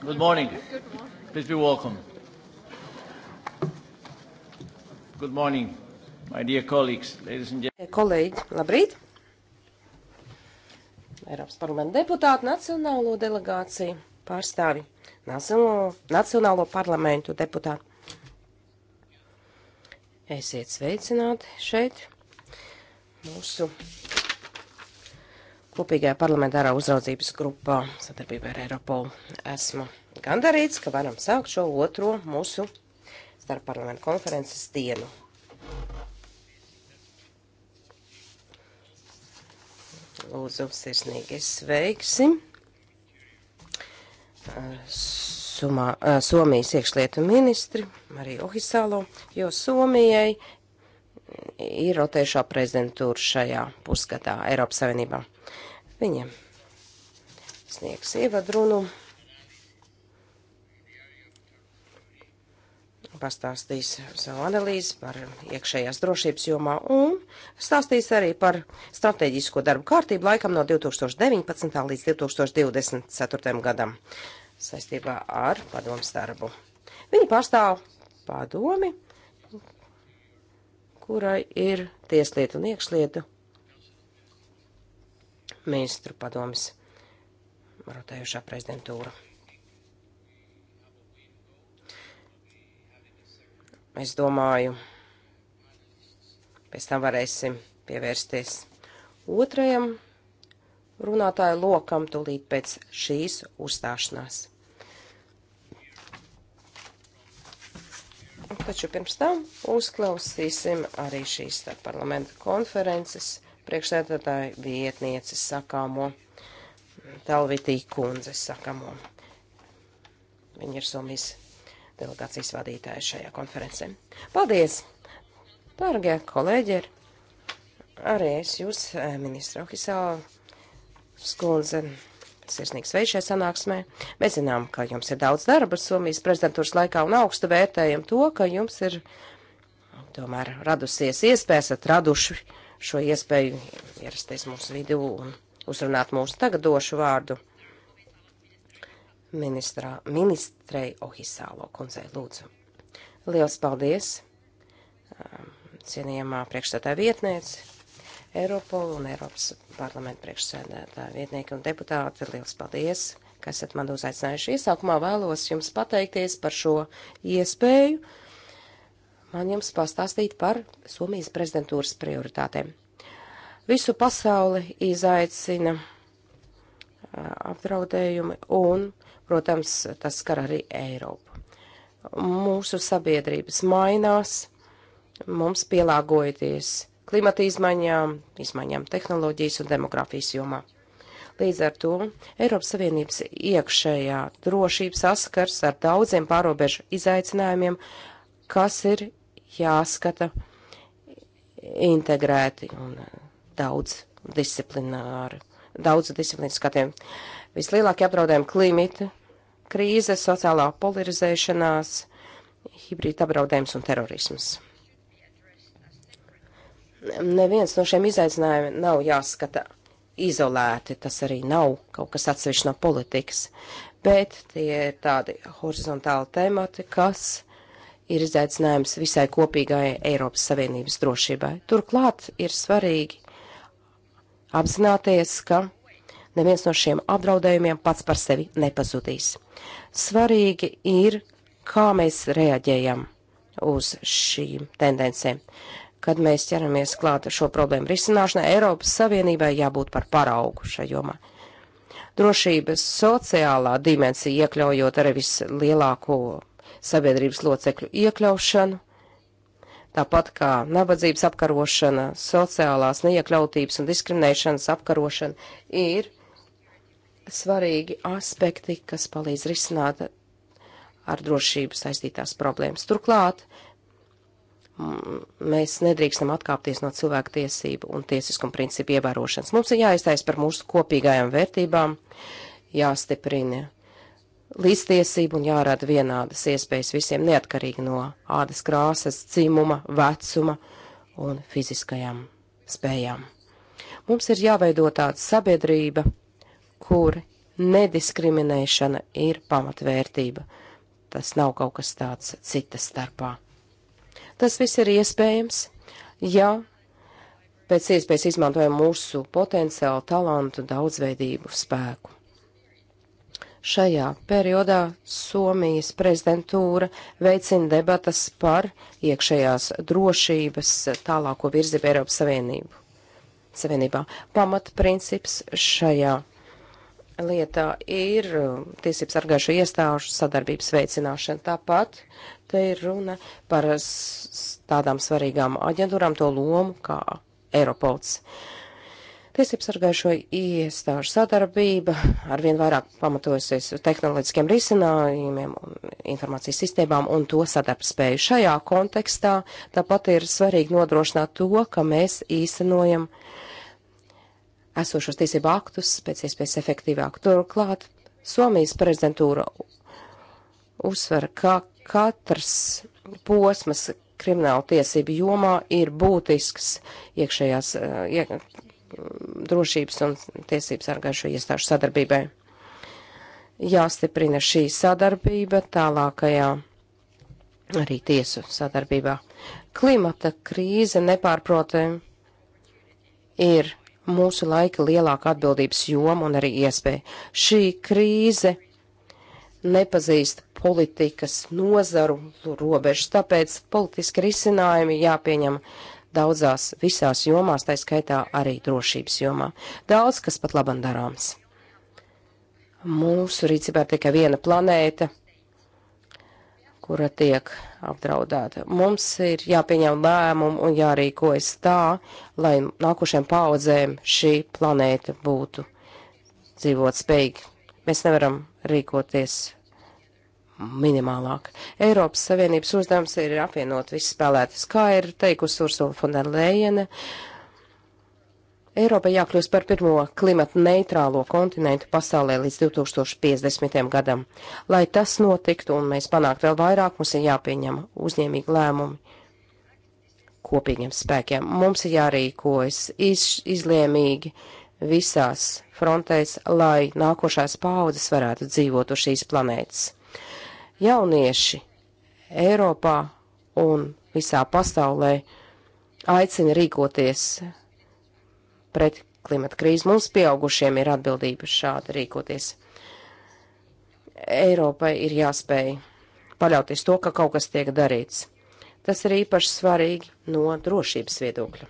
Good morning. Please be welcome. Good morning, my dear colleagues, ladies and gentlemen. Kolēģi, labrīt! Eiropas parlamenta deputāti, nacionālo delegāciju pārstāvi, nacionālo, nacionālo parlamentu deputāti. Esiet sveicināti šeit mūsu kopīgajā parlamentārā uzraudzības grupā sadarbībā ar Eiropolu. Esmu gandarīts, ka varam sākt šo otro mūsu starpparlamentu konferences dienu. Lūdzu, sirsnīgi sveiksi. Sumā, Somijas iekšlietu ministri Mariju Ohisalo, jo Somijai ir rotējušā prezidentūra šajā pusgadā Eiropas Savienībā. Viņiem sniegs ievadrunu. Pastāstīs savu analīzi par iekšējās drošības jomā un stāstīs arī par strateģisko darbu kārtību laikam no 2019. līdz 2024. gadam saistībā ar padomu starbu. Viņi pārstāv padomi, kurai ir tieslietu un iekšlietu ministru padomis rotējušā prezidentūra. Es domāju, pēc tam varēsim pievērsties otrajam runātāju lokam tūlīt pēc šīs uzstāšanās. Taču pirms tam uzklausīsim arī šīs parlamenta konferences priekšsēdētāja vietnieces sakāmo, Talvitī kundzes sakāmo. Viņa ir Somijas delegācijas vadītāja šajā konferencē. Paldies! Dārgie kolēģi, arī es jūs, eh, ministra Ohisā, skundze, sirsnīgi sveikšai sanāksmē. Mēs zinām, ka jums ir daudz darba Somijas prezidentūras laikā un augstu vērtējam to, ka jums ir tomēr radusies iespējas, esat raduši šo iespēju ierasties mūsu vidū un uzrunāt mūsu tagad došu vārdu ministrā, ministrei Ohisālo kundzei lūdzu. Liels paldies, um, cienījamā priekšstādā vietniece, Eiropola un Eiropas parlamenta priekšsēdētāja vietnieki un deputāti. Liels paldies, ka esat man uzaicinājuši. Iesākumā vēlos jums pateikties par šo iespēju man jums pastāstīt par Somijas prezidentūras prioritātēm. Visu pasauli izaicina apdraudējumi un, protams, tas skar arī Eiropu. Mūsu sabiedrības mainās, mums pielāgojoties klimata izmaiņām, izmaiņām tehnoloģijas un demografijas jomā. Līdz ar to Eiropas Savienības iekšējā drošība saskars ar daudziem pārobežu izaicinājumiem, kas ir jāskata integrēti un daudz disciplināri, daudz disciplīnu skatiem. Vislielākie apdraudējumi klimita, krīze, sociālā polarizēšanās, hibrīda apdraudējums un terorisms. Neviens no šiem izaicinājumiem nav jāskata izolēti, tas arī nav kaut kas atsevišķi no politikas, bet tie ir tādi horizontāli temati, kas ir izaicinājums visai kopīgai Eiropas Savienības drošībai. Turklāt ir svarīgi apzināties, ka neviens no šiem apdraudējumiem pats par sevi nepazudīs. Svarīgi ir, kā mēs reaģējam uz šīm tendencēm. Kad mēs ķeramies klāt šo problēmu risināšanai, Eiropas Savienībai jābūt par paraugu šajā jomā. Drošības sociālā dimensija iekļaujot arī vislielāko sabiedrības locekļu iekļaušanu, tāpat kā nabadzības apkarošana, sociālās neiekļautības un diskriminēšanas apkarošana ir svarīgi aspekti, kas palīdz risināt ar drošību saistītās problēmas. Turklāt mēs nedrīkstam atkāpties no cilvēku tiesību un tiesiskuma principu ievērošanas. Mums ir jāiztais par mūsu kopīgajām vērtībām, jāstiprina līdztiesību un jārada vienādas iespējas visiem neatkarīgi no ādas krāsas, dzimuma, vecuma un fiziskajām spējām. Mums ir jāveido tāda sabiedrība, kur nediskriminēšana ir pamatvērtība. Tas nav kaut kas tāds citas starpā. Tas viss ir iespējams, ja pēc iespējas izmantojam mūsu potenciālu, talantu, daudzveidību, spēku. Šajā periodā Somijas prezidentūra veicina debatas par iekšējās drošības tālāko virzību Eiropas Savienību. Savienībā pamatprincips šajā lietā ir um, tiesības sargājušo iestāžu sadarbības veicināšana. Tāpat te ir runa par tādām svarīgām aģentūrām to lomu kā Eiropols. Uh, Tiesības sargājušo iestāžu sadarbība arvien vairāk pamatojusies tehnoloģiskiem risinājumiem un informācijas sistēmām un to sadarbspēju. Šajā kontekstā tāpat ir svarīgi nodrošināt to, ka mēs īstenojam esošos tiesību aktus pēc iespējas efektīvāk. Turklāt Somijas prezidentūra uzsver, ka katrs posms krimināla tiesību jomā ir būtisks iekšējās, iek, drošības un tiesības sargājušo iestāžu sadarbībai. Jāstiprina šī sadarbība tālākajā arī tiesu sadarbībā. Klimata krīze nepārprotami ir mūsu laika lielāka atbildības joma un arī iespēja. Šī krīze nepazīst politikas nozaru robežas, tāpēc politiski risinājumi jāpieņem daudzās visās jomās, tā skaitā arī drošības jomā. Daudz, kas pat labam darāms. Mūsu rīcībā ir tikai viena planēta, kura tiek apdraudēta. Mums ir jāpieņem lēmumu un jārīkojas tā, lai nākošajām paudzēm šī planēta būtu dzīvot spējīgi. Mēs nevaram rīkoties minimālāk. Eiropas Savienības uzdevums ir apvienot visas spēlētas, kā ir teikusi Ursula Fonderlejene. Eiropa jākļūst par pirmo klimata neitrālo kontinentu pasaulē līdz 2050. gadam. Lai tas notiktu un mēs panāktu vēl vairāk, mums ir jāpieņem uzņēmīgi lēmumi kopīgiem spēkiem. Mums ir jārīkojas iz, izlēmīgi visās frontēs, lai nākošās paudzes varētu dzīvot uz šīs planētas. Jaunieši Eiropā un visā pasaulē aicina rīkoties pret klimata krīzi. Mums pieaugušiem ir atbildība šādi rīkoties. Eiropai ir jāspēj paļauties to, ka kaut kas tiek darīts. Tas ir īpaši svarīgi no drošības viedokļa.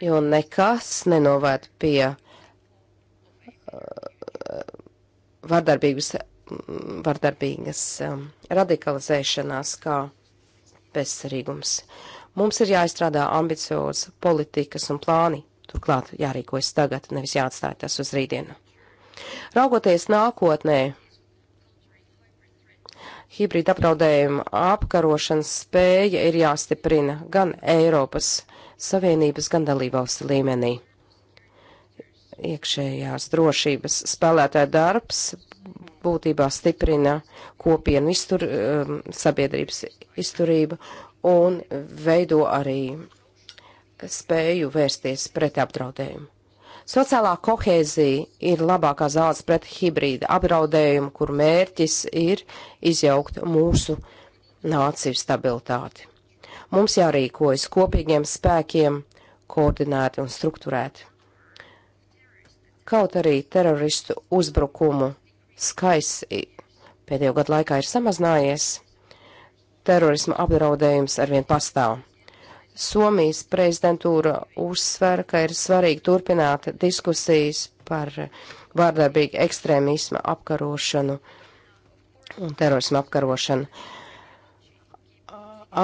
Jo nekas nenovērt pie uh, vardarbības vardarbīgas um, radikalizēšanās kā bezcerīgums. Mums ir jāizstrādā ambiciozi politikas un plāni, turklāt jārīkojas tagad, nevis jāatstāj tas uz rītdienu. Raugoties nākotnē, hibrīda apdraudējuma apkarošanas spēja ir jāstiprina gan Eiropas Savienības, gan dalībvalstu līmenī. Iekšējās drošības spēlētāja darbs būtībā stiprina kopienu iztur, um, sabiedrības izturību un veido arī spēju vērsties pret apdraudējumu. Sociālā kohēzija ir labākā zāles pret hibrīda apdraudējumu, kur mērķis ir izjaukt mūsu nāciju stabilitāti. Mums jārīkojas kopīgiem spēkiem, koordinēti un strukturēti. Kaut arī teroristu uzbrukumu skaists pēdējo gadu laikā ir samazinājies, terorisma apdraudējums arvien pastāv. Somijas prezidentūra uzsver, ka ir svarīgi turpināt diskusijas par vārdarbīgu ekstrēmisma apkarošanu un terorismu apkarošanu.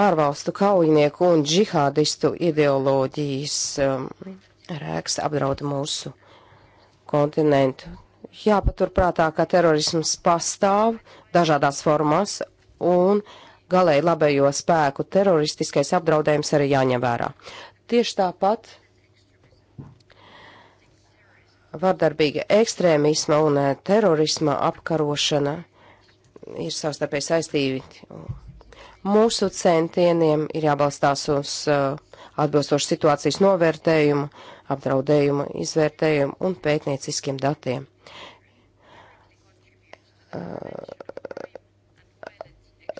Ārvalstu kaujinieku un džihādistu ideoloģijas um, rēks apdraud mūsu kontinentu jāpaturprātā, ka terorisms pastāv dažādās formās un galēji labējo spēku teroristiskais apdraudējums arī jāņem vērā. Tieši tāpat vardarbīga ekstrēmisma un eh, terorisma apkarošana ir savstarpēji saistīti. Mūsu centieniem ir jābalstās uz uh, atbilstošu situācijas novērtējumu, apdraudējumu izvērtējumu un pētnieciskiem datiem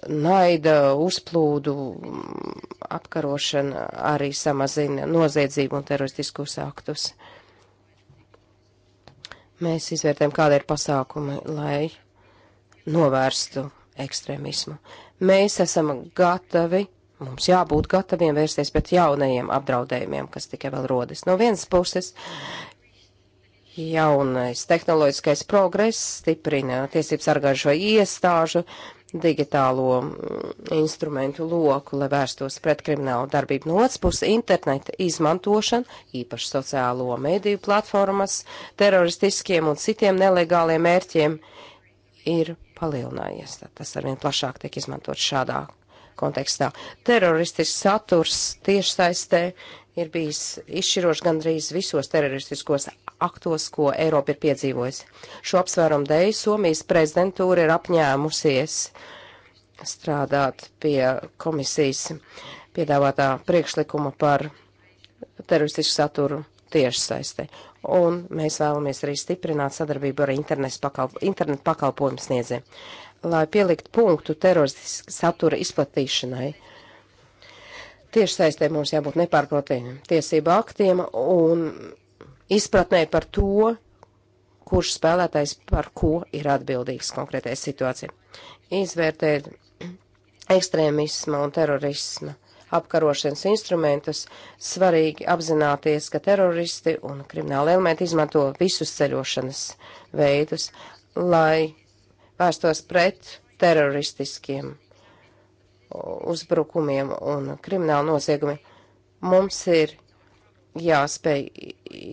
naida uzplūdu mm, apkarošana arī samazina noziedzību un teroristiskus aktus. Mēs izvērtējam, kāda ir pasākumi, lai novērstu ekstremismu. Mēs esam gatavi, mums jābūt gataviem vērsties pret jaunajiem apdraudējumiem, kas tikai vēl rodas. No vienas puses Jaunais tehnoloģiskais progress stiprina tiesības sargājušo iestāžu digitālo mm, instrumentu loku, lai vērstos pret kriminālu darbību. No otras puses, interneta izmantošana, īpaši sociālo mediju platformas, teroristiskiem un citiem nelegāliem mērķiem ir palielinājies. Tad tas arvien plašāk tiek izmantot šādā kontekstā. Teroristisks saturs tiešsaistē ir bijis izšķirošs gandrīz visos teroristiskos aktos, ko Eiropa ir piedzīvojusi. Šo apsvērumu dēļ Somijas prezidentūra ir apņēmusies strādāt pie komisijas piedāvātā priekšlikuma par teroristisku saturu tiešsaistē. Un mēs vēlamies arī stiprināt sadarbību ar pakalp internetu pakalpojumu sniedzē, lai pielikt punktu teroristiskā satura izplatīšanai. Uh, Tieši saistē mums jābūt nepārprotamiem tiesību aktiem un izpratnē par to, kurš spēlētājs par ko ir atbildīgs konkrētajai situācijai. Izvērtēt ekstrēmisma un terorisma apkarošanas instrumentus, svarīgi apzināties, ka teroristi un krimināli elementi izmanto visus ceļošanas veidus, lai vērstos pret teroristiskiem uzbrukumiem un kriminālu noziegumiem. Mums ir jāspēj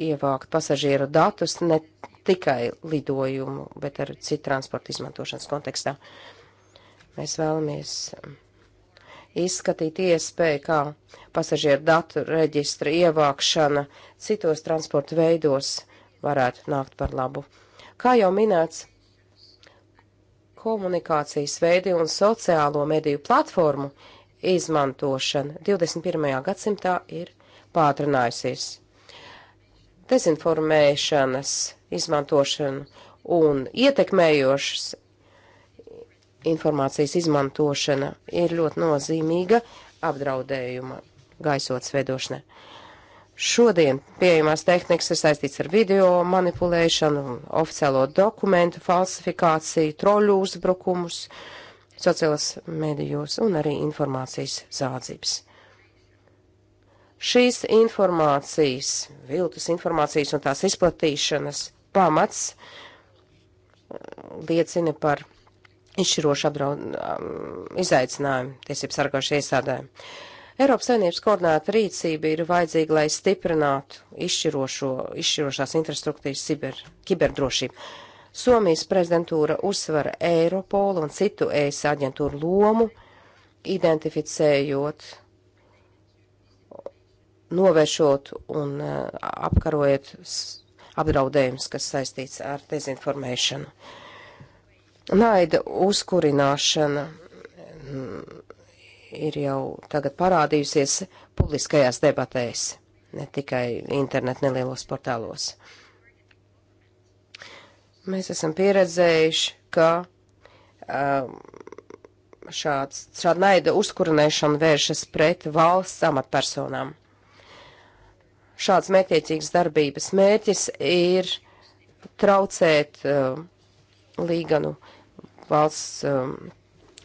ievākt pasažieru datus ne tikai lidojumu, bet ar citu transportu izmantošanas kontekstā. Mēs vēlamies izskatīt iespēju, kā pasažieru datu reģistra ievākšana citos transporta veidos varētu nākt par labu. Kā jau minēts, komunikācijas veidi un sociālo mediju platformu izmantošana 21. gadsimtā ir pātrinājusies. Dezinformēšanas izmantošana un ietekmējošas informācijas izmantošana ir ļoti nozīmīga apdraudējuma gaisotnes veidošanai. Šodien pieejamās tehnikas ir saistīts ar video manipulēšanu, oficiālo dokumentu falsifikāciju, troļu uzbrukumus, sociālās medijos un arī informācijas zādzības. Šīs informācijas, viltus informācijas un tās izplatīšanas pamats uh, liecina par izšķirošu apdraud, um, izaicinājumu tiesību sargājušajai iestādēm. Eiropas Savienības koordinēta rīcība ir vajadzīga, lai stiprinātu izšķirošo, izšķirošās infrastruktūras ciber, kiberdrošību. Somijas prezidentūra uzsver Eiropolu un citu ES aģentūru lomu, identificējot novēršot un eh, apkarojot apdraudējumus, kas saistīts ar dezinformēšanu. Naida uzkurināšana, ir jau tagad parādījusies publiskajās debatēs, ne tikai internet nelielos portālos. Mēs esam pieredzējuši, ka um, šāds, šāda naida uzkurinēšana vēršas pret valsts amatpersonām. Šāds mērķiecīgs darbības mērķis ir traucēt uh, līganu valsts um,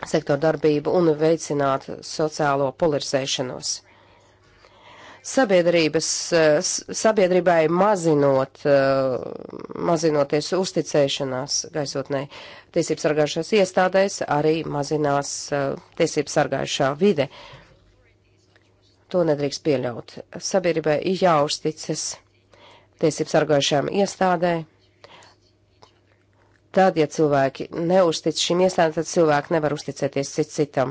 sektoru darbību un veicināt sociālo polarizēšanos. Sabiedrības, sabiedrībai mazinot, eh, mazinoties uzticēšanās gaisotnē, tiesības sargājušās iestādēs arī mazinās eh, tiesības sargājušā vide. To nedrīkst pieļaut. Sabiedrībai jāuzticas tiesības sargājušām iestādēm Tad, ja cilvēki neuztic šīm iestādēm, tad cilvēki nevar uzticēties cit citam.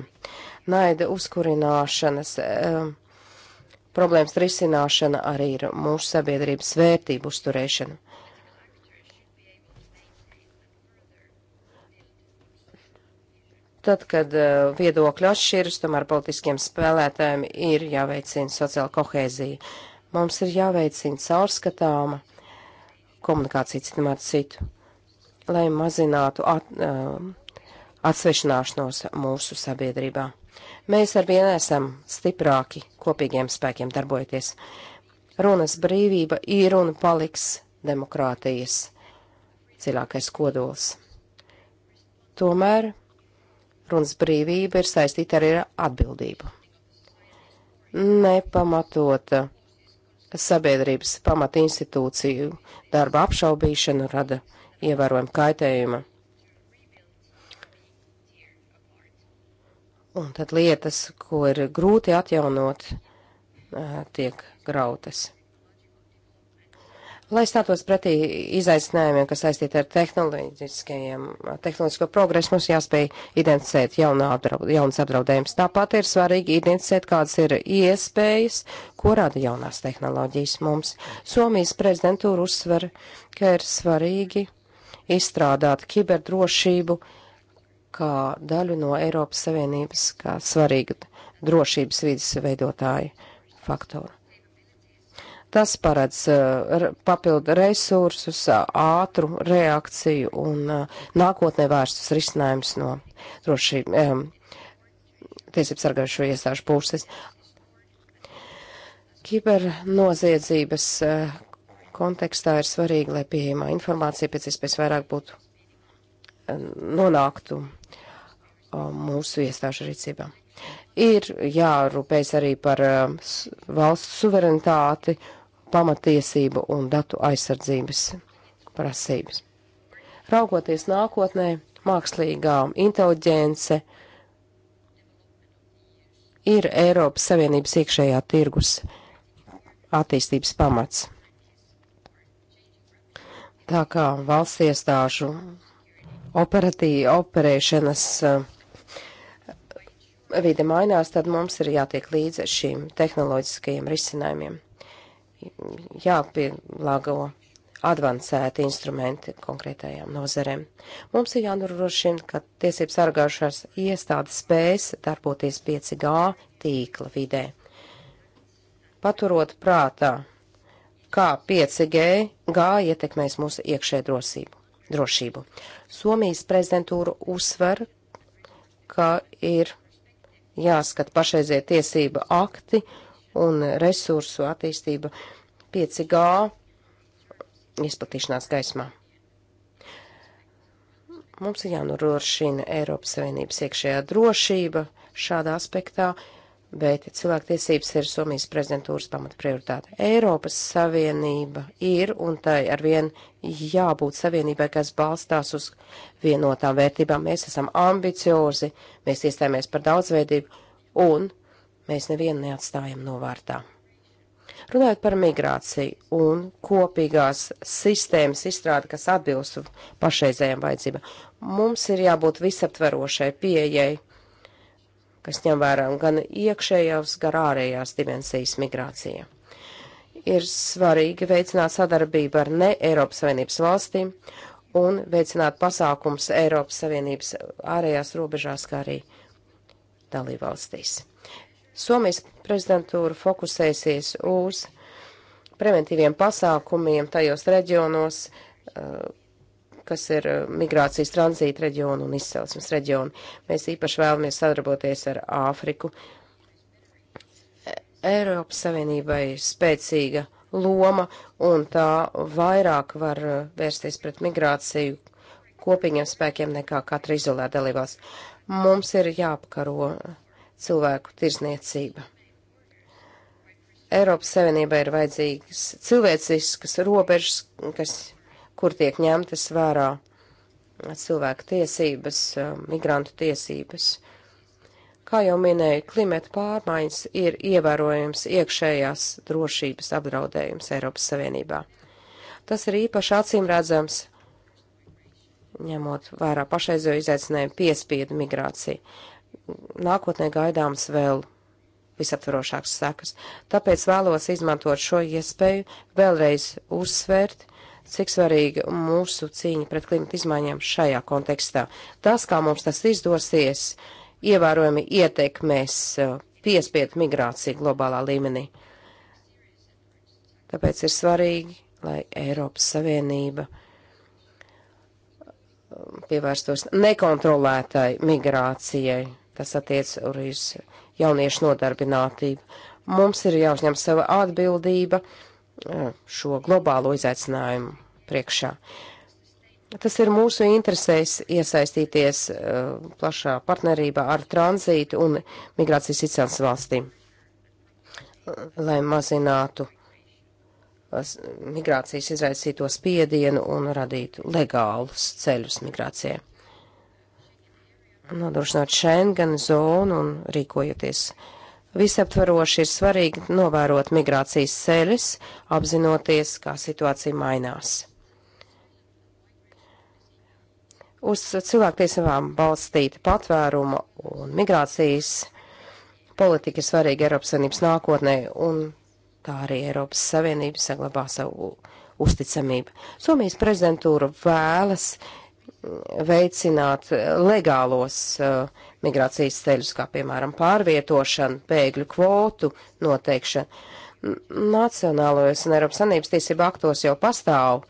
Naida uzkurināšanas um, problēmas risināšana arī ir mūsu sabiedrības vērtību uzturēšana. tad, kad uh, viedokļi atšķiras, tomēr politiskiem spēlētājiem ir jāveicina sociāla kohēzija. Mums ir jāveicina caurskatāma komunikācija citam ar citu lai mazinātu at, uh, atsvešināšanos mūsu sabiedrībā. Mēs ar vienu esam stiprāki kopīgiem spēkiem darbojoties. Runas brīvība ir un paliks demokrātijas dziļākais kodols. Tomēr runas brīvība ir saistīta arī ar atbildību. Nepamatota uh, sabiedrības pamata institūciju darba apšaubīšana rada ievērojama kaitējuma. Un tad lietas, ko ir grūti atjaunot, tiek grautas. Lai stātos pretī izaicinājumiem, kas saistīti ar tehnoloģiskajiem, tehnoloģisko progresu, mums jāspēj identificēt apdraud, jaunas apdraudējumus. Tāpat ir svarīgi identificēt, kādas ir iespējas, ko rada jaunās tehnoloģijas mums. Somijas prezidentūra uzsver, ka ir svarīgi izstrādāt kiberdrošību kā daļu no Eiropas Savienības, kā svarīgu drošības vidas veidotāju faktoru. Tas paredz uh, papildu resursus, uh, ātru reakciju un uh, nākotnē vērstus risinājumus no drošību um, tiesību sargājušo iestāžu puses. Kibernoziedzības uh, kontekstā ir svarīgi, lai pieejamā informācija pēc iespējas vairāk būtu eh, nonāktu eh, mūsu iestāžu rīcībā. Ir jārūpējas arī par eh, valsts suverenitāti, pamatiesību un datu aizsardzības prasības. Raugoties nākotnē, mākslīgā inteliģence ir Eiropas Savienības iekšējā tirgus attīstības pamats. Tā kā valsts iestāžu operatīva operēšanas eh, vide mainās, tad mums ir jātiek līdz šīm tehnoloģiskajiem risinājumiem. Jāpielāgo advancēti instrumenti konkrētajām nozerēm. Mums ir jānodrošina, ka tiesību sargājušās iestādes spējas darboties 5G tīkla vidē. Paturot prātā kā 5G G ietekmēs mūsu iekšē drosību, drošību. Somijas prezidentūra uzsver, ka ir jāskat pašreizie tiesība akti un resursu attīstība 5G izplatīšanās gaismā. Mums ir jānorošina Eiropas Savienības iekšējā drošība šādā aspektā, bet cilvēktiesības ir Somijas prezidentūras pamatprioritāte. Eiropas Savienība ir un tai arvien jābūt savienībai, kas balstās uz vienotām vērtībām. Mēs esam ambiciozi, mēs iestājāmies par daudzveidību un mēs nevienu neatstājam novārtā. Runājot par migrāciju un kopīgās sistēmas izstrādi, kas atbilst pašreizējām vajadzībām, mums ir jābūt visaptverošai pieejai kas ņem vērā gan iekšējās, gan ārējās dimensijas migrācija. Ir svarīgi veicināt sadarbību ar ne Eiropas Savienības valstīm un veicināt pasākums Eiropas Savienības ārējās robežās, kā arī dalībvalstīs. Somijas prezidentūra fokusēsies uz preventīviem pasākumiem tajos reģionos, kas ir eh, migrācijas tranzīta reģionu un izcelsmes reģionu. Mēs īpaši vēlamies sadarboties ar Āfriku. E, Eiropas Savienībai spēcīga loma un tā vairāk var eh, vērsties pret migrāciju kopīgiem spēkiem nekā katra izolēta dalībās. Mums ir jāapkaro cilvēku tirzniecība. Eiropas Savienībai ir vajadzīgas cilvēciskas robežas, kas kur tiek ņemtas vērā cilvēku tiesības, um, migrantu tiesības. Kā jau minēju, klimata pārmaiņas ir ievērojams iekšējās drošības apdraudējums Eiropas Savienībā. Tas ir īpaši acīmredzams, ņemot vērā pašreizējo izaicinājumu piespiedu migrāciju. Nākotnē gaidāms vēl visaptvarošāks sekas. Tāpēc vēlos izmantot šo iespēju vēlreiz uzsvērt cik svarīga mūsu cīņa pret klimatu izmaiņām šajā kontekstā. Tas, kā mums tas izdosies, ievērojami ietekmēs uh, piespiedu migrāciju globālā līmenī. Tāpēc ir svarīgi, lai Eiropas Savienība um, pievērstos nekontrolētai migrācijai. Tas attiec arī uz jauniešu nodarbinātību. Mums ir jāuzņem sava atbildība. Uh, šo globālo izaicinājumu priekšā. Tas ir mūsu interesēs iesaistīties uh, plašā partnerībā ar tranzītu un migrācijas izcelsmes valstīm, uh, lai mazinātu uh, migrācijas izraisīto spiedienu un radītu legālus ceļus migrācijai. Nodrošināt Schengen zonu un rīkojoties uh, Visaptvaroši ir svarīgi novērot migrācijas ceļus, apzinoties, kā situācija mainās. Uz cilvēktiesībām balstīta patvēruma un migrācijas politika ir svarīga Eiropas Savienības nākotnē, un tā arī Eiropas Savienība saglabā savu uzticamību. Somijas prezidentūra vēlas veicināt legālos uh, migrācijas ceļus, kā piemēram pārvietošana, bēgļu kvotu noteikšana. Nacionālajos un Eiropas Sanības tiesība aktos jau pastāv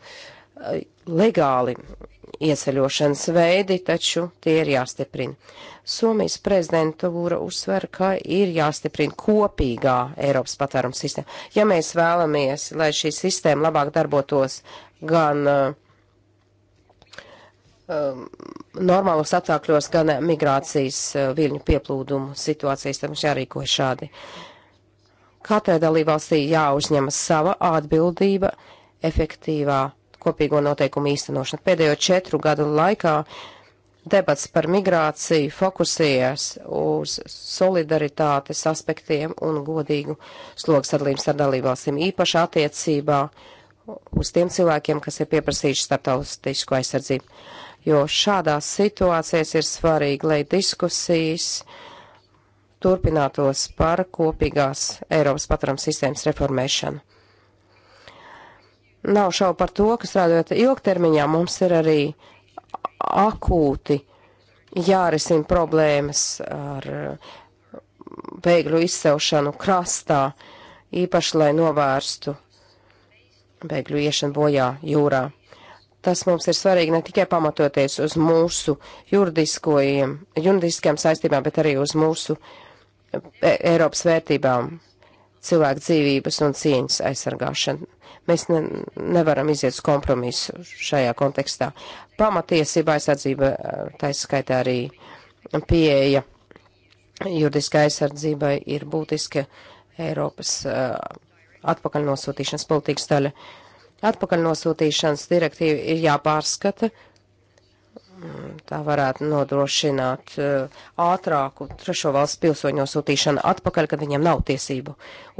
legāli ieceļošanas veidi, taču tie ir jāstiprina. Somijas prezidentūra uzsver, ka ir jāstiprina kopīgā Eiropas patvērums sistēma. Ja mēs vēlamies, lai šī sistēma labāk darbotos gan uh, Um, normālos apstākļos, gan migrācijas uh, viļņu pieplūdumu situācijas, tam jārīkojas šādi. Katrai dalībvalstī jāuzņemas sava atbildība efektīvā kopīgo noteikumu īstenošana. Pēdējo četru gadu laikā debats par migrāciju fokusējās uz solidaritātes aspektiem un godīgu slogas sadalījumu starp dalībvalstīm, īpaši attiecībā uz tiem cilvēkiem, kas ir pieprasījuši starptautisku aizsardzību jo šādās situācijās ir svarīgi, lai diskusijas turpinātos par kopīgās Eiropas patvērums sistēmas reformēšanu. Nav šau par to, ka strādājot ilgtermiņā mums ir arī akūti jārisina problēmas ar uh, bēgļu izcelšanu krastā, īpaši lai novērstu bēgļu iešanu bojā jūrā. Tas mums ir svarīgi ne tikai pamatoties uz mūsu juridiskajām saistībām, bet arī uz mūsu e, Eiropas vērtībām, cilvēku dzīvības un cieņas aizsargāšanu. Mēs ne, nevaram iziet uz kompromisu šajā kontekstā. Pamatiesība aizsardzība, e, taisa skaitā arī pieeja juridiskai aizsardzībai ir būtiska Eiropas uh, atpakaļ nosūtīšanas politikas daļa. Uh, Atpakaļnosūtīšanas direktīva ir jāpārskata. Tā varētu nodrošināt uh, ātrāku trešo valsts pilsoņu sūtīšanu atpakaļ, kad viņiem nav tiesību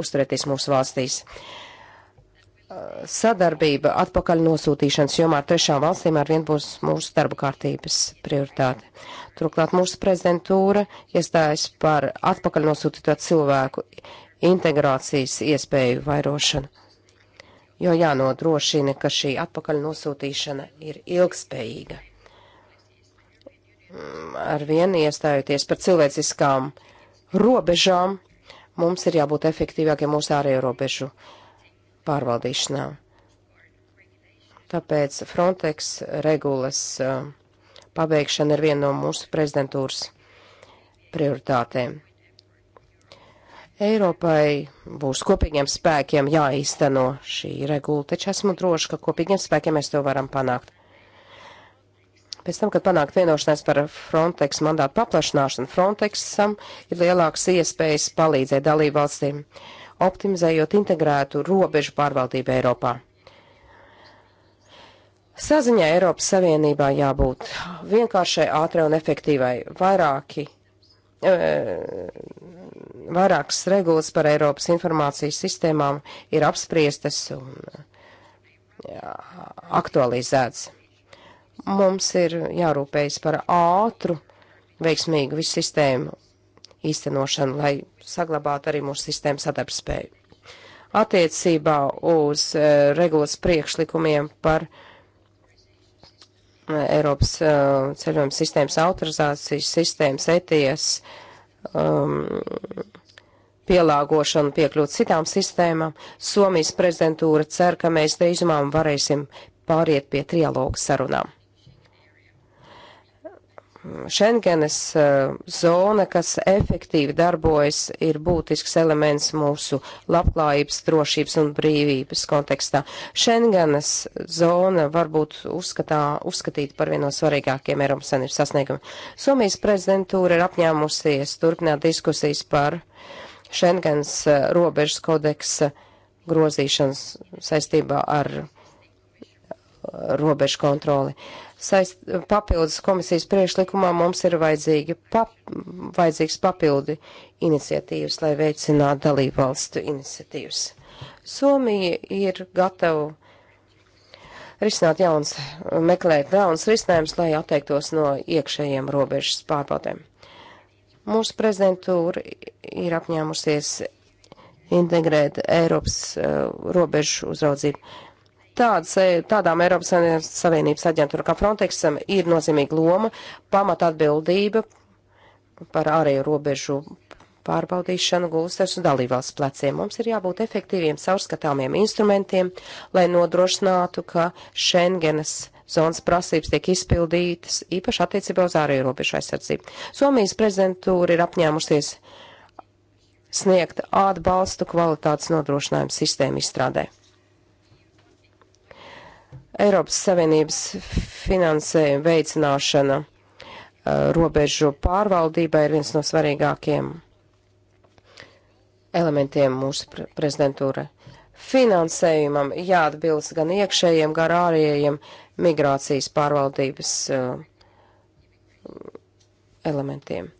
uzturēties mūsu valstīs. Uh, sadarbība atpakaļ nosūtīšanas jomā ar trešām valstīm ar vien būs mūsu darba kārtības prioritāte. Turklāt mūsu prezidentūra iestājas par atpakaļ nosūtīto cilvēku integrācijas iespēju vairošanu jo jānodrošina, ka šī atpakaļ nosūtīšana ir ilgspējīga. Mm, ar vienu iestājoties par cilvēciskām robežām, mums ir jābūt efektīvākiem mūsu ārējo robežu pārvaldīšanā. Tāpēc Frontex regulas eh, pabeigšana ir viena no mūsu prezidentūras prioritātēm. Eiropai būs kopīgiem spēkiem jāīsteno šī regula, taču esmu droši, ka kopīgiem spēkiem mēs to varam panākt. Pēc tam, kad panākt vienošanās par Frontex mandātu paplašināšanu, Frontexam ir lielāks iespējas palīdzēt dalībvalstīm, optimizējot integrētu robežu pārvaldību Eiropā. Saziņā Eiropas Savienībā jābūt vienkāršai, ātrai un efektīvai. Vairāki E, vairākas regulas par Eiropas informācijas sistēmām ir apspriestas un jā, e, aktualizētas. Mums ir jārūpējas par ātru, veiksmīgu visu sistēmu īstenošanu, lai saglabātu arī mūsu sistēmu sadarbspēju. Attiecībā uz uh, regulas priekšlikumiem par uh, Eiropas uh, ceļojuma sistēmas autorizācijas sistēmas ETS um, pielāgošanu piekļūt citām sistēmām. Somijas prezidentūra cer, ka mēs drīzumā varēsim pāriet pie trialogu sarunām. Šengenes eh, zona, kas efektīvi darbojas, ir būtisks elements mūsu labklājības, drošības un brīvības kontekstā. Šengenes zona varbūt uzskatā, uzskatīt par vienu no svarīgākiem Eiropas Savienības sasniegumiem. Somijas prezidentūra ir apņēmusies turpināt diskusijas par Šengenes eh, robežas kodeksa grozīšanas saistībā ar eh, robežu kontroli. Uh, saist, papildus komisijas priekšlikumā mums ir vajadzīgi, pap, vajadzīgs papildi iniciatīvas, lai veicinātu dalību valstu iniciatīvas. Somija ir gatava risināt jauns, meklēt jauns risinājums, lai atteiktos no iekšējiem robežas pārbaudēm. Mūsu prezidentūra ir apņēmusies integrēt Eiropas uh, robežu uzraudzību. Uh, Tāds, e, tādām Eiropas Savienības aģentūra kā Frontexam ir nozīmīga loma, pamata atbildība par ārēju robežu pārbaudīšanu gulsters un dalībvalsts pleciem. Mums ir jābūt efektīviem, saurskatāmiem instrumentiem, lai nodrošinātu, ka Schengenas zonas prasības tiek izpildītas, īpaši attiecībā uz ārēju robežu aizsardzību. Somijas prezidentūra ir apņēmusies sniegt atbalstu kvalitātes nodrošinājumu sistēmu izstrādē. Eiropas Savienības finansējuma veicināšana uh, robežu pārvaldībai ir viens no svarīgākiem elementiem mūsu pre prezidentūrai. Finansējumam jāatbilst gan iekšējiem, gan ārējiem migrācijas pārvaldības uh, elementiem.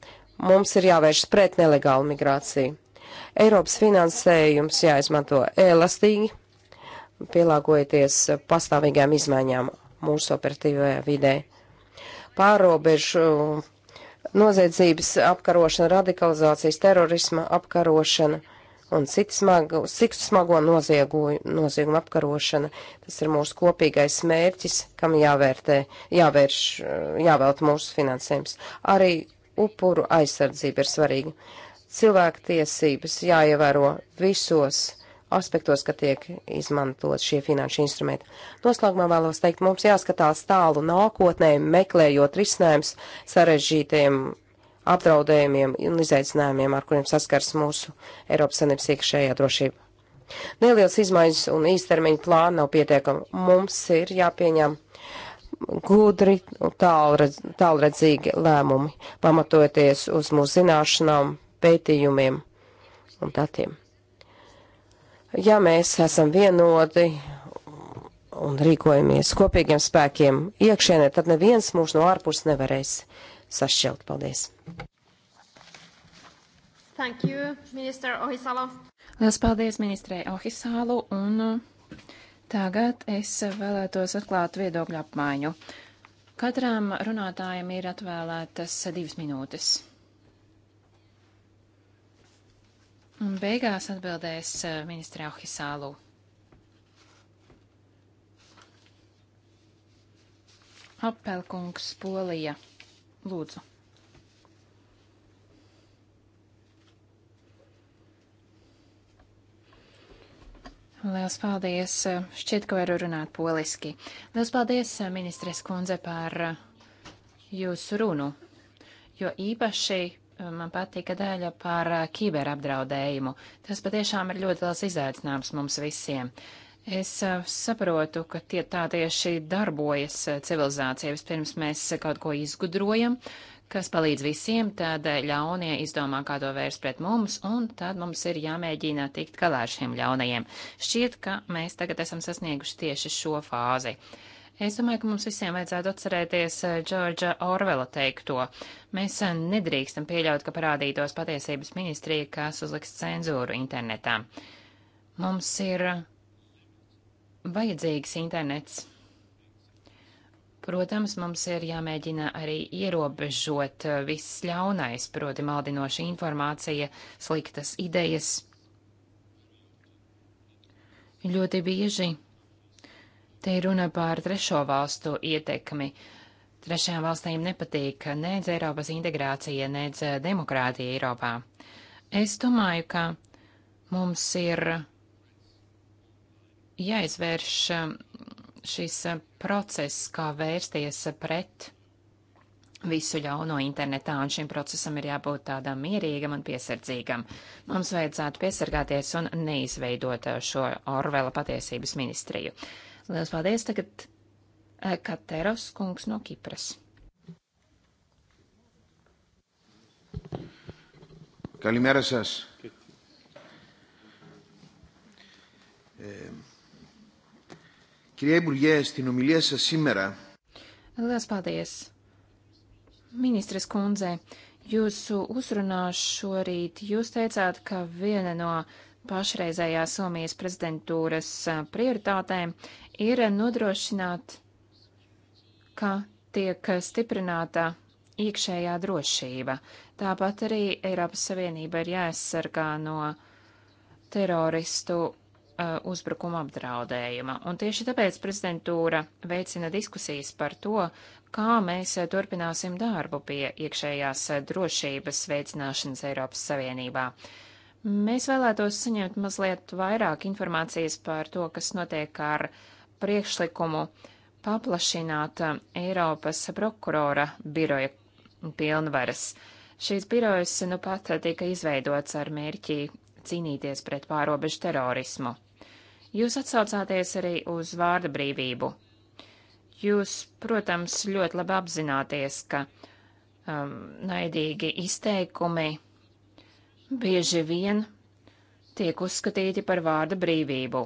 Mums ir jāvēršas pret nelegālu migrāciju. Eiropas finansējums jāizmanto elastīgi pielāgojoties pastāvīgām izmaiņām mūsu operatīvajā vidē. Pārobežu noziedzības apkarošana, radikalizācijas terorisma apkarošana un citu smago, citu smago noziegumu apkarošana. Tas ir mūsu kopīgais mērķis, kam jāvērtē, jāvērš, jāvēlt mūsu finansējums. Arī upuru aizsardzība ir svarīga. Cilvēktiesības jāievēro visos aspektos, ka tiek izmantot šie finanšu instrumenti. Noslēgumā vēlos teikt, mums jāskatās tālu nākotnē, meklējot risinājums sarežģītiem apdraudējumiem un izaicinājumiem, ar kuriem saskars mūsu Eiropas Sanības iekšējā drošība. Nelielas izmaiņas un īstermiņa plāni nav pietiekami. Mums ir jāpieņem gudri un tālredz, tālredzīgi lēmumi, pamatojoties uz mūsu zināšanām, pētījumiem un datiem ja mēs esam vienoti un rīkojamies kopīgiem spēkiem iekšēnē, tad neviens mūs no ārpus nevarēs sašķelt. Paldies! Thank you, minister Ohisalo. Lielas paldies ministrei Ohisālu un uh, tagad es vēlētos atklāt viedokļu apmaiņu. Katram runātājam ir atvēlētas divas minūtes. Un beigās atbildēs eh, ministra Auhisālu. Apelkungs, Polija. Lūdzu. Liels paldies! Šķiet, ka varu runāt poliski. Liels paldies, ministres kundze, par eh, jūsu runu, jo īpaši man patika daļa par kiberapdraudējumu. Tas patiešām ir ļoti liels izaicinājums mums visiem. Es saprotu, ka tie tā tieši darbojas civilizācija. Vispirms mēs kaut ko izgudrojam, kas palīdz visiem, tad ļaunie izdomā, kā to vērst pret mums, un tad mums ir jāmēģina tikt galā ar šiem ļaunajiem. Šķiet, ka mēs tagad esam sasnieguši tieši šo fāzi. Uh, Es domāju, ka mums visiem vajadzētu atcerēties eh, Džordža Orvela teikto. Mēs eh, nedrīkstam pieļaut, ka parādītos patiesības ministrija, kas uzliks cenzūru internetā. Mums ir vajadzīgs internets. Protams, mums ir jāmēģina arī ierobežot eh, viss ļaunais, proti maldinoša informācija, sliktas idejas. Ļoti bieži Te ir runa par trešo valstu ietekmi. Trešajām valstīm nepatīk nedz Eiropas integrācija, nedz demokrātija Eiropā. Es domāju, ka mums ir jāizvērš šis process, kā vērsties pret visu ļauno internetā, un šim procesam ir jābūt tādam mierīgam un piesardzīgam. Mums vajadzētu piesargāties un neizveidot šo Orvela patiesības ministriju. Uh, Lielas paldies tagad eh, Kateros kungs no Kipras. Καλημέρα σας. Ε, κυρία Υπουργέ, στην ομιλία σας σήμερα... Lielas paldies. Ministres kundze, jūsu uzrunā šorīt jūs teicāt, ka viena no uh, pašreizējā Somijas prezidentūras prioritātēm ir nodrošināt, ka tiek stiprināta iekšējā drošība. Tāpat arī Eiropas Savienība ir jāaizsargā no teroristu uh, uzbrukuma apdraudējuma. Un tieši tāpēc prezidentūra veicina diskusijas par to, kā mēs turpināsim darbu pie iekšējās drošības veicināšanas Eiropas Savienībā. Uh, Mēs vēlētos saņemt mazliet vairāk informācijas par to, kas notiek ar priekšlikumu paplašināt um, Eiropas prokurora biroja pilnvaras. Šīs birojas nu pat tika izveidots ar mērķi cīnīties pret pārobežu terorismu. Jūs atsaucāties arī uz vārda brīvību. Jūs, protams, ļoti labi apzināties, ka um, naidīgi izteikumi bieži vien tiek uzskatīti par vārda brīvību.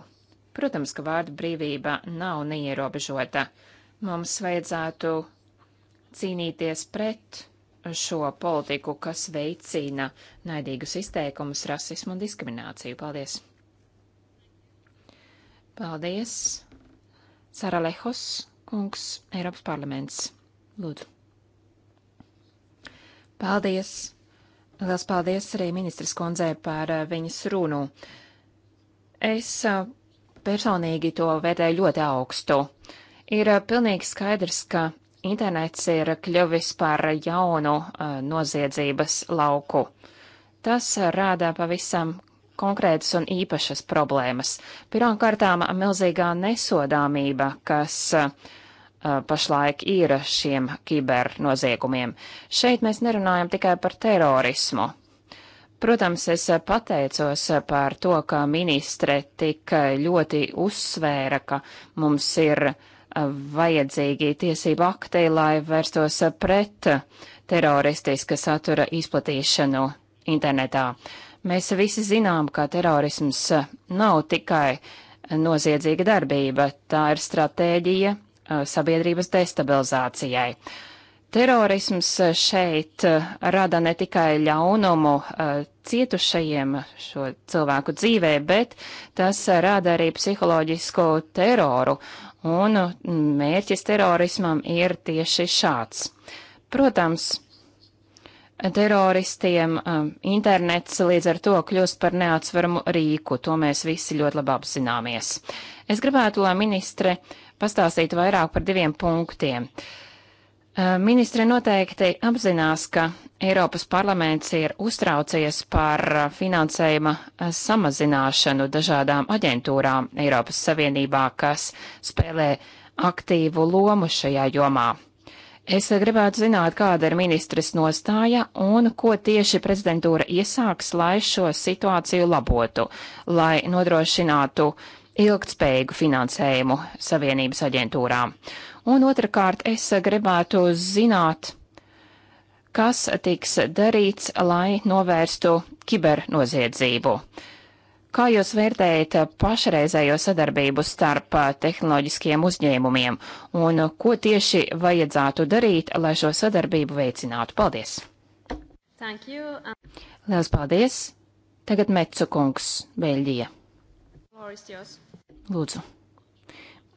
Protams, ka vārda brīvība nav neierobežota. Mums vajadzētu cīnīties pret šo politiku, kas veicina naidīgus izteikumus, rasismu un diskrimināciju. Paldies! Paldies! Sara Lehos, kungs, Eiropas parlaments. Lūdzu. Paldies! Lielas paldies arī ministras kundzei par eh, viņas runu. Es eh, personīgi to vērtēju ļoti augstu. Ir eh, pilnīgi skaidrs, ka internets ir kļuvis par jaunu noziedzības lauku. Tas rāda pavisam konkrētas un īpašas problēmas. Pirmkārtām milzīgā nesodāmība, kas uh, Eh, pašlaik ir šiem kibernoziegumiem. Šeit mēs nerunājam tikai par terorismu. Protams, es pateicos par to, ka ministre tik ļoti uzsvēra, ka mums ir eh, vajadzīgi tiesību akti, lai vērstos pret teroristiska satura izplatīšanu internetā. Mēs visi zinām, ka terorisms nav tikai noziedzīga darbība, tā ir stratēģija, Uh, sabiedrības destabilizācijai. Terorisms šeit uh, rada ne tikai ļaunumu uh, cietušajiem šo cilvēku dzīvē, bet tas rada arī psiholoģisko teroru, un mm, mērķis terorismam ir tieši šāds. Protams, teroristiem um, internets līdz ar to kļūst par neatsveramu rīku, to mēs visi ļoti labi apzināmies. Es gribētu, lai ministre uh, pastāstītu vairāk par diviem punktiem. Ministre noteikti apzinās, ka Eiropas parlaments ir uztraucies par finansējuma samazināšanu dažādām aģentūrām Eiropas Savienībā, kas spēlē aktīvu lomu šajā jomā. Es gribētu zināt, kāda ir ministres nostāja un ko tieši prezidentūra iesāks, lai šo situāciju labotu, lai nodrošinātu uh, ilgtspējīgu finansējumu Savienības aģentūrām. Un otrkārt, es gribētu zināt, kas tiks darīts, lai novērstu kibernoziedzību. Kā jūs vērtējat pašreizējo sadarbību starp tehnoloģiskiem uzņēmumiem un ko tieši vajadzētu darīt, lai šo sadarbību veicinātu? Paldies! Thank you. Lielas paldies! Tagad Mecu kungs, Beļģija. Floris, jūs. Lūdzu.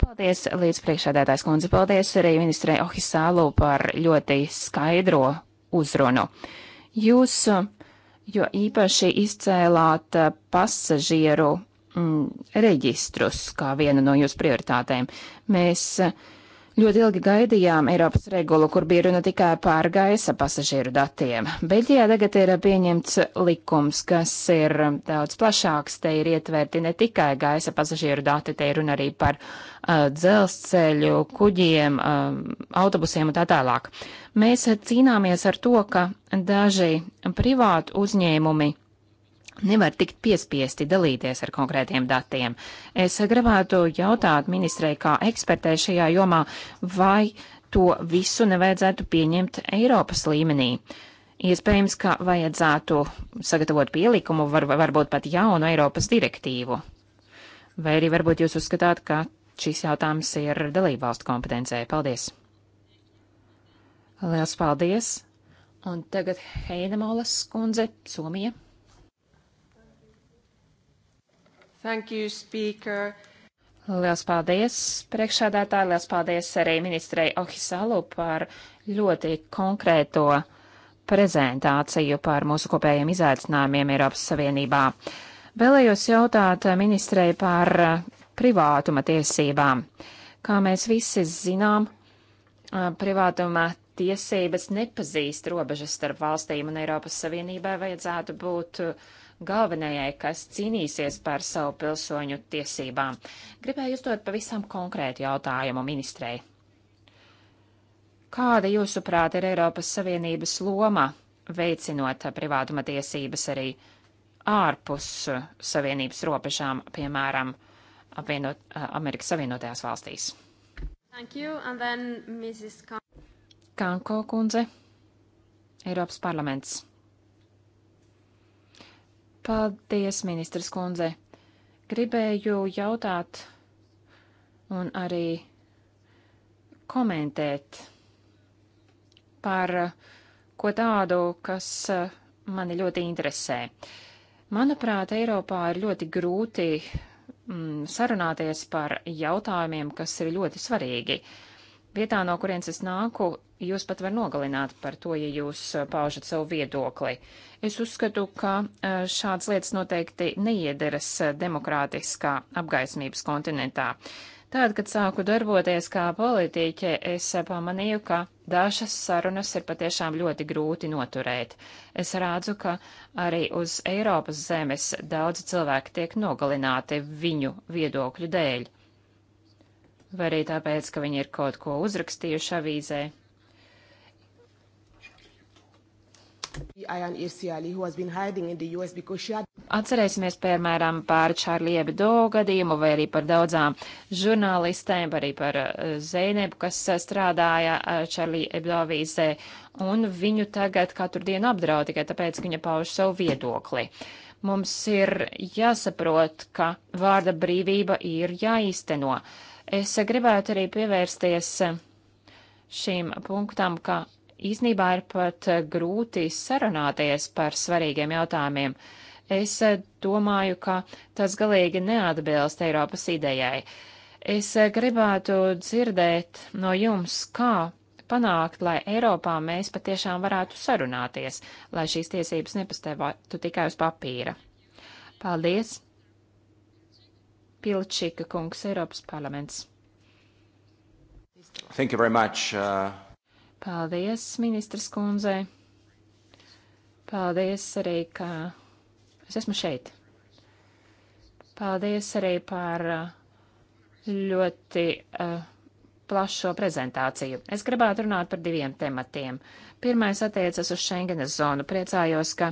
Paldies, līdz priekšādētājs kundze. Paldies arī ministrei Ohisālu par ļoti skaidro uzrunu. Jūs, jo īpaši izcēlāt pasažieru m, mm, reģistrus kā vienu no jūsu prioritātēm, mēs uh, Ļoti ilgi gaidījām Eiropas regulu, kur bija runa tikai par gaisa pasažieru datiem. Beļģijā tagad ir pieņemts likums, kas ir daudz plašāks. Te ir ietverti ne tikai gaisa pasažieru dati, te ir runa arī par uh, dzelzceļu, kuģiem, uh, autobusiem un tā tālāk. Mēs cīnāmies ar to, ka daži privātu uzņēmumi nevar tikt piespiesti dalīties ar konkrētiem datiem. Es gribētu jautāt ministrei kā ekspertē šajā jomā, vai to visu nevajadzētu pieņemt Eiropas līmenī. Iespējams, ka vajadzētu sagatavot pielikumu, var, varbūt pat jaunu Eiropas direktīvu. Vai arī varbūt jūs uzskatāt, ka šis jautājums ir dalībvalstu kompetencē. Paldies! Liels paldies! Un tagad Heinemolas kundze, Somija. Thank you, speaker. Liels paldies priekšādātāji, liels paldies arī ministrei Ohisalu par ļoti konkrēto prezentāciju par mūsu kopējiem izaicinājumiem Eiropas Savienībā. Vēlējos jautāt ministrei par privātuma tiesībām. Kā mēs visi zinām, privātuma tiesības nepazīst robežas starp valstīm un Eiropas Savienībai vajadzētu būt uh, galvenajai, kas cīnīsies par savu pilsoņu tiesībām. Gribēju uzdot pavisam konkrētu jautājumu ministrei. Kāda, jūsuprāt, ir Eiropas Savienības loma veicinot privātuma tiesības arī ārpus Savienības robežām, piemēram, apvienot, Amerikas Savienotajās valstīs? Thank you, and then Mrs. Kanko kundze, Eiropas parlaments. Paldies, ministras kundze. Gribēju jautāt un arī komentēt par uh, ko tādu, kas uh, mani ļoti interesē. Manuprāt, Eiropā ir ļoti grūti mm, sarunāties par jautājumiem, kas ir ļoti svarīgi. Vietā, no kurienes es nāku, jūs pat var nogalināt par to, ja jūs uh, paužat savu viedokli. Es uzskatu, ka uh, šādas lietas noteikti neiederas uh, demokrātiskā apgaismības kontinentā. Tātad, kad sāku darboties kā politiķe, es pamanīju, ka dažas sarunas ir patiešām ļoti grūti noturēt. Es rādzu, ka arī uz Eiropas zemes daudzi cilvēki tiek nogalināti viņu viedokļu dēļ. Vai arī tāpēc, ka viņi ir kaut ko uzrakstījuši avīzē, Atcerēsimies, piemēram, par Čārlī Ebdo gadījumu vai arī par daudzām žurnālistēm, arī par eh, Zēnebu, kas eh, strādāja eh, Čārlī Ebdo avīzē, un viņu tagad katru dienu apdraud tikai tāpēc, ka viņa pauž savu viedokli. Mums ir jāsaprot, ka vārda brīvība ir jāīsteno. Es gribētu arī pievērsties šīm punktām, ka īsnībā ir pat eh, grūti sarunāties par svarīgiem jautājumiem. Es eh, domāju, ka tas galīgi neatbilst Eiropas idejai. Es eh, gribētu dzirdēt no jums, kā panākt, lai Eiropā mēs patiešām varētu sarunāties, lai šīs tiesības nepastāvētu tikai uz papīra. Paldies! Pilčika kungs, Eiropas parlaments. Thank you very much. Uh... Paldies, ministras kundzei. Paldies arī, ka es esmu šeit. Paldies arī par uh, ļoti uh, plašo prezentāciju. Es gribētu runāt par diviem tematiem. Pirmais attiecas uz Schengenes zonu. Priecājos, ka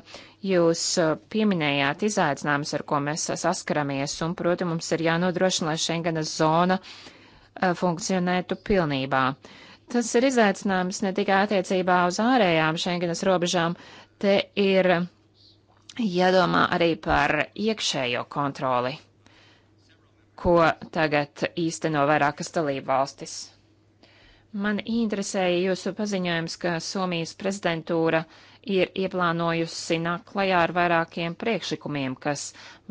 jūs uh, pieminējāt izaicinājumus, ar ko mēs saskaramies, un, proti, mums ir jānodrošina, lai Schengenes zona uh, funkcionētu pilnībā. Uh, Tas ir izaicinājums ne tikai attiecībā uz ārējām Schengenas robežām, te ir jādomā arī par iekšējo kontroli, ko tagad īsteno vairākas dalību valstis. Man interesēja jūsu paziņojums, ka Somijas prezidentūra uh, ir ieplānojusi nākt klajā ar vairākiem priekšlikumiem, kas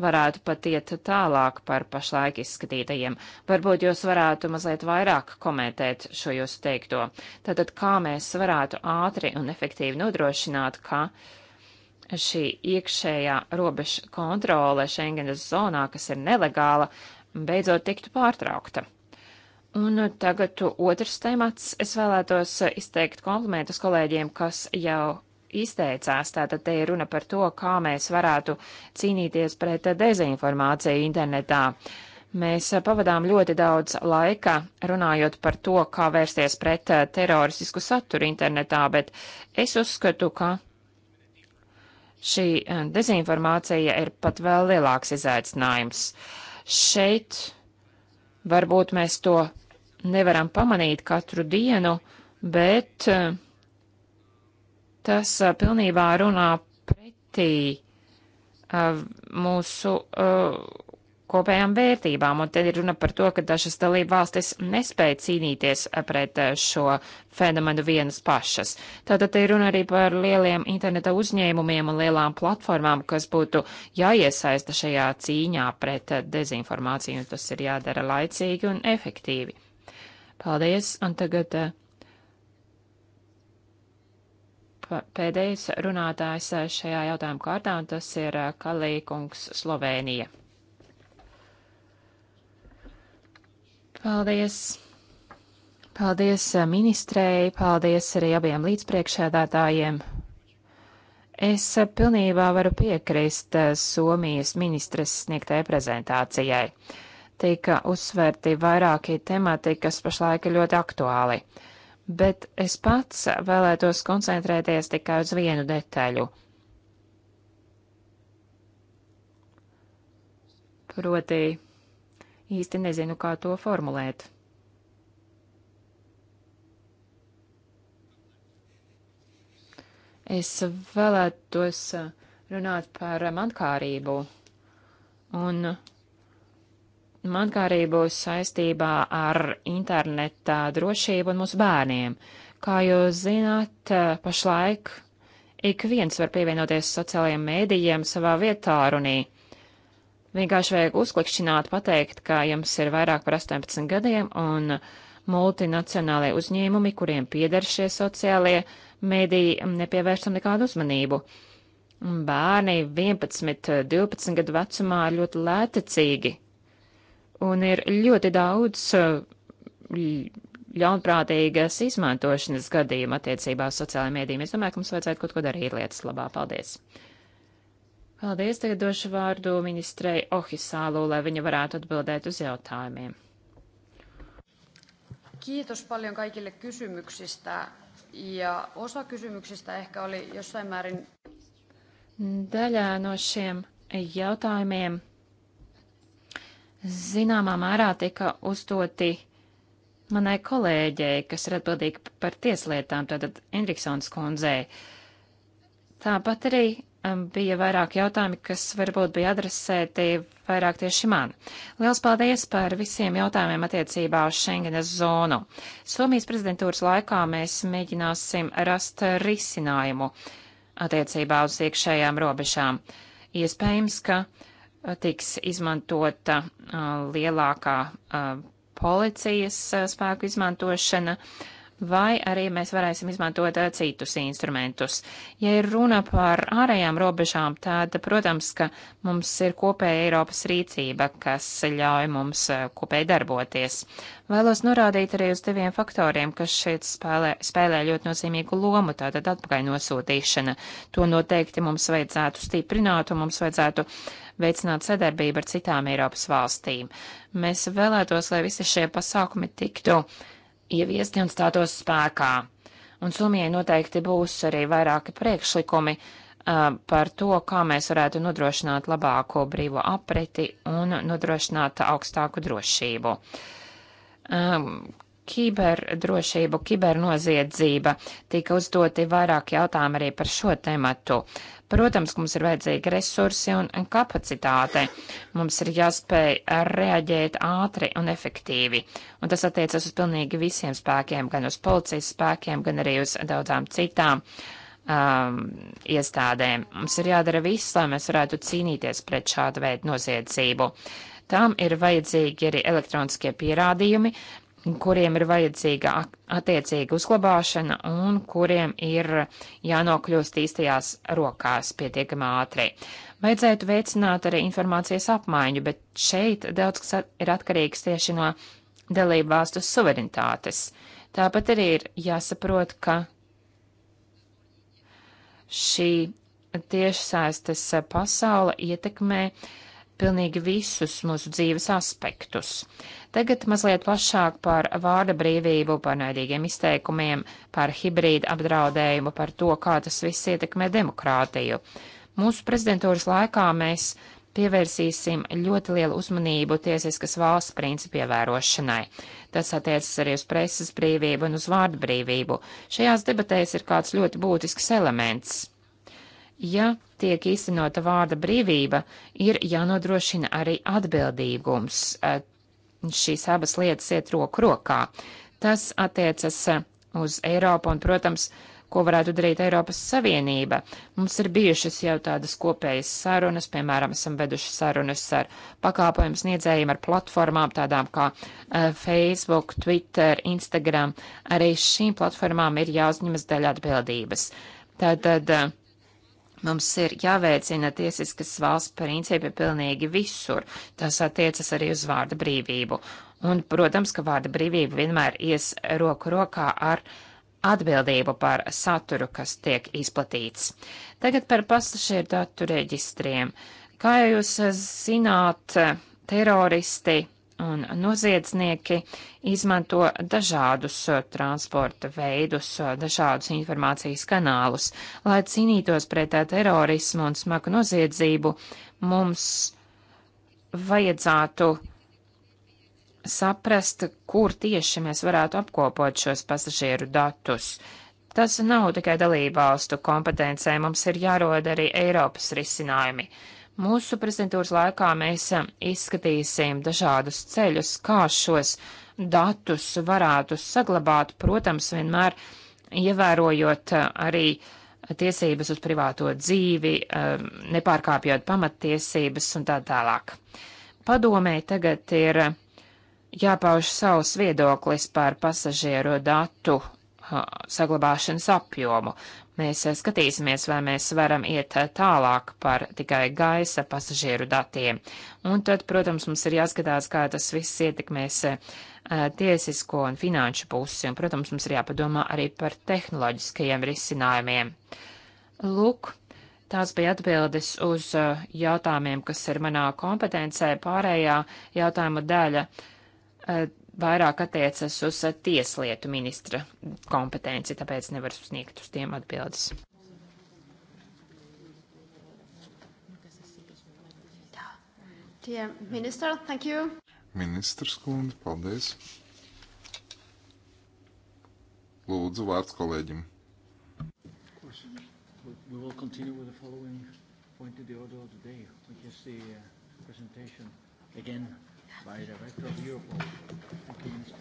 varētu pat iet tālāk par pašlaik izskatītajiem. Varbūt jūs varētu mazliet vairāk komentēt šo jūsu teikto. Tātad, kā mēs varētu ātri un efektīvi nodrošināt, ka šī iekšējā robeža kontrole Schengenas zonā, kas ir nelegāla, beidzot tiktu pārtraukta. Un tagad otrs temats. Es vēlētos izteikt komplimentus kolēģiem, kas jau izteicās. Tātad te ir runa par to, kā mēs varētu cīnīties pret dezinformāciju internetā. Mēs eh, pavadām ļoti daudz laika runājot par to, kā vērsties pret eh, teroristisku saturu internetā, bet es uzskatu, ka šī eh, dezinformācija ir pat vēl lielāks izaicinājums. Šeit varbūt mēs to nevaram pamanīt katru dienu, bet uh, Tas uh, pilnībā runā pretī uh, mūsu uh, kopējām vērtībām, un te ir runa par to, ka dažas dalība valstis nespēja cīnīties pret šo fenomenu vienas pašas. Tātad te ir runa arī par lieliem interneta uzņēmumiem un lielām platformām, kas būtu jāiesaista šajā cīņā pret dezinformāciju, un tas ir jādara laicīgi un efektīvi. Paldies, un tagad pēdējais runātājs eh, šajā jautājuma kārtā, un tas ir eh, Kalīkungs Slovēnija. Paldies! Paldies eh, ministrei, paldies arī abiem līdzpriekšēdātājiem. Es pilnībā varu piekrist Somijas ministres sniegtajai prezentācijai. Tika uzsverti vairāki temati, kas pašlaik ir ļoti aktuāli bet es pats vēlētos koncentrēties tikai uz vienu detaļu. Proti, īsti nezinu, kā to formulēt. Es vēlētos runāt par mankārību un man kā arī būs saistībā ar interneta drošību un mūsu bērniem. Kā jūs zināt, pašlaik ik viens var pievienoties sociālajiem mēdījiem savā vietā runī. Vienkārši vajag uzklikšķināt, pateikt, ka jums ir vairāk par 18 gadiem un multinacionālie uzņēmumi, kuriem pieder šie sociālie mēdīji, nepievērstam nekādu uzmanību. Bērni 11, 12 gadu vecumā ļoti lētecīgi un ir ļoti daudz uh, ļaunprātīgas izmantošanas gadījuma attiecībā uz sociālajiem mēdījiem. Es domāju, ka mums vajadzētu kaut ko darīt lietas labā. Paldies! Paldies, tagad došu vārdu ministrei Ohisālu, lai viņa varētu atbildēt uz jautājumiem. Kiitos paljon kaikille kysymyksistä ja osa kysymyksistä ehkä oli jossain määrin. Daļā no šiem jautājumiem zināmā mērā tika uzdoti manai kolēģei, kas ir atbildīga par tieslietām, tātad Endriksons kundzei. Tāpat arī um, bija vairāk jautājumi, kas varbūt bija adresēti vairāk tieši man. Liels paldies par visiem jautājumiem attiecībā uz Schengenes zonu. Somijas prezidentūras laikā mēs mēģināsim rast risinājumu attiecībā uz iekšējām robežām. Iespējams, ka uh, tiks izmantota uh, lielākā uh, policijas uh, spēku izmantošana vai arī mēs varēsim izmantot uh, citus instrumentus. Ja ir runa par ārējām robežām, tad, protams, ka mums ir kopēja Eiropas rīcība, kas ļauj mums uh, kopēji darboties. Vēlos norādīt arī uz diviem faktoriem, kas šeit spēlē, spēlē ļoti nozīmīgu lomu, tātad atpakaļ nosūtīšana. To noteikti mums vajadzētu stiprināt un mums vajadzētu veicināt sadarbību ar citām Eiropas valstīm. Mēs vēlētos, lai visi šie pasākumi tiktu uh, ieviesti un stātos spēkā. Un Somijai noteikti būs arī vairāki priekšlikumi uh, par to, kā mēs varētu nodrošināt labāko brīvo apreti un nodrošināt augstāku drošību. Um, kiberdrošību, kibernoziedzība. Tika uzdoti vairāk jautājumu arī par šo tematu. Protams, mums ir vajadzīgi resursi un kapacitāte. Mums ir jāspēj reaģēt ātri un efektīvi. Un tas attiecas uz pilnīgi visiem spēkiem, gan uz policijas spēkiem, gan arī uz daudzām citām um, iestādēm. Mums ir jādara viss, lai mēs varētu cīnīties pret šādu veidu noziedzību. Tām ir vajadzīgi arī elektroniskie pierādījumi, kuriem ir vajadzīga attiecīga uzglabāšana un kuriem ir jānokļūst īstajās rokās pietiekamā ātri. Vajadzētu veicināt arī informācijas apmaiņu, bet šeit daudz kas ir atkarīgs tieši no dalību valstu suverenitātes. Tāpat arī ir jāsaprot, ka šī tiešsaistes pasaule ietekmē uh, pilnīgi visus mūsu dzīves aspektus. Tagad mazliet plašāk par vārda brīvību, par naidīgiem izteikumiem, par hibrīdu apdraudējumu, par to, kā tas viss ietekmē demokrātiju. Mūsu prezidentūras laikā mēs pievērsīsim ļoti lielu uzmanību tiesiskas valsts principu ievērošanai. Tas attiecas arī uz preses brīvību un uz vārdu brīvību. Šajās debatēs ir kāds ļoti būtisks elements Ja tiek īstenota vārda brīvība, ir jānodrošina arī atbildīgums. Eh, šīs abas lietas iet roku rokā. Tas attiecas eh, uz Eiropu un, protams, ko varētu darīt Eiropas Savienība. Mums ir bijušas jau tādas kopējas sarunas, piemēram, esam veduši sarunas ar pakāpojumu sniedzējiem, ar platformām tādām kā eh, Facebook, Twitter, Instagram. Arī šīm platformām ir jāuzņemas daļa atbildības. Tātad. Tā, Mums ir jāveicina tiesiskas valsts principi pilnīgi visur. Tas attiecas arī uz vārda brīvību. Un, protams, ka vārda brīvība vienmēr ies roku rokā ar atbildību par saturu, kas tiek izplatīts. Tagad par pasažieru datu reģistriem. Kā jūs zināt, teroristi Un noziedznieki izmanto dažādus uh, transporta veidus, uh, dažādus informācijas kanālus. Lai cīnītos pret uh, terorismu un smagu noziedzību, mums vajadzētu saprast, kur tieši mēs varētu apkopot šos pasažieru datus. Tas nav tikai dalībvalstu kompetencē, mums ir jāroda arī Eiropas risinājumi. Mūsu prezidentūras laikā mēs eh, izskatīsim dažādus ceļus, kā šos datus varētu saglabāt, protams, vienmēr ievērojot eh, arī tiesības uz privāto dzīvi, eh, nepārkāpjot pamattiesības un tā tālāk. Padomē tagad ir jāpauž savs viedoklis par pasažieru datu saglabāšanas apjomu. Mēs eh, skatīsimies, vai mēs varam iet eh, tālāk par tikai gaisa pasažieru datiem. Un tad, protams, mums ir jāskatās, kā tas viss ietekmēs eh, tiesisko un finanšu pusi, un, protams, mums ir jāpadomā arī par tehnoloģiskajiem risinājumiem. Lūk, tās bija atbildes uz jautājumiem, kas ir manā kompetencē, pārējā jautājuma daļa vairāk attiecas uz eh, tieslietu ministra kompetenci, tāpēc nevar sniegt uz tiem atbildes. Yeah, minister, thank you. Ministrs kundze, paldies. Lūdzu, vārds kolēģim. We will continue with the following point to the order of the day, which is the uh, presentation again by Director Leopold against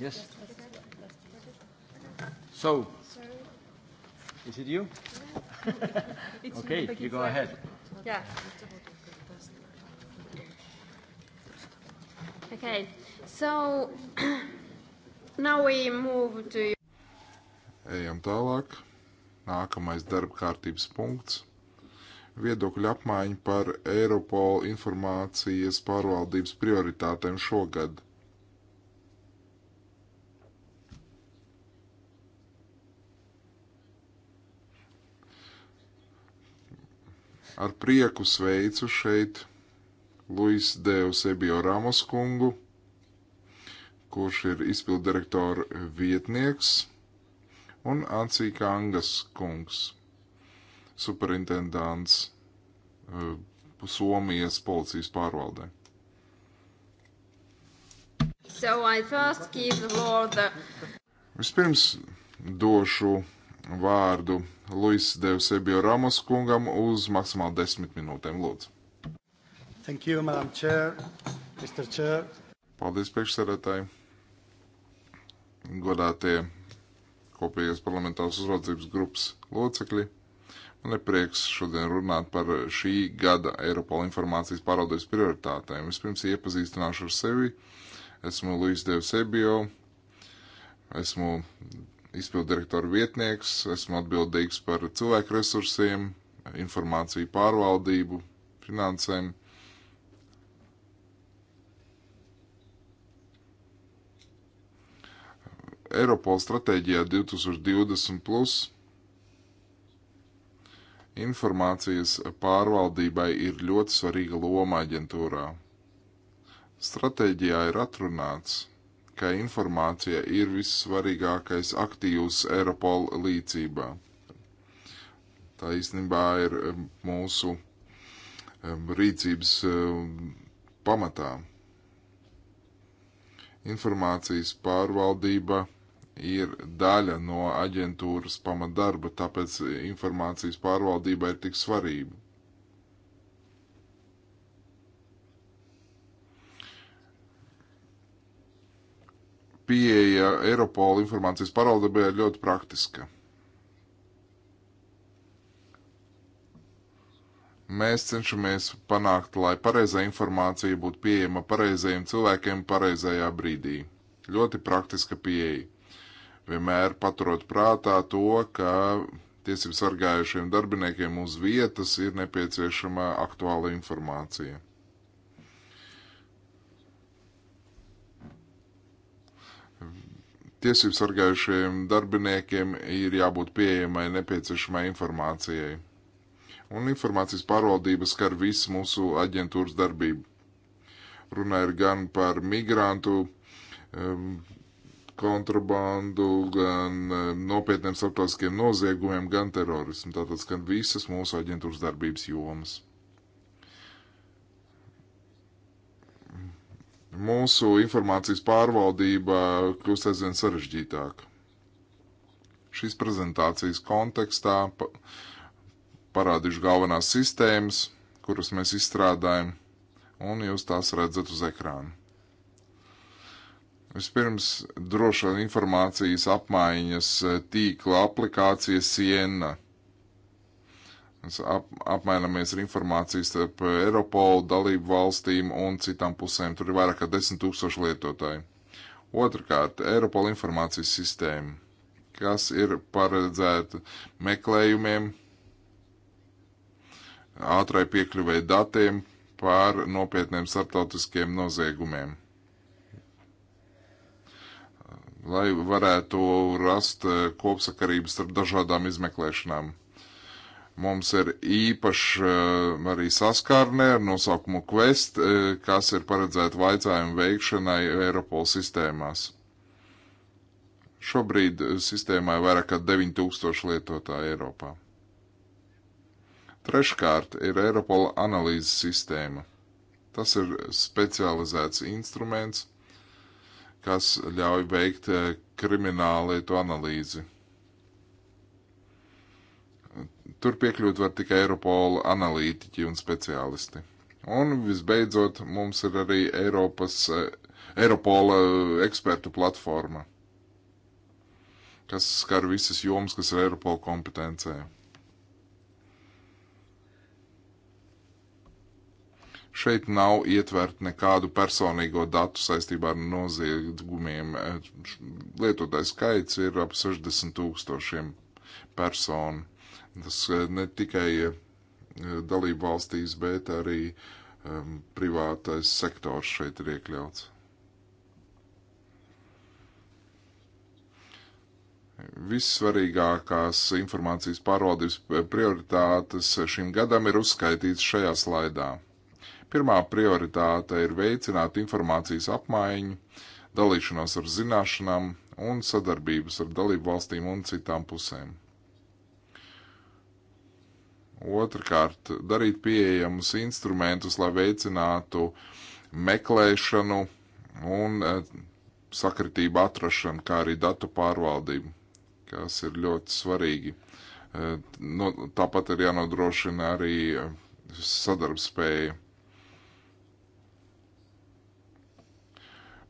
Yes. So, Is it you? it's okay, me, you go ahead. Yeah. Okay, so now we move to. Ejam tālāk. Nākamais darba kārtības punkts - viedokļu apmaiņa par Eiropola informācijas pārvaldības prioritātēm šogad. Ar prieku sveicu šeit Luis Deo Sebio Ramos kungu, kurš ir izpildirektora vietnieks, un Ancija Kangas kungs, superintendants eh, Somijas policijas pārvaldē. So I first give the... Vispirms došu vārdu Luis Deusebio Ramos kungam uz maksimāli desmit minūtēm. Lūdzu. Thank you, Madam Chair, Mr. Chair. Paldies, priekšsēdētāji. Godātie kopējās parlamentārās uzraudzības grupas locekļi. Man ir prieks šodien runāt par šī gada Eiropola informācijas pāraudzes prioritātēm. Vispirms iepazīstināšu ar sevi. Esmu Luis Deusebio. Esmu izpildirektora vietnieks, esmu atbildīgs par cilvēku resursiem, informāciju pārvaldību, finansēm. Eiropola stratēģijā 2020 plus informācijas pārvaldībai ir ļoti svarīga loma aģentūrā. Stratēģijā ir atrunāts, ka informācija ir vissvarīgākais aktīvs Eiropol līdzībā. Tā īstenībā ir mūsu rīcības pamatā. Informācijas pārvaldība ir daļa no aģentūras pamatdarba, tāpēc informācijas pārvaldība ir tik svarīga. pieeja Eiropola informācijas pārvaldībā ir ļoti praktiska. Mēs cenšamies panākt, lai pareizā informācija būtu pieejama pareizajiem cilvēkiem pareizajā brīdī. Ļoti praktiska pieeja. Vienmēr paturot prātā to, ka tiesību sargājušiem darbiniekiem uz vietas ir nepieciešama aktuāla informācija. tiesību sargājušajiem darbiniekiem ir jābūt pieejamai nepieciešamai informācijai. Un informācijas pārvaldības skar visu mūsu aģentūras darbību. Runa ir gan par migrantu um, kontrabandu, gan um, nopietniem starptautiskiem noziegumiem, gan terorismu. Tātad skan visas mūsu aģentūras darbības jomas. mūsu informācijas pārvaldība kļūst aizvien sarežģītāka. Šīs prezentācijas kontekstā parādīšu galvenās sistēmas, kuras mēs izstrādājam, un jūs tās redzat uz ekrāna. Vispirms drošā informācijas apmaiņas eh, tīkla aplikācija Siena – ap, apmainamies ar informāciju starp Eiropolu, dalību valstīm un citām pusēm. Tur ir vairāk kā 10 tūkstoši lietotāji. Otrakārt, Eiropola informācijas sistēma, kas ir paredzēta meklējumiem, ātrai piekļuvēja datiem pār nopietniem starptautiskiem noziegumiem. Lai varētu rast eh, kopsakarības starp dažādām izmeklēšanām. Mums ir īpaši eh, arī saskārnē ar nosaukumu Quest, eh, kas ir paredzēta vaicājumu veikšanai Eiropol sistēmās. Šobrīd eh, sistēmā ir vairāk kā 9000 lietotāju Eiropā. Treškārt ir Eiropola analīzes sistēma. Tas ir specializēts instruments, kas ļauj veikt kriminālietu analīzi tur piekļūt var tikai Eiropola analītiķi un speciālisti. Un visbeidzot, mums ir arī Eiropas, eh, Eiropola eh, ekspertu platforma, kas skar visas jomas, kas ir Eiropola kompetencē. Šeit nav ietvert nekādu personīgo datu saistībā ar noziegumiem. Eh, Lietotais skaits ir ap 60 tūkstošiem personu Tas eh, ne tikai eh, dalību valstīs, bet arī um, privātais sektors šeit ir iekļauts. Vissvarīgākās informācijas pārvaldības eh, prioritātes šim gadam ir uzskaitīts šajā slaidā. Pirmā prioritāte ir veicināt informācijas apmaiņu, dalīšanos ar zināšanām un sadarbības ar dalību valstīm un citām pusēm. Otrakārt, darīt pieejamus instrumentus, lai veicinātu meklēšanu un eh, sakritību atrašanu, kā arī datu pārvaldību, kas ir ļoti svarīgi. Eh, no, tāpat ir jānodrošina arī eh, sadarbspēja.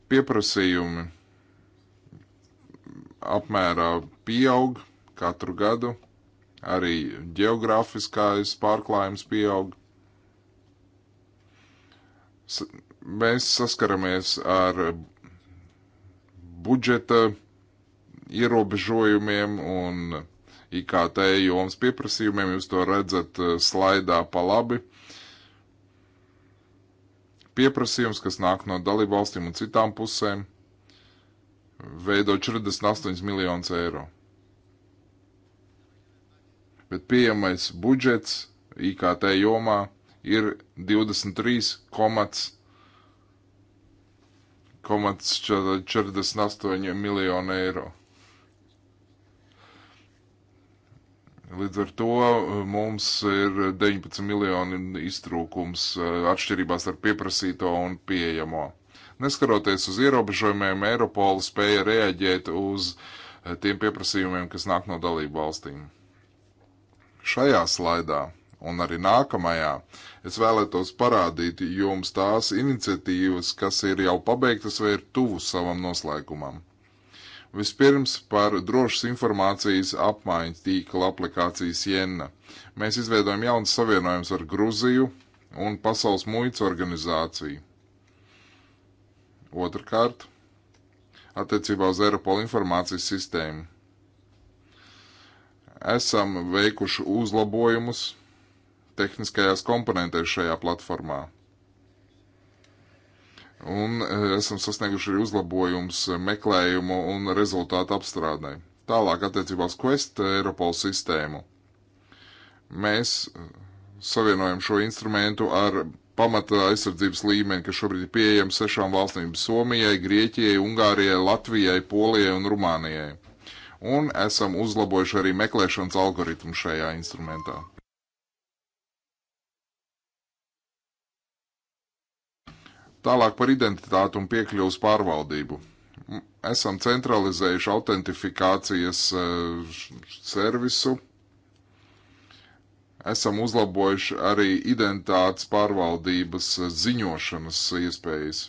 Pieprasījumi apmērā pieaug katru gadu Arī geogrāfiskais pārklājums pieaug. S mēs saskaramies ar budžeta ierobežojumiem un IKT jomas pieprasījumiem. Jūs to redzat eh, slaidā pa labi. Pieprasījums, kas nāk no dalībvalstīm un citām pusēm, veido 48 miljonus eiro bet pieejamais budžets IKT jomā ir 23,48 miljonu eiro. Līdz ar to uh, mums ir 19 miljoni iztrūkums uh, atšķirībās ar pieprasīto un pieejamo. Neskaroties uz ierobežojumiem, Eiropola spēja reaģēt uz uh, tiem pieprasījumiem, kas nāk no dalību valstīm. Šajā slaidā un arī nākamajā es vēlētos parādīt jums tās iniciatīvas, kas ir jau pabeigtas vai ir tuvu savam noslēgumam. Vispirms par drošas informācijas apmaiņu tīkla aplikācijas Jena. Mēs izveidojam jaunas savienojumus ar Gruziju un Pasaules muitas organizāciju. Otrakārt, attiecībā uz Eiropola informācijas sistēmu esam veikuši uzlabojumus tehniskajās komponentēs šajā platformā. Un e, esam sasnieguši arī uzlabojums meklējumu un rezultātu apstrādē. Tālāk attiecībā uz Quest Eiropol sistēmu. Mēs e, savienojam šo instrumentu ar pamata aizsardzības līmeni, kas šobrīd ir pieejams sešām valstīm - Somijai, Grieķijai, Ungārijai, Latvijai, Polijai un Rumānijai un esam uzlabojuši arī meklēšanas algoritmu šajā instrumentā. Tālāk par identitātu un piekļuvas pārvaldību. Esam centralizējuši autentifikācijas e, servisu. Esam uzlabojuši arī identitātes pārvaldības e, ziņošanas iespējas.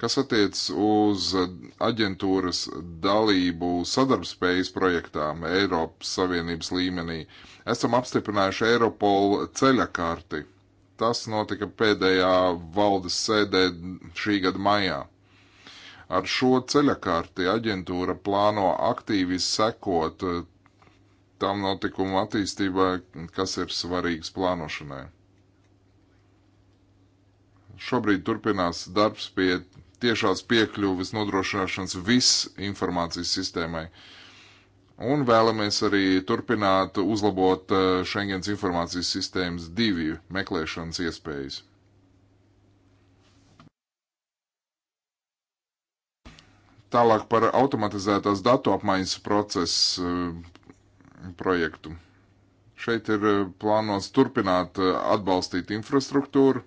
Kas attiec uz aģentūras dalību sadarbspējas projektām Eiropas Savienības līmenī, esam apstiprinājuši Eiropolu ceļakārti. Tas notika pēdējā valdes sēdē šī gada maijā. Ar šo ceļakārti aģentūra plāno aktīvi sekot eh, tam notikumu attīstībai, kas ir svarīgs plānošanai. Šobrīd turpinās darbs pie tiešās piekļuves nodrošināšanas viss informācijas sistēmai. Un vēlamies arī turpināt uzlabot eh, Schengens informācijas sistēmas divi meklēšanas iespējas. Tālāk par automatizētās datu apmaiņas procesu eh, projektu. Šeit ir eh, plānots turpināt atbalstīt infrastruktūru,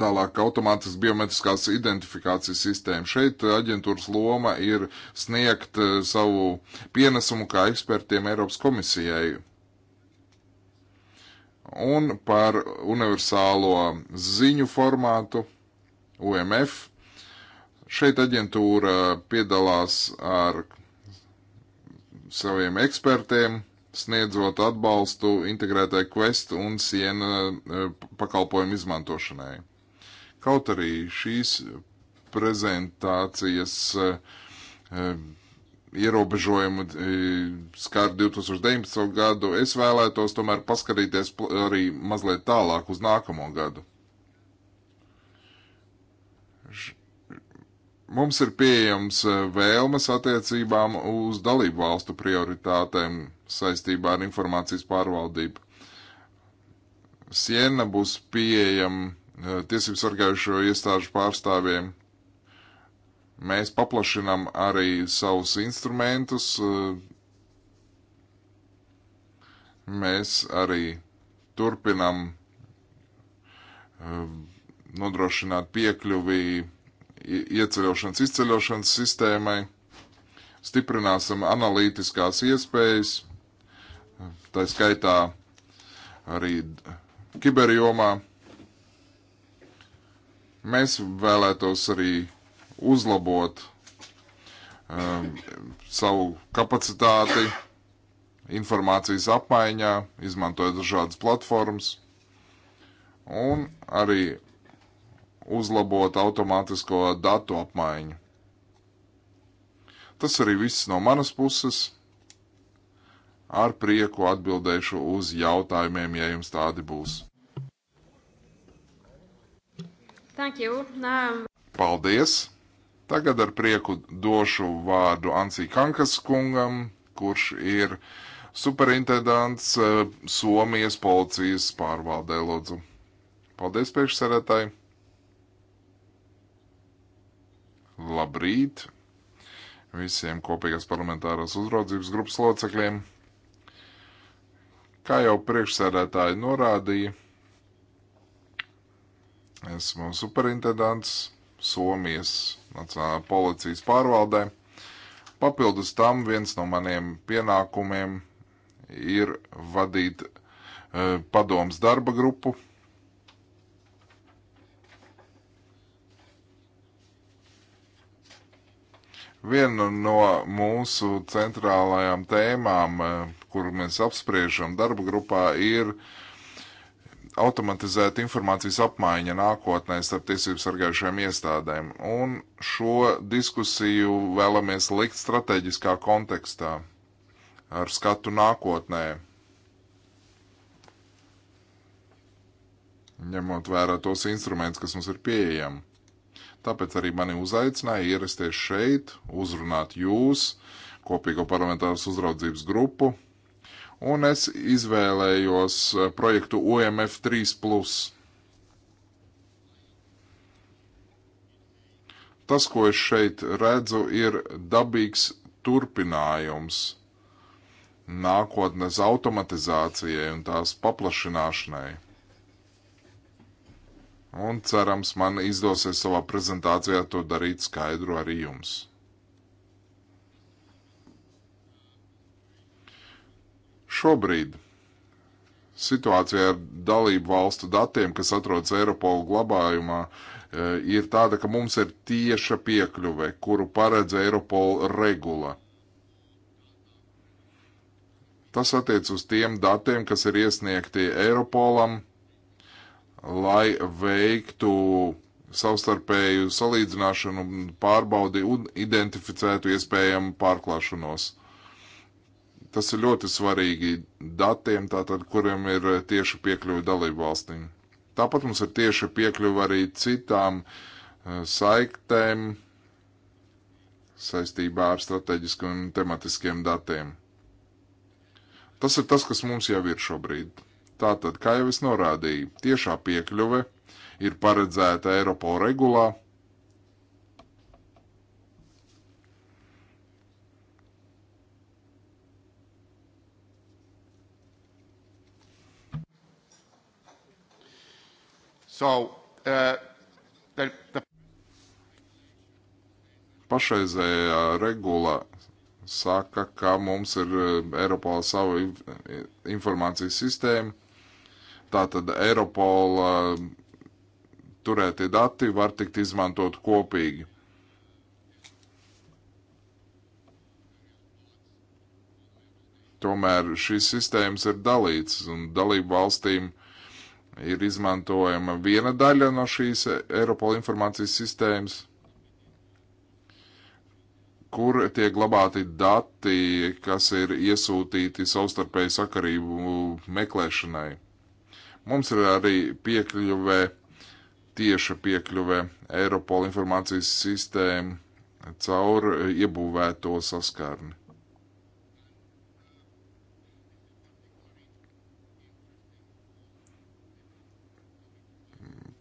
Tālāk automātiski biometriskās identifikācijas sistēma. Šeit eh, aģentūras loma ir sniegt eh, savu pienesumu kā ekspertiem Eiropas komisijai. Un par universālo ziņu formātu UMF. Šeit aģentūra piedalās ar saviem ekspertiem, sniedzot atbalstu integrētai Quest un Siena eh, pakalpojumu izmantošanai. Kaut arī šīs prezentācijas e, e, ierobežojumi e, skar 2019. gadu, es vēlētos tomēr paskatīties arī mazliet tālāk uz nākamo gadu. mums ir pieejams vēlmes attiecībām uz dalību valstu prioritātēm saistībā ar informācijas pārvaldību. Siena būs pieejama Eh, tiesību sargājušo iestāžu pārstāvjiem. Mēs paplašinām arī savus instrumentus. Eh, mēs arī turpinam eh, nodrošināt piekļuvi ieceļošanas, izceļošanas sistēmai, stiprināsim analītiskās iespējas, tā skaitā arī kiberjomā Mēs vēlētos arī uzlabot um, savu kapacitāti informācijas apmaiņā, izmantojot dažādas platformas un arī uzlabot automātisko datu apmaiņu. Tas arī viss no manas puses. Ar prieku atbildēšu uz jautājumiem, ja jums tādi būs. Thank you. Now... Paldies! Tagad ar prieku došu vārdu Ansī Kankas kungam, kurš ir superintendants eh, Somijas policijas pārvaldē lūdzu. Paldies, priekšsēdētāji! Labrīt! Visiem kopīgās parlamentārās uzraudzības grupas locekļiem! Kā jau priekšsēdētāji norādīja, Esmu superintendants Somijas Nacionālajā policijas pārvaldē. Papildus tam viens no maniem pienākumiem ir vadīt uh, e, padoms darba grupu. Viena no mūsu centrālajām tēmām, uh, kuru mēs apspriežam darba grupā, ir uh, automatizēta informācijas apmaiņa nākotnē starp tiesību sargājušajām iestādēm, un šo diskusiju vēlamies likt strateģiskā kontekstā ar skatu nākotnē, ņemot vērā tos instrumentus, kas mums ir pieejami. Tāpēc arī mani uzaicināja ierasties šeit, uzrunāt jūs, kopīgo parlamentāras uzraudzības grupu un es izvēlējos eh, projektu OMF 3. Tas, ko es šeit redzu, ir dabīgs turpinājums nākotnes automatizācijai un tās paplašināšanai. Un cerams, man izdosies savā prezentācijā to darīt skaidru arī jums. Šobrīd situācija ar dalību valstu datiem, kas atrodas Eiropola glabājumā, e, ir tāda, ka mums ir tieša piekļuve, kuru paredz Eiropola regula. Tas attiec uz tiem datiem, kas ir iesniegti Eiropolam, lai veiktu savstarpēju salīdzināšanu, pārbaudi un identificētu iespējamu pārklāšanos. Tas ir ļoti svarīgi datiem, tātad, kuriem ir eh, tieši piekļuvi dalību valstīm. Tāpat mums ir tieši piekļuvi arī citām eh, saiktēm saistībā ar strateģiskiem un tematiskiem datiem. Tas ir tas, kas mums jau ir šobrīd. Tātad, kā jau es norādīju, tiešā piekļuve ir paredzēta Eiropo regulā, So, uh, the, the... Pašreizējā regula saka, ka mums ir uh, Eiropola sava informācijas sistēma. Tātad Eiropola uh, turētie dati var tikt izmantot kopīgi. Tomēr šīs sistēmas ir dalītas un dalību valstīm ir izmantojama viena daļa no šīs Eiropola informācijas sistēmas, kur tiek glabāti dati, kas ir iesūtīti savstarpēju sakarību meklēšanai. Mums ir arī piekļuvē, tieša piekļuvē Eiropola informācijas sistēma caur iebūvēto saskarni.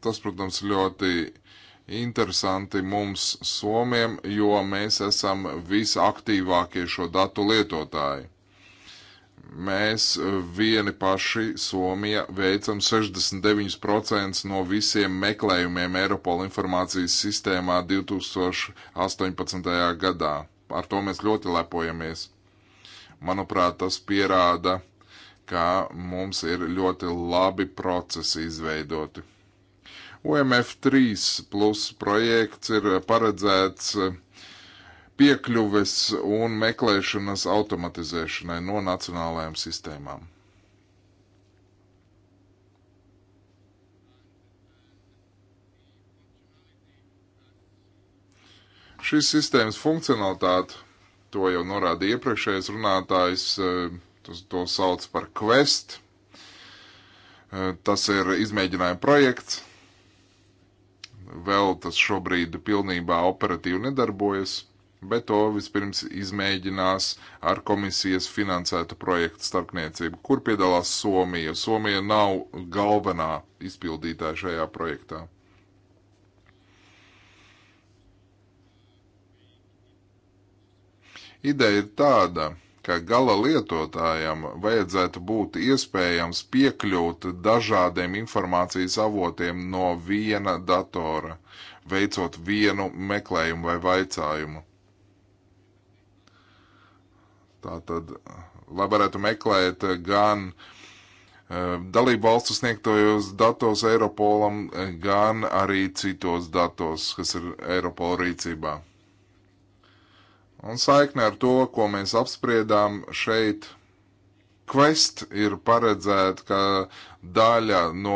Tas, protams, ļoti interesanti mums, Somiem, jo mēs esam visaktīvākie šo datu lietotāji. Mēs vieni paši, Somija, veicam 69% no visiem meklējumiem Eiropola informācijas sistēmā 2018. gadā. Ar to mēs ļoti lepojamies. Manuprāt, tas pierāda, ka mums ir ļoti labi procesi izveidoti. OMF3 plus projekts ir paredzēts piekļuves un meklēšanas automatizēšanai no nacionālajām sistēmām. Šīs sistēmas funkcionalitāte, to jau norāda iepriekšējais runātājs, eh, tas to sauc par Quest. Eh, tas ir izmēģinājuma projekts, vēl tas šobrīd pilnībā operatīvi nedarbojas, bet to vispirms izmēģinās ar komisijas finansētu projektu starpniecību, kur piedalās Somija. Somija nav galvenā izpildītāja šajā projektā. Ideja ir tāda, ka ka gala lietotājam vajadzētu būt iespējams piekļūt dažādiem informācijas avotiem no viena datora, veicot vienu meklējumu vai vaicājumu. Tātad, lai varētu meklēt gan eh, dalību valstu sniegtojos datos Eiropolam, gan arī citos datos, kas ir Eiropola rīcībā. Un saikne ar to, ko mēs apspriedām šeit, Quest ir paredzēta kā daļa no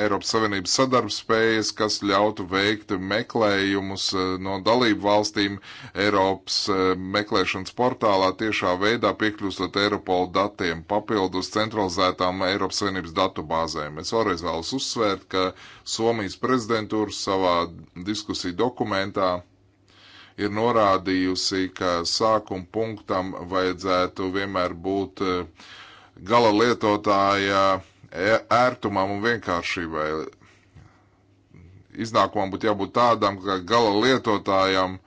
Eiropas Savienības sadarbspējas, kas ļautu veikt meklējumus eh, no dalību valstīm Eiropas eh, meklēšanas portālā tiešā veidā piekļūstot Eiropola datiem papildus centralizētām Eiropas Savienības datubāzēm. Es vēlreiz vēlos uzsvērt, ka Somijas prezidentūra savā diskusiju dokumentā ir norādījusi, ka sākuma punktam vajadzētu vienmēr būt eh, gala lietotāja e, ērtumam un vienkāršībai. Iznākumam būtu jābūt tādam, ka gala lietotājam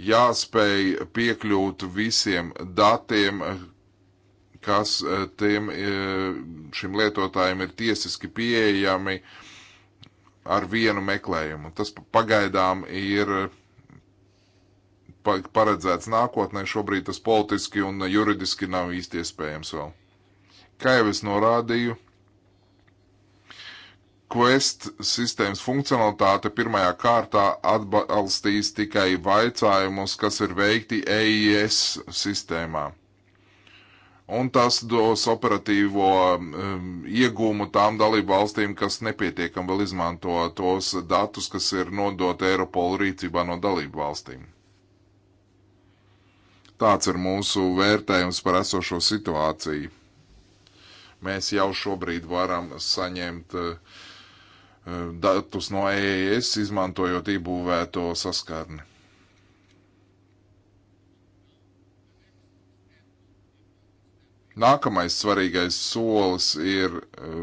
jāspēj piekļūt visiem datiem, kas e, tiem, e, šim lietotājiem ir tiesiski pieejami ar vienu meklējumu. Tas pagaidām ir paredzēts nākotnē, šobrīd tas politiski un juridiski nav īsti iespējams vēl. Kā jau es norādīju, Quest sistēmas funkcionalitāte pirmajā kārtā atbalstīs tikai vaicājumus, kas ir veikti EIS sistēmā. Un tas dos operatīvo um, iegūmu tām dalību valstīm, kas nepietiekam vēl izmanto tos datus, kas ir nodoti Eiropola rīcībā no dalību valstīm. Tāds ir mūsu vērtējums par esošo situāciju. Mēs jau šobrīd varam saņemt uh, datus no EES, izmantojot iebūvēto saskarni. Nākamais svarīgais solis ir uh,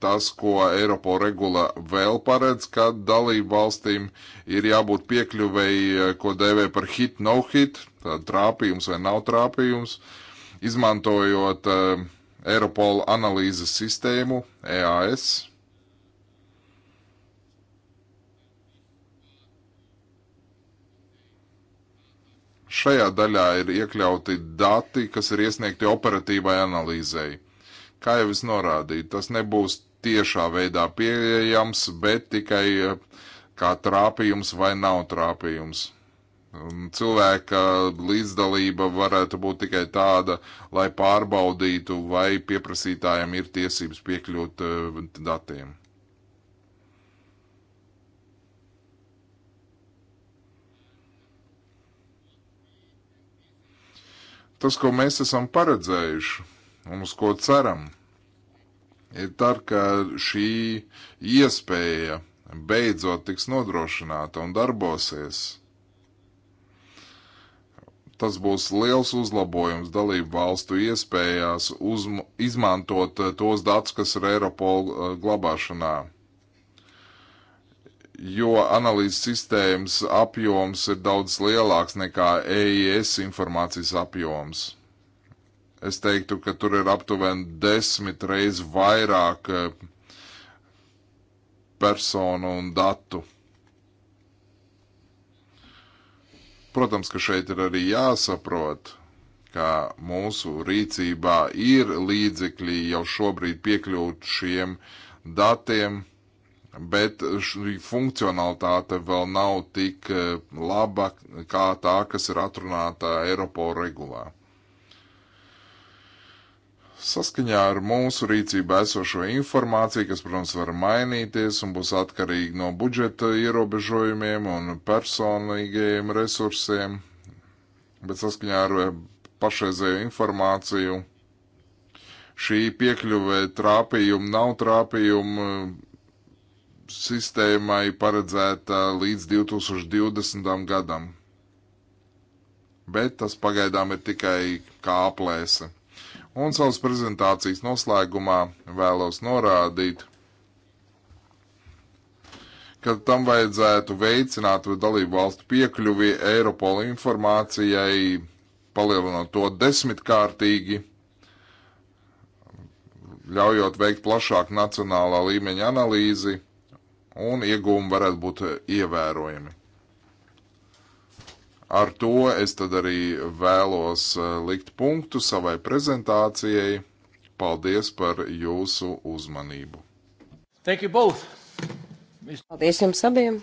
tas, ko Eiropo regula vēl paredz, ka dalību valstīm ir jābūt piekļuvēji, eh, ko dēvē par hit, no hit, trāpījums vai nav trāpījums, izmantojot uh, eh, Eiropola analīzes sistēmu EAS. Šajā daļā ir iekļauti dati, kas ir iesniegti operatīvai analīzei. Kā jau es norādīju, tas nebūs tiešā veidā pieejams, bet tikai eh, kā trāpījums vai nav trāpījums. Cilvēka līdzdalība varētu būt tikai tāda, lai pārbaudītu, vai pieprasītājiem ir tiesības piekļūt eh, datiem. tas, ko mēs esam paredzējuši un uz ko ceram ir tad, ka šī iespēja beidzot tiks nodrošināta un darbosies. Tas būs liels uzlabojums dalību valstu iespējās uzm, izmantot eh, tos datus, kas ir Eiropola eh, glabāšanā. Jo analīzes sistēmas apjoms ir daudz lielāks nekā EIS informācijas apjoms. Es teiktu, ka tur ir aptuveni desmit reizes vairāk eh, personu un datu. Protams, ka šeit ir arī jāsaprot, ka mūsu rīcībā ir līdzekļi jau šobrīd piekļūt šiem datiem, bet šī funkcionalitāte vēl nav tik eh, laba kā tā, kas ir atrunāta Eiropola regulā. Saskaņā ar mūsu rīcībā esošo informāciju, kas, protams, var mainīties un būs atkarīgi no budžeta ierobežojumiem un personīgajiem resursiem, bet saskaņā ar eh, pašreizējo informāciju šī piekļuve trāpījumu nav trāpījumu eh, sistēmai paredzēta līdz 2020. gadam. Bet tas pagaidām ir tikai kā aplēse. Un savas prezentācijas noslēgumā vēlos norādīt, ka tam vajadzētu veicināt dalību valstu piekļuvi Eiropola informācijai, palielinot to desmitkārtīgi, ļaujot veikt plašāku nacionālā līmeņa analīzi, un iegūmi varētu būt ievērojami. Ar to es tad arī vēlos eh, likt punktu savai prezentācijai. Paldies par jūsu uzmanību. Thank you both. Paldies jums abiem,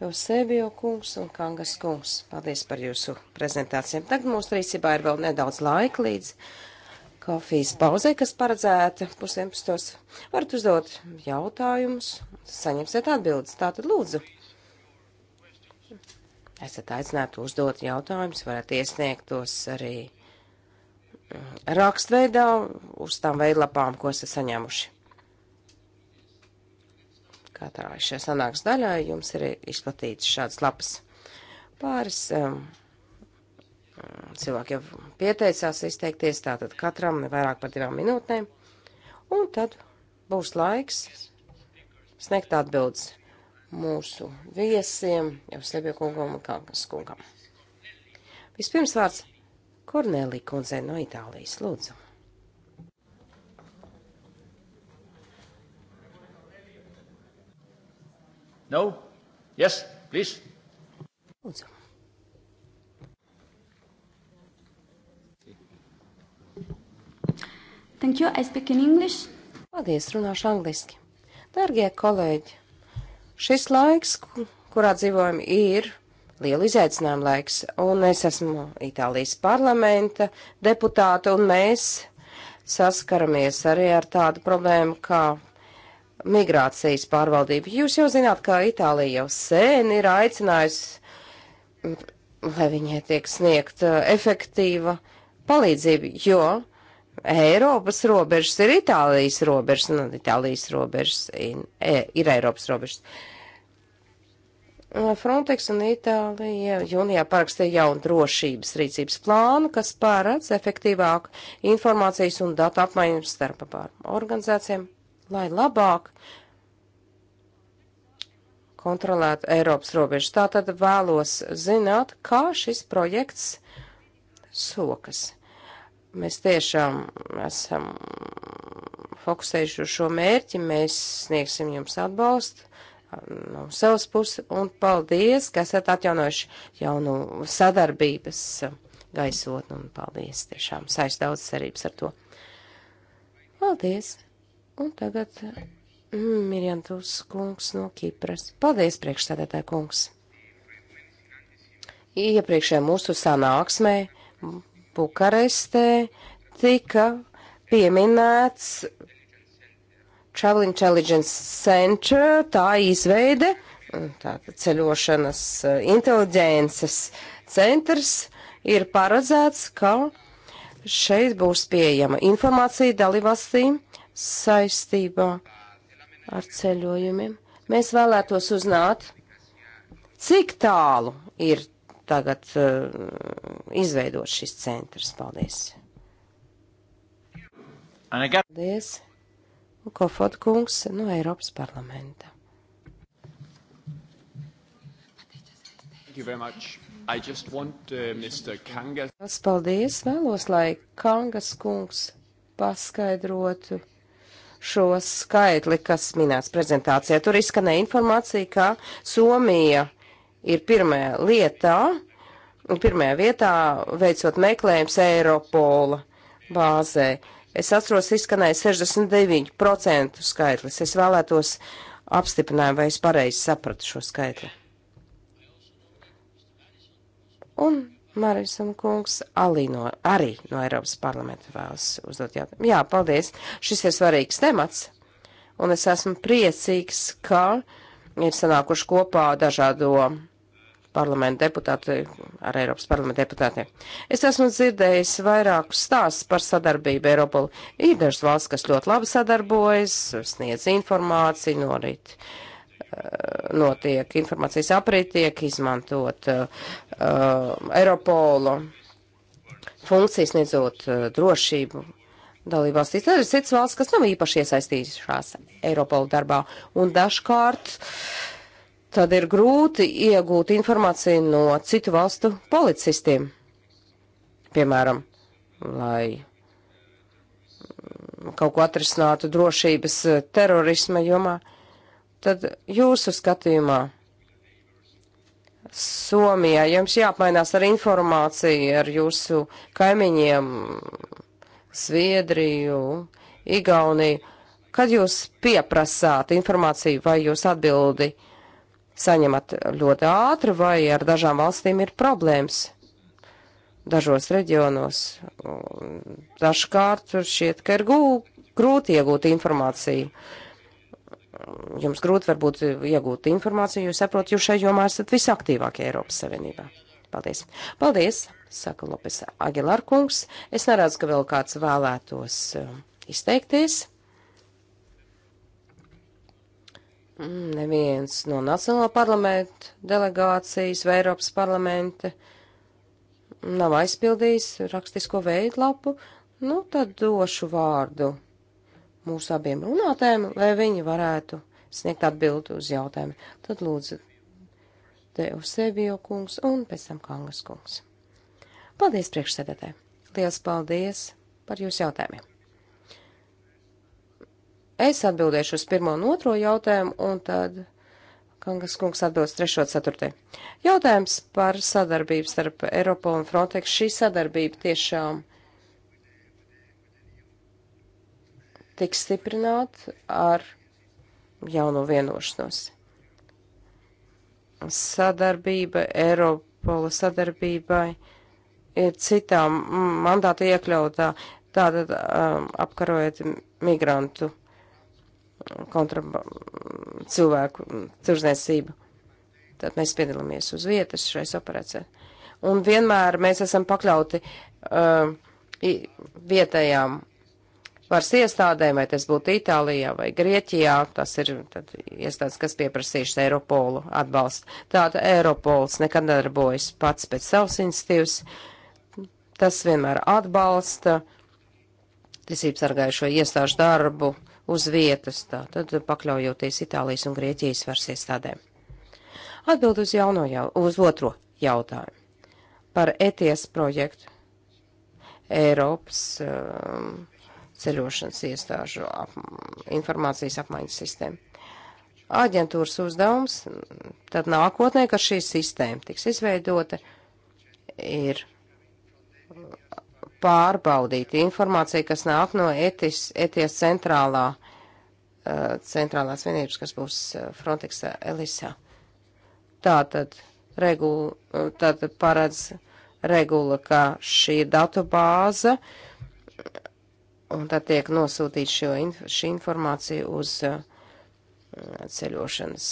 jūs Sēvijo kungs un Kangas kungs. Paldies par jūsu prezentācijām. Tagad mūsu rīcībā ir vēl nedaudz laika līdz kafijas pauzē, kas paredzēta pusdienas. Varat uzdot jautājumus, saņemsiet atbildes. Tātad lūdzu esat aicināti uzdot jautājumus, varat iesniegt tos arī uh, rakstveidā uz tām veidlapām, ko esat saņēmuši. Katrā šajā sanāks daļā jums ir izplatīts šāds lapas pāris. Um, cilvēki jau pieteicās izteikties, tātad katram vairāk par divām minūtēm, un tad būs laiks sniegt atbildes mūsu viesiem, jau Slebja kungam un Kalkas kungam. Vispirms vārds Kornelī kundzei no Itālijas, lūdzu. No? Yes, please. Lūdzu. Thank you, I speak in English. Paldies, runāšu angliski. Dargie kolēģi, Šis laiks, kurā dzīvojam, ir liela izaicinājuma laiks, un es esmu Itālijas parlamenta deputāte, un mēs saskaramies arī ar tādu problēmu kā migrācijas pārvaldība. Jūs jau zināt, ka Itālija jau sen ir aicinājusi, mm, lai viņai tiek sniegta efektīva palīdzība, jo Eiropas robežas ir Itālijas robežas, un nu, Itālijas robežas ir, e, ir Eiropas robežas. Frontex un Itālija jūnijā parakstīja jaunu drošības rīcības plānu, kas pārādz efektīvāku informācijas un datu apmaiņu starp abām organizācijām, lai labāk kontrolētu Eiropas robežas. Tātad vēlos zināt, kā šis projekts sokas. Mēs tiešām esam fokusējuši uz šo mērķi, mēs sniegsim jums atbalstu um, no savas puses un paldies, ka esat atjaunojuši jaunu sadarbības um, gaisotni un paldies, tiešām saist daudz cerības ar to. Paldies! Un tagad mm, Mirjantus kungs no Kipras. Paldies, priekšstādētāji kungs! Iepriekšējā mūsu sanāksmē Bukarestē tika pieminēts Travel Intelligence Center, tā izveide, tātad ceļošanas eh, inteliģences centrs ir paredzēts, ka šeit būs pieejama informācija dalībvalstīm saistībā ar ceļojumiem. Mēs vēlētos uznāt, cik tālu ir tagad uh, izveidot šis centrs. Paldies! Paldies! Kofod kungs no Eiropas parlamenta. Want, uh, es paldies vēlos, lai Kangas kungs paskaidrotu šo skaitli, kas minēts prezentācijā. Tur izskanēja informācija, ka Somija ir pirmajā lietā, pirmajā vietā veicot meklējums Eiropola bāzē. Es atceros, izskanēja 69% skaitlis. Es vēlētos apstiprinājumu, vai es pareizi sapratu šo skaitli. Un Marisam kungs arī no, arī no Eiropas parlamenta vēlas uzdot jautājumu. Jā, paldies. Šis ir svarīgs temats. Un es esmu priecīgs, ka. Uh, ir sanākuši kopā dažādo parlamentu deputāti ar Eiropas parlamentu deputātiem. Es esmu dzirdējis vairākus stāstus par sadarbību Eiropolu. Ir dažas valsts, kas ļoti labi sadarbojas, sniedz informāciju, norit, eh, notiek informācijas aprīt, tiek izmantot uh, eh, eh, Eiropolu funkcijas, sniedzot uh, drošību dalībvalstīs. Tad ir citas valsts, kas nav īpaši iesaistījušās Eiropolu darbā. Un dažkārt tad ir grūti iegūt informāciju no citu valstu policistiem. Piemēram, lai mm, kaut ko atrisinātu drošības eh, terorisma jomā. Tad jūsu skatījumā Somijā jums jāapmainās ar informāciju ar jūsu kaimiņiem Zviedriju, Igauniju. Kad jūs pieprasāt informāciju, vai jūs atbildi saņemat ļoti ātri, vai ar dažām valstīm ir problēmas? Dažos reģionos dažkārt šķiet, ka ir gū, grūti iegūt informāciju jums grūti varbūt iegūt informāciju, jo saprotu, jūs šai jomā esat visaktīvākie Eiropas Savienībā. Paldies! Paldies! saka Lopes Agilārkungs. Es neredzu, ka vēl kāds vēlētos eh, izteikties. Mm, neviens no Nacionālā parlamenta delegācijas vai Eiropas parlamenta nav aizpildījis rakstisko veidlapu. Nu, tad došu vārdu mūsu abiem runātēm, lai viņi varētu sniegt atbildi uz jautājumu. Tad lūdzu, te uz sevi jau kungs un pēc tam kangas kungs. Paldies, priekšsēdētāji! Lielas paldies par jūsu jautājumiem! Es atbildēšu uz pirmo un otro jautājumu, un tad Kangas kungs atbildes trešo ceturtē. Jautājums par sadarbību starp Eiropu un Frontex. Šī sadarbība tiešām tiks stiprināta ar jauno vienošanos sadarbība, Eiropola sadarbībai ir citā mandāta iekļautā, tātad um, apkarojot migrantu kontra cilvēku tirzniecību. Tad mēs piedalāmies uz vietas šais operācijā. Un vienmēr mēs esam pakļauti uh, vietējām varas iestādēm, vai tas būtu Itālijā vai Grieķijā. Tas ir tad, iestādes, kas pieprasījušas Eiropolu atbalstu. Tātad Eiropols nekad nedarbojas pats pēc savas institīvas. Uh, Tas vienmēr atbalsta tiesības sargājušo iestāžu darbu uz vietas, tātad pakļaujoties Itālijas un Grieķijas varas iestādēm. Atbild uz jauno jau, uz otro jautājumu par ETS projektu Eiropas um, ceļošanas iestāžu ap, informācijas apmaiņas sistēmu. Aģentūras uzdevums tad nākotnē, kad šī sistēma tiks izveidota, ir pārbaudīt informāciju, kas nāk no ETIS, ETIS centrālā, eh, centrālās vienības, kas būs eh, Frontex eh, Elisā. Tātad, regula, tātad paredz regula, ka šī datu bāze, un tad tiek nosūtīta šo, šī informācija uz ceļošanas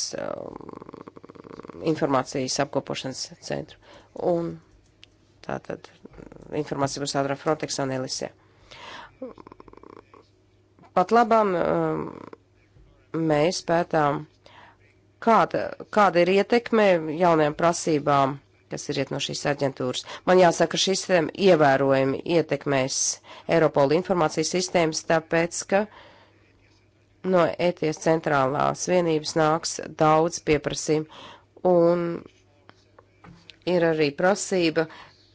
informācijas apkopošanas centru. Un Tātad mm, informācija būs jādara Frontex un Elisē. Pat labam mm, mēs pētām, kāda, kāda ir ietekme jaunajām prasībām, kas ir iet no šīs aģentūras. Man jāsaka, šī sistēma ievērojami ietekmēs Eiropola informācijas sistēmas, tāpēc, ka no ETS centrālās vienības nāks daudz pieprasījumu. Un ir arī prasība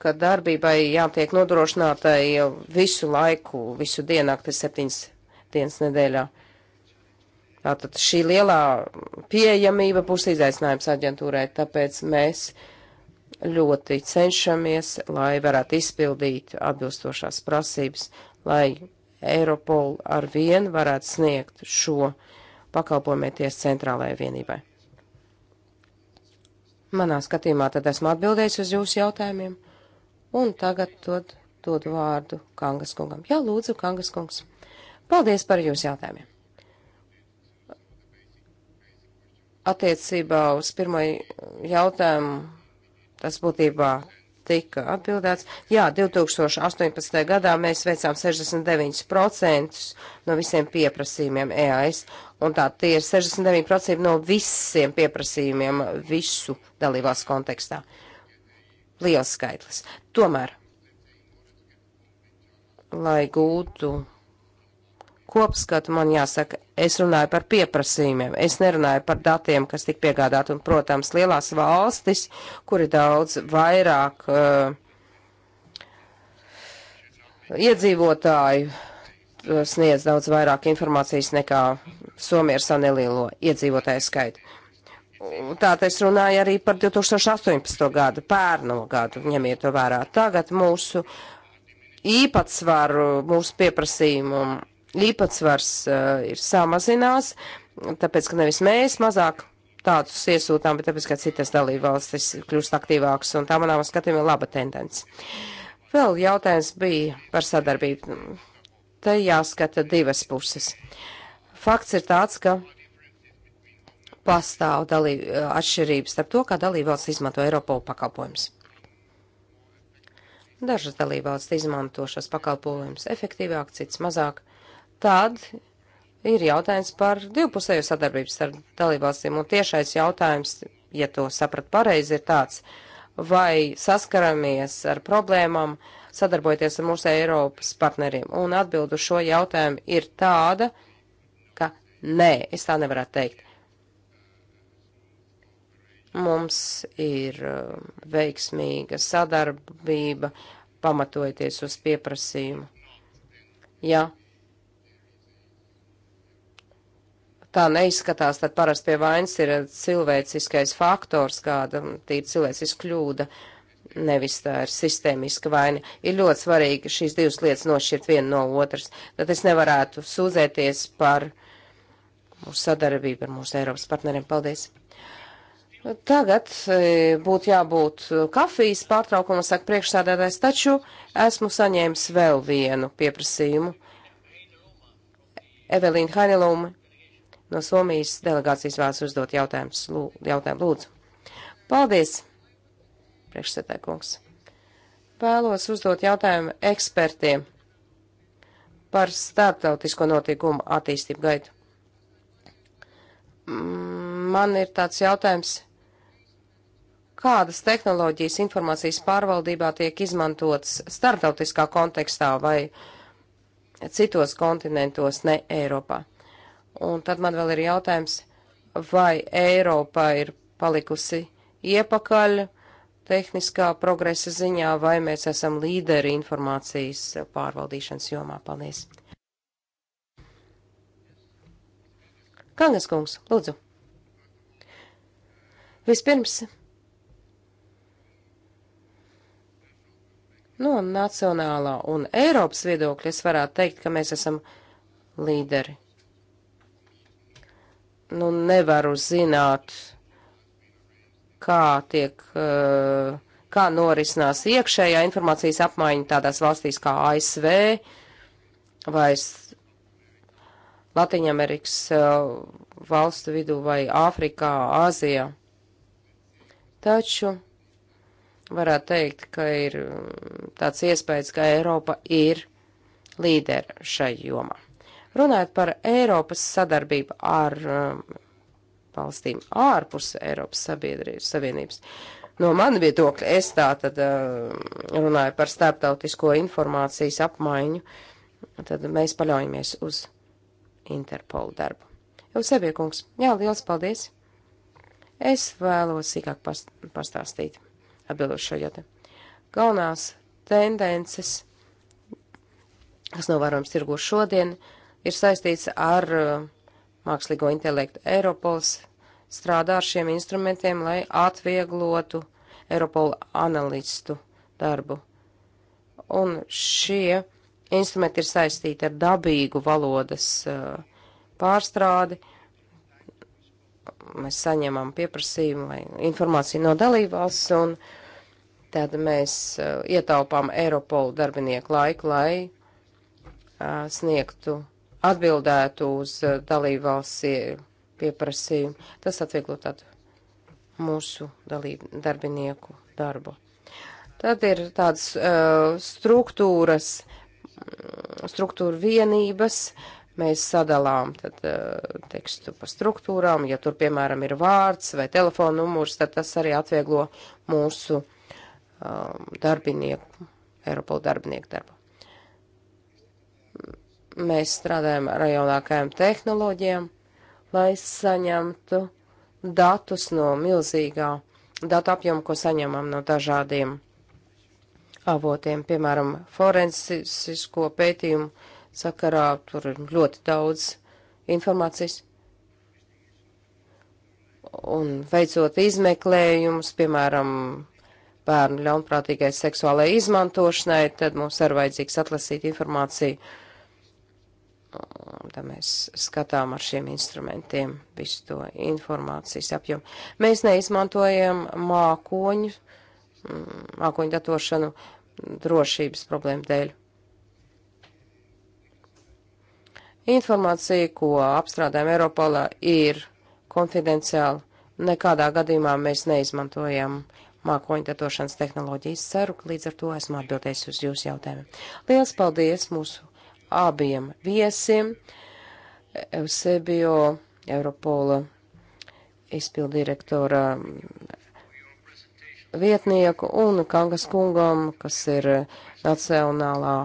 ka darbībai jātiek nodrošinātai visu laiku, visu diennakti, septiņas dienas nedēļā. Tātad šī lielā pieejamība būs izaicinājums aģentūrai, tāpēc mēs ļoti cenšamies, lai varētu izpildīt atbilstošās prasības, lai Eiropol ar vienu varētu sniegt šo pakalpojumieties centrālajai vienībai. Manā skatījumā tad esmu atbildējis uz jūsu jautājumiem. Un tagad dod, dod vārdu Kangas kungam. Jā, lūdzu, Kangas kungs. Paldies par jūsu jautājumiem. Attiecībā uz pirmo jautājumu tas būtībā tika atbildēts. Jā, 2018. gadā mēs veicām 69% no visiem pieprasījumiem EAS, un tā tie ir 69% no visiem pieprasījumiem visu dalībās kontekstā. Uh, liels skaitlis. Tomēr, lai gūtu kopskatu, man jāsaka, es runāju par pieprasījumiem, es nerunāju par datiem, kas tik piegādāti, un, protams, lielās valstis, kuri daudz vairāk uh, iedzīvotāju eh, sniedz daudz vairāk informācijas nekā Somija ar savu nelielo iedzīvotāju skaitu. Tātad es runāju arī par 2018. gadu, pērno gadu, ņemiet to vērā. Tagad mūsu īpatsvaru, mūsu pieprasījumu īpatsvars uh, ir samazinās, tāpēc, ka nevis mēs mazāk tādus iesūtām, bet tāpēc, ka citas dalībvalstis kļūst aktīvākas, un tā manā skatījumā ir laba tendence. Vēl jautājums bija par sadarbību. Te jāskata divas puses. Fakts ir tāds, ka pastāv dalī, eh, atšķirības starp to, kā dalībvalsts izmanto Eiropolu pakalpojumus. Dažas dalībvalsts izmanto šos pakalpojumus efektīvāk, cits mazāk. Tad ir jautājums par divpusējo sadarbību starp dalībvalstīm, un tiešais jautājums, ja to saprat pareizi, ir tāds, vai saskaramies ar problēmām, sadarbojoties ar mūsu Eiropas partneriem. Un atbildu šo jautājumu ir tāda, ka nē, es tā nevarētu teikt. Mums ir uh, veiksmīga sadarbība, pamatojoties uz pieprasījumu. Ja tā neizskatās, tad parasti pie vainas ir uh, cilvēciskais faktors, kāda mm, tīri cilvēciska kļūda, nevis tā ir sistēmiska vaina. Ir ļoti svarīgi šīs divas lietas nošķirt viena no otras, tad es nevarētu sūdzēties par mūsu sadarbību ar mūsu Eiropas partneriem. Paldies! Tagad e, būtu jābūt e, kafijas pārtraukumam, saka priekšsādātājs, taču esmu saņēmis vēl vienu pieprasījumu. Evelīna Haineluma no Somijas delegācijas vēlas uzdot jautājumus. Jautājumu lūdzu. Paldies, priekšsētāj kungs. Vēlos uzdot jautājumu ekspertiem par starptautisko notikumu attīstību gaitu. Man ir tāds jautājums kādas tehnoloģijas informācijas pārvaldībā tiek izmantotas starptautiskā kontekstā vai citos kontinentos, ne Eiropā. Un tad man vēl ir jautājums, vai Eiropa ir palikusi iepakaļ tehniskā progresa ziņā, vai mēs esam līderi informācijas pārvaldīšanas jomā. Paldies! Kangas kungs, lūdzu! Vispirms No nacionālā un Eiropas viedokļa es varētu teikt, ka mēs esam līderi. Nu, nevaru zināt, kā tiek, eh, kā norisinās iekšējā informācijas apmaiņa tādās valstīs kā ASV vai Latviņamerikas eh, valstu vidū vai Āfrikā, Āzijā. Taču varētu teikt, ka ir mm, tāds iespējas, ka Eiropa ir līdera šai jomā. Runājot par Eiropas sadarbību ar um, valstīm ārpus Eiropas Savienības, no mana viedokļa es tā tad uh, runāju par starptautisko informācijas apmaiņu, tad mēs paļaujamies uz Interpolu darbu. Jau sevi, kungs, jā, liels paldies! Es vēlos sīkāk pastāstīt atbildot šo jautājumu. Galvenās tendences, kas novērojams tirgu šodien, ir saistīts ar uh, mākslīgo intelektu. Eiropols strādā ar šiem instrumentiem, lai atvieglotu Eiropola analistu darbu. Un šie instrumenti ir saistīti ar dabīgu valodas uh, pārstrādi. Mēs saņemam pieprasījumu vai informāciju no dalībvalsts un uh, Tad mēs uh, ietaupām Eiropolu darbinieku laiku, lai uh, sniegtu atbildētu uz uh, dalību valsts pieprasījumu. Tas atvieglo tādu mūsu dalību, darbinieku darbu. Tad ir tādas uh, struktūras, struktūra vienības, uh, mēs sadalām tad, tekstu pa struktūrām. Ja tur, piemēram, ir vārds vai telefona numurs, tad tas arī atvieglo mūsu Um, darbinieku, Eiropola darbinieku darbu. Mēs strādājam ar jaunākajām tehnoloģijām, lai saņemtu datus no milzīgā datu apjoma, ko saņemam no dažādiem avotiem, piemēram, forensisko pētījumu sakarā, tur ir ļoti daudz informācijas un veicot izmeklējumus, piemēram, bērnu ļaunprātīgai seksuālai izmantošanai, tad mums ir vajadzīgs atlasīt informāciju. Tā mēs skatām ar šiem instrumentiem visu to informācijas apjomu. Mēs neizmantojam mākoņu, mm, mākoņu datošanu drošības problēmu dēļ. Informācija, ko apstrādājam Eiropolā, ir konfidenciāla. Nekādā gadījumā mēs neizmantojam mākoņu datošanas tehnoloģijas. Ceru, ka līdz ar to esmu atbildējis uz jūsu jautājumu. Lielas paldies mūsu abiem viesim, Eusebio, Europola izpildirektora vietnieku un Kangas kungam, kas ir Nacionālā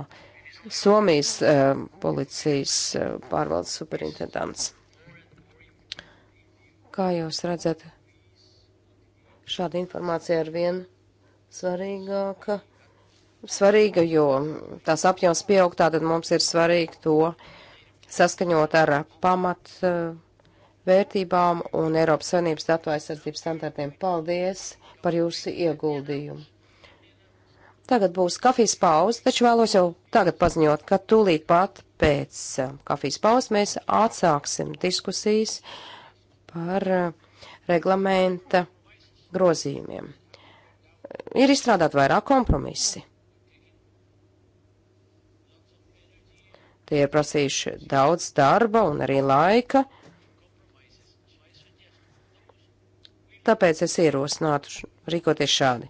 Somijas eh, policijas eh, pārvaldes superintendants. Kā jūs redzat, Šāda informācija ir vien svarīgāka, svarīga, jo tās apjoms pieaug, tātad mums ir svarīgi to saskaņot ar pamat eh, vērtībām un Eiropas Savienības datu aizsardzības standartiem. Paldies par jūsu ieguldījumu! Tagad būs kafijas pauze, taču vēlos jau tagad paziņot, ka tūlīt pat pēc eh, kafijas pauzes mēs atsāksim diskusijas par eh, reglamenta grozījumiem. Ir izstrādāt vairāk kompromisi. Tie ir prasījuši daudz darba un arī laika. Tāpēc es ierosinātu rīkoties šādi.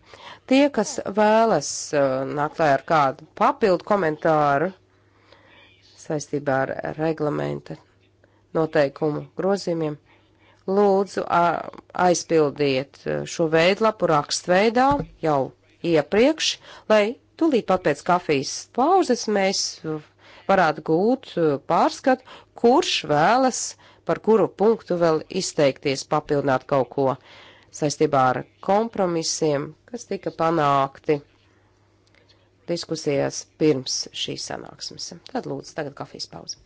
Tie, kas vēlas uh, nākt klājā ar kādu papildu komentāru saistībā ar reglamenta noteikumu grozījumiem, lūdzu aizpildiet šo veidlapu rakstveidā jau iepriekš, lai tūlīt pat pēc kafijas pauzes mēs varētu gūt pārskatu, kurš vēlas par kuru punktu vēl izteikties, papildināt kaut ko saistībā ar kompromisiem, kas tika panākti diskusijās pirms šīs sanāksmes. Tad lūdzu, tagad kafijas pauze.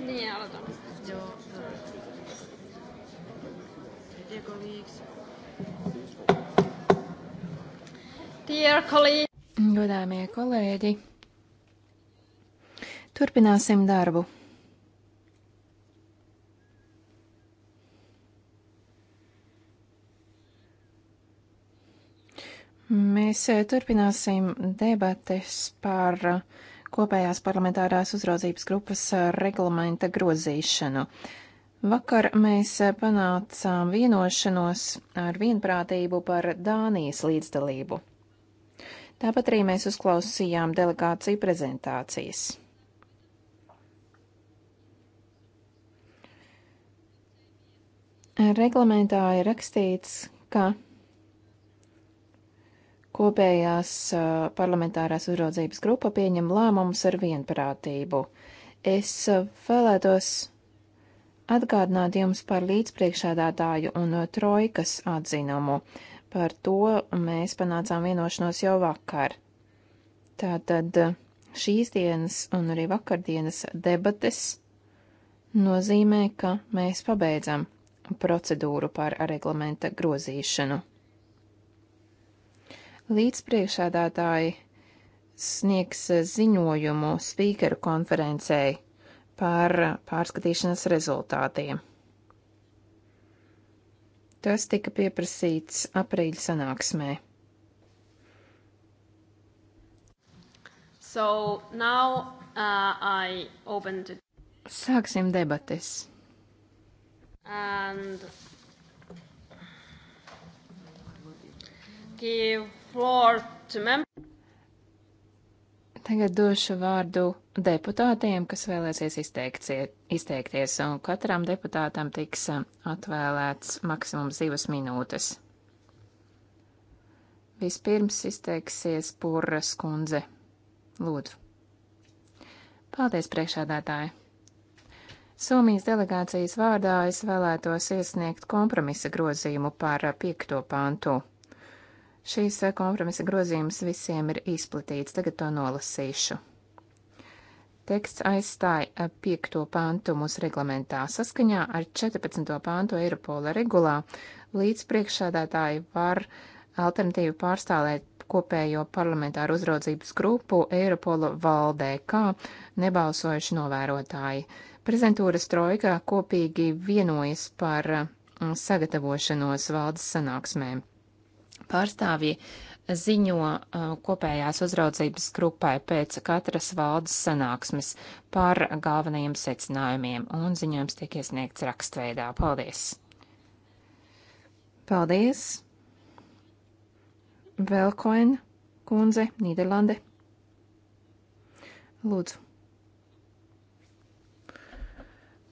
ねえあらだ上手 e, Dear colleagues Dear colleagues Godāmie kolēģi Turpināsim darbu. Mēs e, turpināsim debates par uh, kopējās parlamentārās uzraudzības grupas reglamenta grozīšanu. Vakar mēs panācām vienošanos ar vienprātību par Dānijas līdzdalību. Tāpat arī mēs uzklausījām delegāciju prezentācijas. Reglamentā ir rakstīts, ka Kopējās parlamentārās uzraudzības grupa pieņem lēmumus ar vienprātību. Es vēlētos atgādināt jums par līdzpriekšādātāju un trojkas atzinumu. Par to mēs panācām vienošanos jau vakar. Tātad šīs dienas un arī vakardienas debates nozīmē, ka mēs pabeidzam procedūru par reglamenta grozīšanu līdzpriekšādātāji sniegs eh, ziņojumu spīkeru konferencei par pārskatīšanas rezultātiem. Tas tika pieprasīts aprīļa sanāksmē. So now, uh, to... Sāksim debates. And give floor to members. Tagad došu vārdu deputātiem, kas vēlēsies izteikties, un katram deputātam tiks um, atvēlēts maksimums divas minūtes. Vispirms izteiksies Pūras kundze. Lūdzu. Paldies, priekšādātāji! Somijas delegācijas vārdā es vēlētos iesniegt kompromisa grozījumu par uh, piekto pantu. Šīs eh, kompromisa grozījums visiem ir izplatīts, tagad to nolasīšu. Teksts aizstāja 5. Eh, pāntu mūsu reglamentā saskaņā ar 14. pāntu Eiropola regulā. Līdz priekšsādātāji var alternatīvi pārstāvēt kopējo parlamentāru uzraudzības grupu Eiropola valdē, kā nebalsojuši novērotāji. Prezentūras trojkā kopīgi vienojas par eh, sagatavošanos valdes sanāksmēm pārstāvji ziņo uh, kopējās uzraudzības grupai pēc katras valdes sanāksmes par galvenajiem secinājumiem, un ziņojums tiek iesniegts rakstveidā. Paldies! Paldies! Velkoina kundze, Nīderlande. Lūdzu.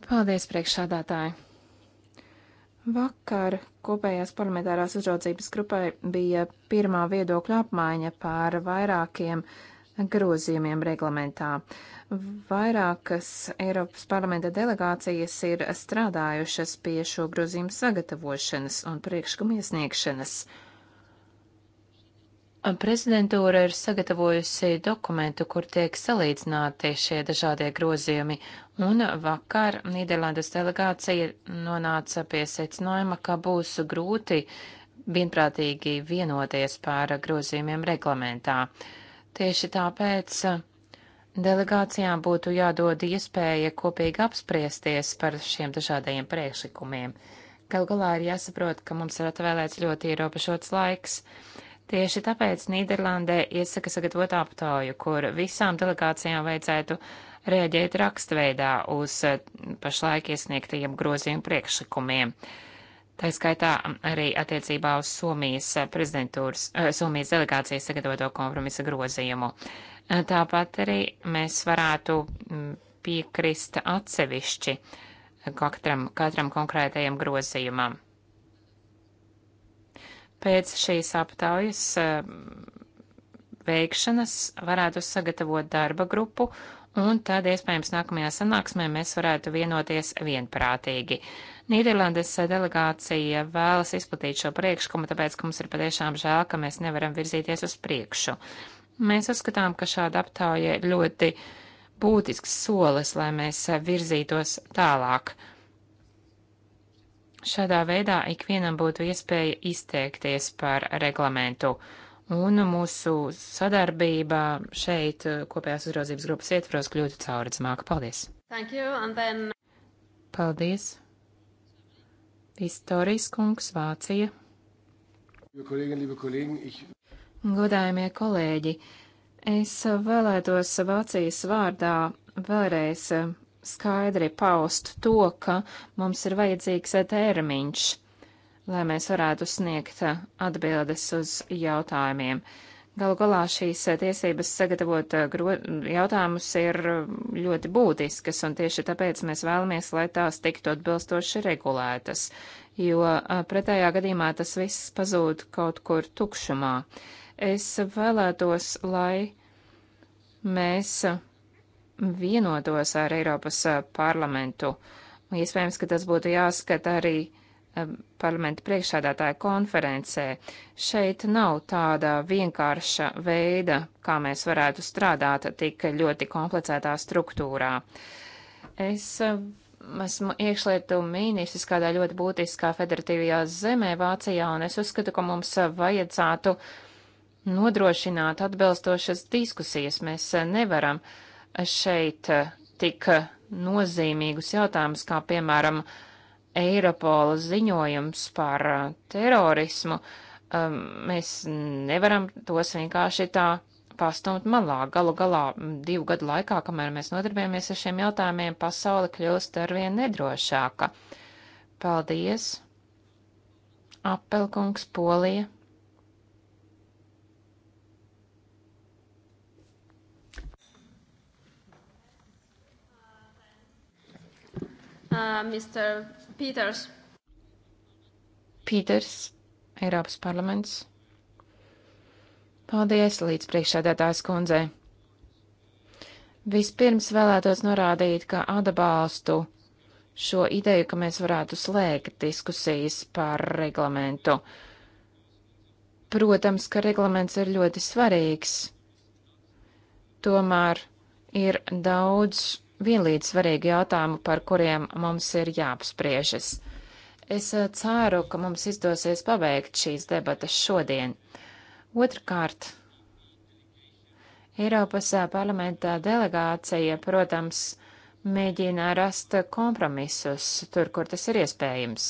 Paldies, priekšsādātāji! Vakar kopējās parlamentārās uzraudzības grupai bija pirmā viedokļa apmaiņa pār vairākiem grozījumiem reglamentā. Vairākas Eiropas parlamenta delegācijas ir strādājušas pie šo grozījumu sagatavošanas un priekšlikumu iesniegšanas. Uh, Prezidentūra ir sagatavojusi dokumentu, kur tiek salīdzināti šie dažādie grozījumi, un vakar Nīderlandes delegācija nonāca pie secinājuma, ka būs grūti vienprātīgi vienoties par grozījumiem reglamentā. Tieši tāpēc delegācijām būtu jādod iespēja kopīgi apspriesties par šiem dažādajiem priekšlikumiem. Gal galā ir jāsaprot, ka mums ir atvēlēts ļoti ierobežots laiks. Tieši tāpēc Nīderlandē iesaka sagatavot aptauju, kur visām delegācijām vajadzētu rēģēt rakstveidā uz eh, pašlaik iesniegtajiem grozījumu priekšlikumiem. Tā skaitā arī attiecībā uz Somijas eh, prezidentūras, eh, Somijas delegācijas sagatavoto kompromisa grozījumu. Tāpat arī mēs varētu mm, piekrist atsevišķi katram, katram konkrētajam grozījumam. Pēc šīs aptaujas eh, veikšanas varētu sagatavot darba grupu, un tad iespējams nākamajā sanāksmē mēs varētu vienoties vienprātīgi. Nīderlandes delegācija vēlas izplatīt šo priekšlikumu, tāpēc, ka mums ir patiešām žēl, ka mēs nevaram virzīties uz priekšu. Mēs uzskatām, ka šāda aptauja ir ļoti būtisks solis, lai mēs virzītos tālāk. Uh, Šādā veidā ikvienam būtu iespēja izteikties par reglamentu. Un mūsu sadarbība šeit eh, kopējās uzraudzības grupas ietvaros kļūtu caurredzamāka. Paldies! Thank you, and then... Paldies! Vistorijas kungs, Vācija. Godājumie kolēģi, es vēlētos Vācijas vārdā vēlreiz skaidri paust to, ka mums ir vajadzīgs termiņš, lai mēs varētu sniegt atbildes uz jautājumiem. Galu galā šīs tiesības sagatavot eh, jautājumus ir eh, ļoti būtiskas, un tieši tāpēc mēs vēlamies, lai tās tiktu atbilstoši regulētas, jo eh, pretējā gadījumā tas viss pazūd kaut kur tukšumā. Es vēlētos, lai mēs vienotos ar Eiropas parlamentu. Iespējams, ka tas būtu jāskata arī parlamenta priekšsādātāja konferencē. Šeit nav tāda vienkārša veida, kā mēs varētu strādāt tik ļoti komplicētā struktūrā. Es esmu iekšlietu ministrs kādā ļoti būtiskā federatīvajā zemē Vācijā, un es uzskatu, ka mums vajadzētu nodrošināt atbilstošas diskusijas. Mēs nevaram uh, šeit eh, tik eh, nozīmīgus jautājumus, kā piemēram Eiropola ziņojums par eh, terorismu, ehm, mēs nevaram tos vienkārši tā pastumt malā. Galu galā divu gadu laikā, kamēr mēs nodarbojamies ar šiem jautājumiem, pasaule kļūst arvien nedrošāka. Paldies! Apelkungs, Polija. Uh, Mr. Peters. Pīters, Eiropas parlaments. Paldies, līdz priekšsēdētājs kundzei. Vispirms vēlētos norādīt, ka atbalstu šo ideju, ka mēs varētu slēgt diskusijas par reglamentu. Protams, ka reglaments ir ļoti svarīgs. Tomēr ir daudz vienlīdz svarīgi jautājumi, par kuriem mums ir jāapspriežas. Es eh, ceru, ka mums izdosies pabeigt šīs debatas šodien. Otrkārt, Eiropas eh, parlamentā delegācija, protams, mēģina rast kompromisus tur, kur tas ir iespējams.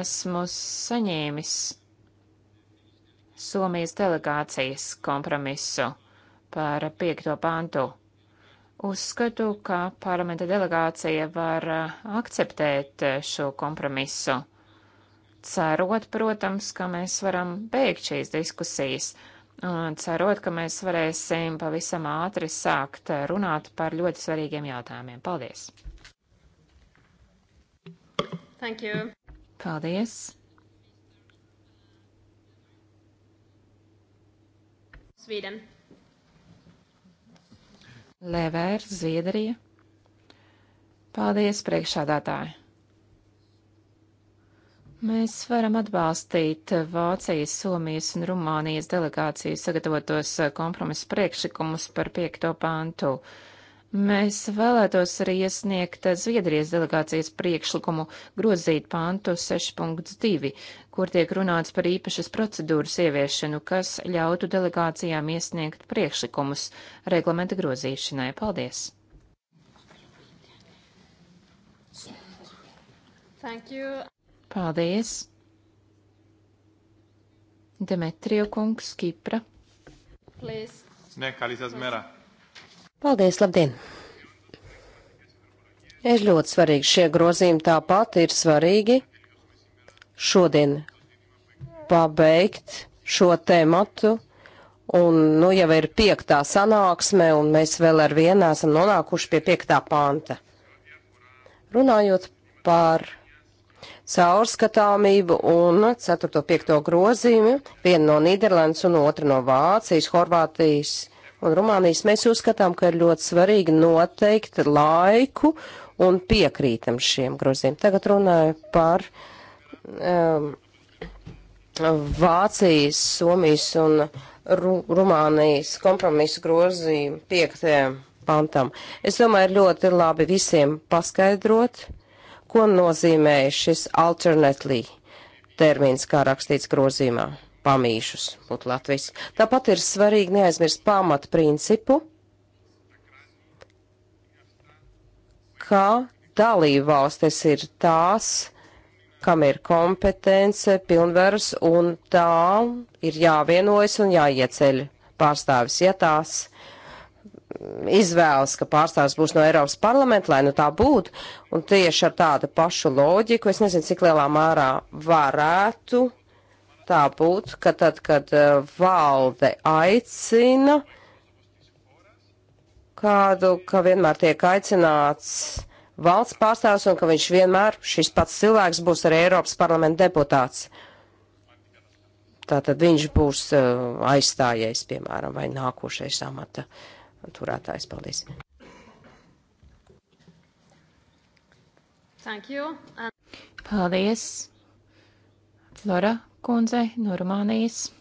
Esmu saņēmis Somijas delegācijas kompromisu par piekto pantu Uzskatu, ka parlamenta delegācija var uh, akceptēt uh, šo kompromisu. Cerot, protams, ka mēs varam beigt šīs diskusijas, un cerot, ka mēs varēsim pavisam ātri sākt uh, runāt par ļoti svarīgiem jautājumiem. Paldies! Thank you! Paldies! Sweden. Levērs, Zviedrija. Paldies, priekšādātāji! Mēs varam atbalstīt Vācijas, Somijas un Rumānijas delegāciju sagatavotos kompromisu priekšlikumus par piekto pantu. Uh, Mēs vēlētos arī iesniegt Zviedrijas delegācijas priekšlikumu grozīt pāntu 6.2, kur tiek runāts par īpašas procedūras ieviešanu, kas ļautu delegācijām iesniegt priekšlikumus reglamenta grozīšanai. Paldies! Thank you. Paldies! Demetrija kungs, Kipra. Please. Ne, Kalisas Mera. Paldies, labdien! Ir ļoti svarīgi šie grozījumi, tāpat ir svarīgi šodien pabeigt šo tematu. Un, nu, jau ir piektā sanāksme, un mēs vēl ar vienu esam nonākuši pie piektā panta. Runājot par caurskatāmību un 4.5. grozījumu, viena no Nīderlandes un otra no Vācijas, Horvātijas un Rumānijas, mēs uzskatām, ka ir ļoti svarīgi noteikt laiku un piekrītam šiem groziem. Tagad runāju par um, Vācijas, Somijas un Ru Rumānijas kompromisu grozījumu piektajam pantam. Es domāju, ir ļoti labi visiem paskaidrot, ko nozīmē šis alternately termins, kā rakstīts grozījumā pamīšus, būtu Latvijas. Tāpat ir svarīgi neaizmirst pamat principu, ka dalību valstis ir tās, kam ir kompetence, pilnvaras, un tā ir jāvienojas un jāieceļ pārstāvis, ja tās mm, izvēlas, ka pārstāvis būs no Eiropas parlamenta, lai nu tā būtu, un tieši ar tādu pašu loģiku, es nezinu, cik lielā mērā varētu tā būtu, ka tad, kad eh, valde aicina kādu, ka vienmēr tiek aicināts valsts pārstāvs un ka viņš vienmēr šis pats cilvēks būs arī Eiropas parlamenta deputāts. Tātad viņš būs uh, aizstājies, piemēram, vai nākošais amata turētājs. Paldies. Thank you. And... Paldies. Flora, kundze no Rumānijas.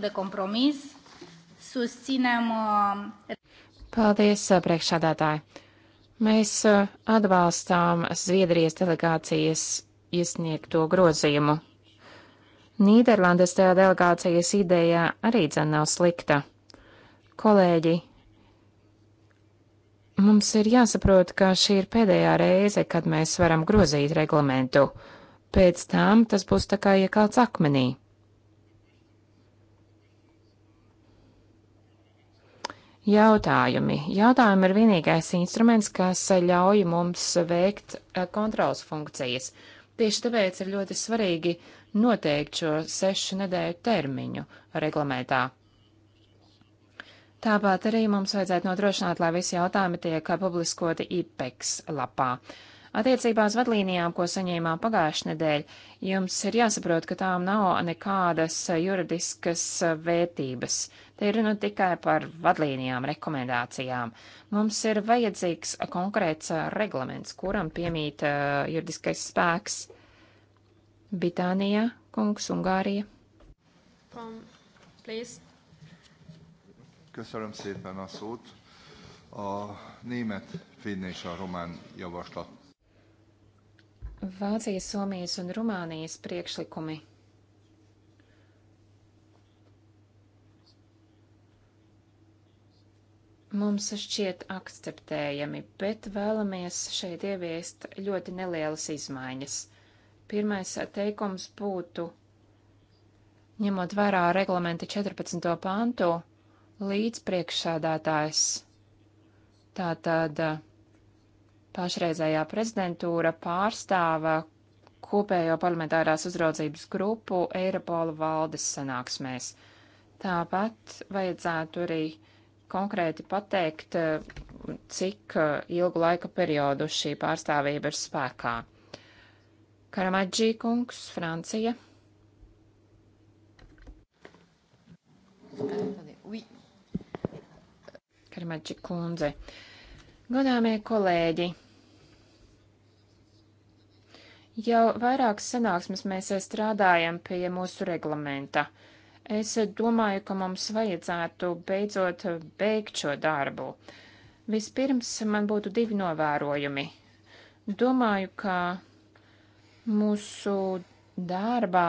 De kompromis, susținem. Uh, Paldies, uh, priekšādātāji. Mēs uh, atbalstām Zviedrijas delegācijas iesniegto grozījumu. Nīderlandes delegācijas ideja arī dzen nav slikta. Kolēģi Mums ir jāsaprot, ka šī ir pēdējā reize, kad mēs varam grozīt reglamentu. Pēc tam tas būs tā kā iekalts akmenī. Jautājumi. Jautājumi ir vienīgais instruments, kas ļauj mums veikt eh, kontrols funkcijas. Tieši tāpēc ir ļoti svarīgi noteikt šo sešu nedēļu termiņu reglamentā. Tāpat arī mums vajadzētu nodrošināt, lai visi jautājumi tiek publiskoti IPEX lapā. Attiecībā uz vadlīnijām, ko saņēmām pagājušajā nedēļā, jums ir jāsaprot, ka tām nav nekādas juridiskas vērtības. Te ir nu tikai par vadlīnijām, rekomendācijām. Mums ir vajadzīgs konkrēts reglaments, kuram piemīt uh, juridiskais spēks. Britānija, kungs, Ungārija. From, um, please. Köszönöm szépen a szót. A német, finn és a román javaslat. Vācijas, Somijas un Rumānijas priekšlikumi. Mums šķiet akceptējami, bet vēlamies šeit ieviest ļoti nelielas izmaiņas. Pirmais teikums būtu, ņemot vērā reglamenta 14. pāntu, līdzpriekšsēdētājs. Tātad uh, pašreizējā prezidentūra pārstāva kopējo parlamentārās uzraudzības grupu Eiropola valdes sanāksmēs. Tāpat vajadzētu arī konkrēti pateikt, uh, cik uh, ilgu laika periodu šī pārstāvība ir spēkā. Karamadžī kungs, Francija. Paldies. Grimači kundze. Godāmie kolēģi, jau vairākas sanāksmes mēs strādājam pie mūsu reglamenta. Es domāju, ka mums vajadzētu beidzot beigt šo darbu. Vispirms man būtu divi novērojumi. Domāju, ka mūsu darbā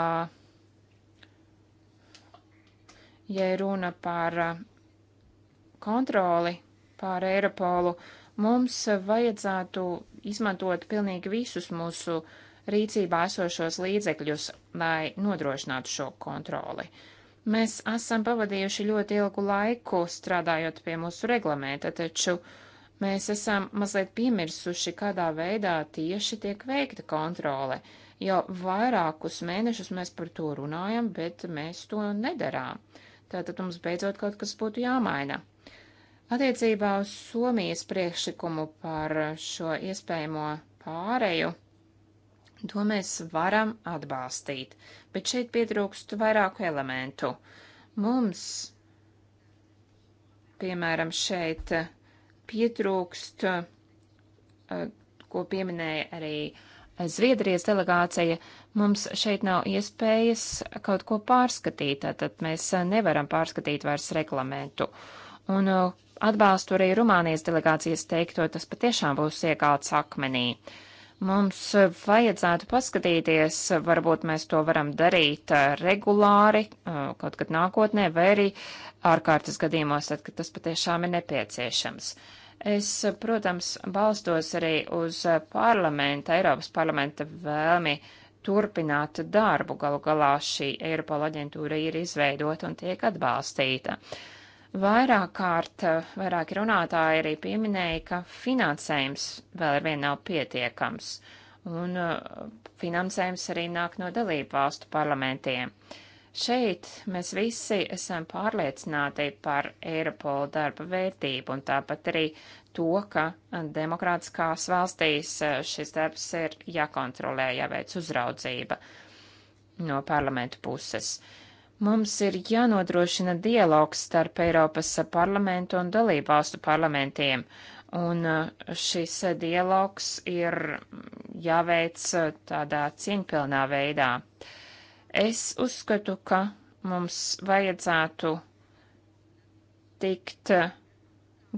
ja runa par kontroli pār Eiropolu, mums vajadzētu izmantot pilnīgi visus mūsu rīcībā esošos līdzekļus, lai nodrošinātu šo kontroli. Mēs esam pavadījuši ļoti ilgu laiku strādājot pie mūsu reglamenta, taču mēs esam mazliet piemirsuši, kādā veidā tieši tiek veikta kontrole. Jau vairākus mēnešus mēs par to runājam, bet mēs to nedarām. Tātad mums beidzot kaut kas būtu jāmaina. Attiecībā uz Somijas priekšlikumu par šo iespējamo pāreju, to mēs varam atbalstīt, bet šeit pietrūkst vairāku elementu. Mums, piemēram, šeit pietrūkst, eh, ko pieminēja arī Zviedrijas delegācija, mums šeit nav iespējas kaut ko pārskatīt, tātad mēs nevaram pārskatīt vairs reglamentu. Un eh, atbalstu arī Rumānijas delegācijas teikto, tas patiešām būs iekāts akmenī. Mums vajadzētu paskatīties, varbūt mēs to varam darīt eh, regulāri, eh, kaut kad nākotnē, vai arī ārkārtas gadījumos, tad, kad tas patiešām ir nepieciešams. Es, protams, balstos arī uz eh, parlamenta, Eiropas parlamenta vēlmi turpināt darbu. Galu galā šī Eiropola aģentūra ir izveidota un tiek atbalstīta. Uh, Vairāk kārt, vairāki runātāji arī pieminēja, ka finansējums vēl ar vienu nav pietiekams, un uh, finansējums arī nāk no dalību valstu parlamentiem. Šeit mēs visi esam pārliecināti par Eiropola darba vērtību un tāpat arī to, ka demokrātiskās valstīs uh, šis darbs ir jākontrolē, jāveic uzraudzība no parlamentu puses. Uh, Mums ir jānodrošina dialogs starp Eiropas parlamentu un dalībvalstu parlamentiem, un uh, šis uh, dialogs ir mm, jāveic uh, tādā cieņpilnā veidā. Es uzskatu, ka mums vajadzētu tikt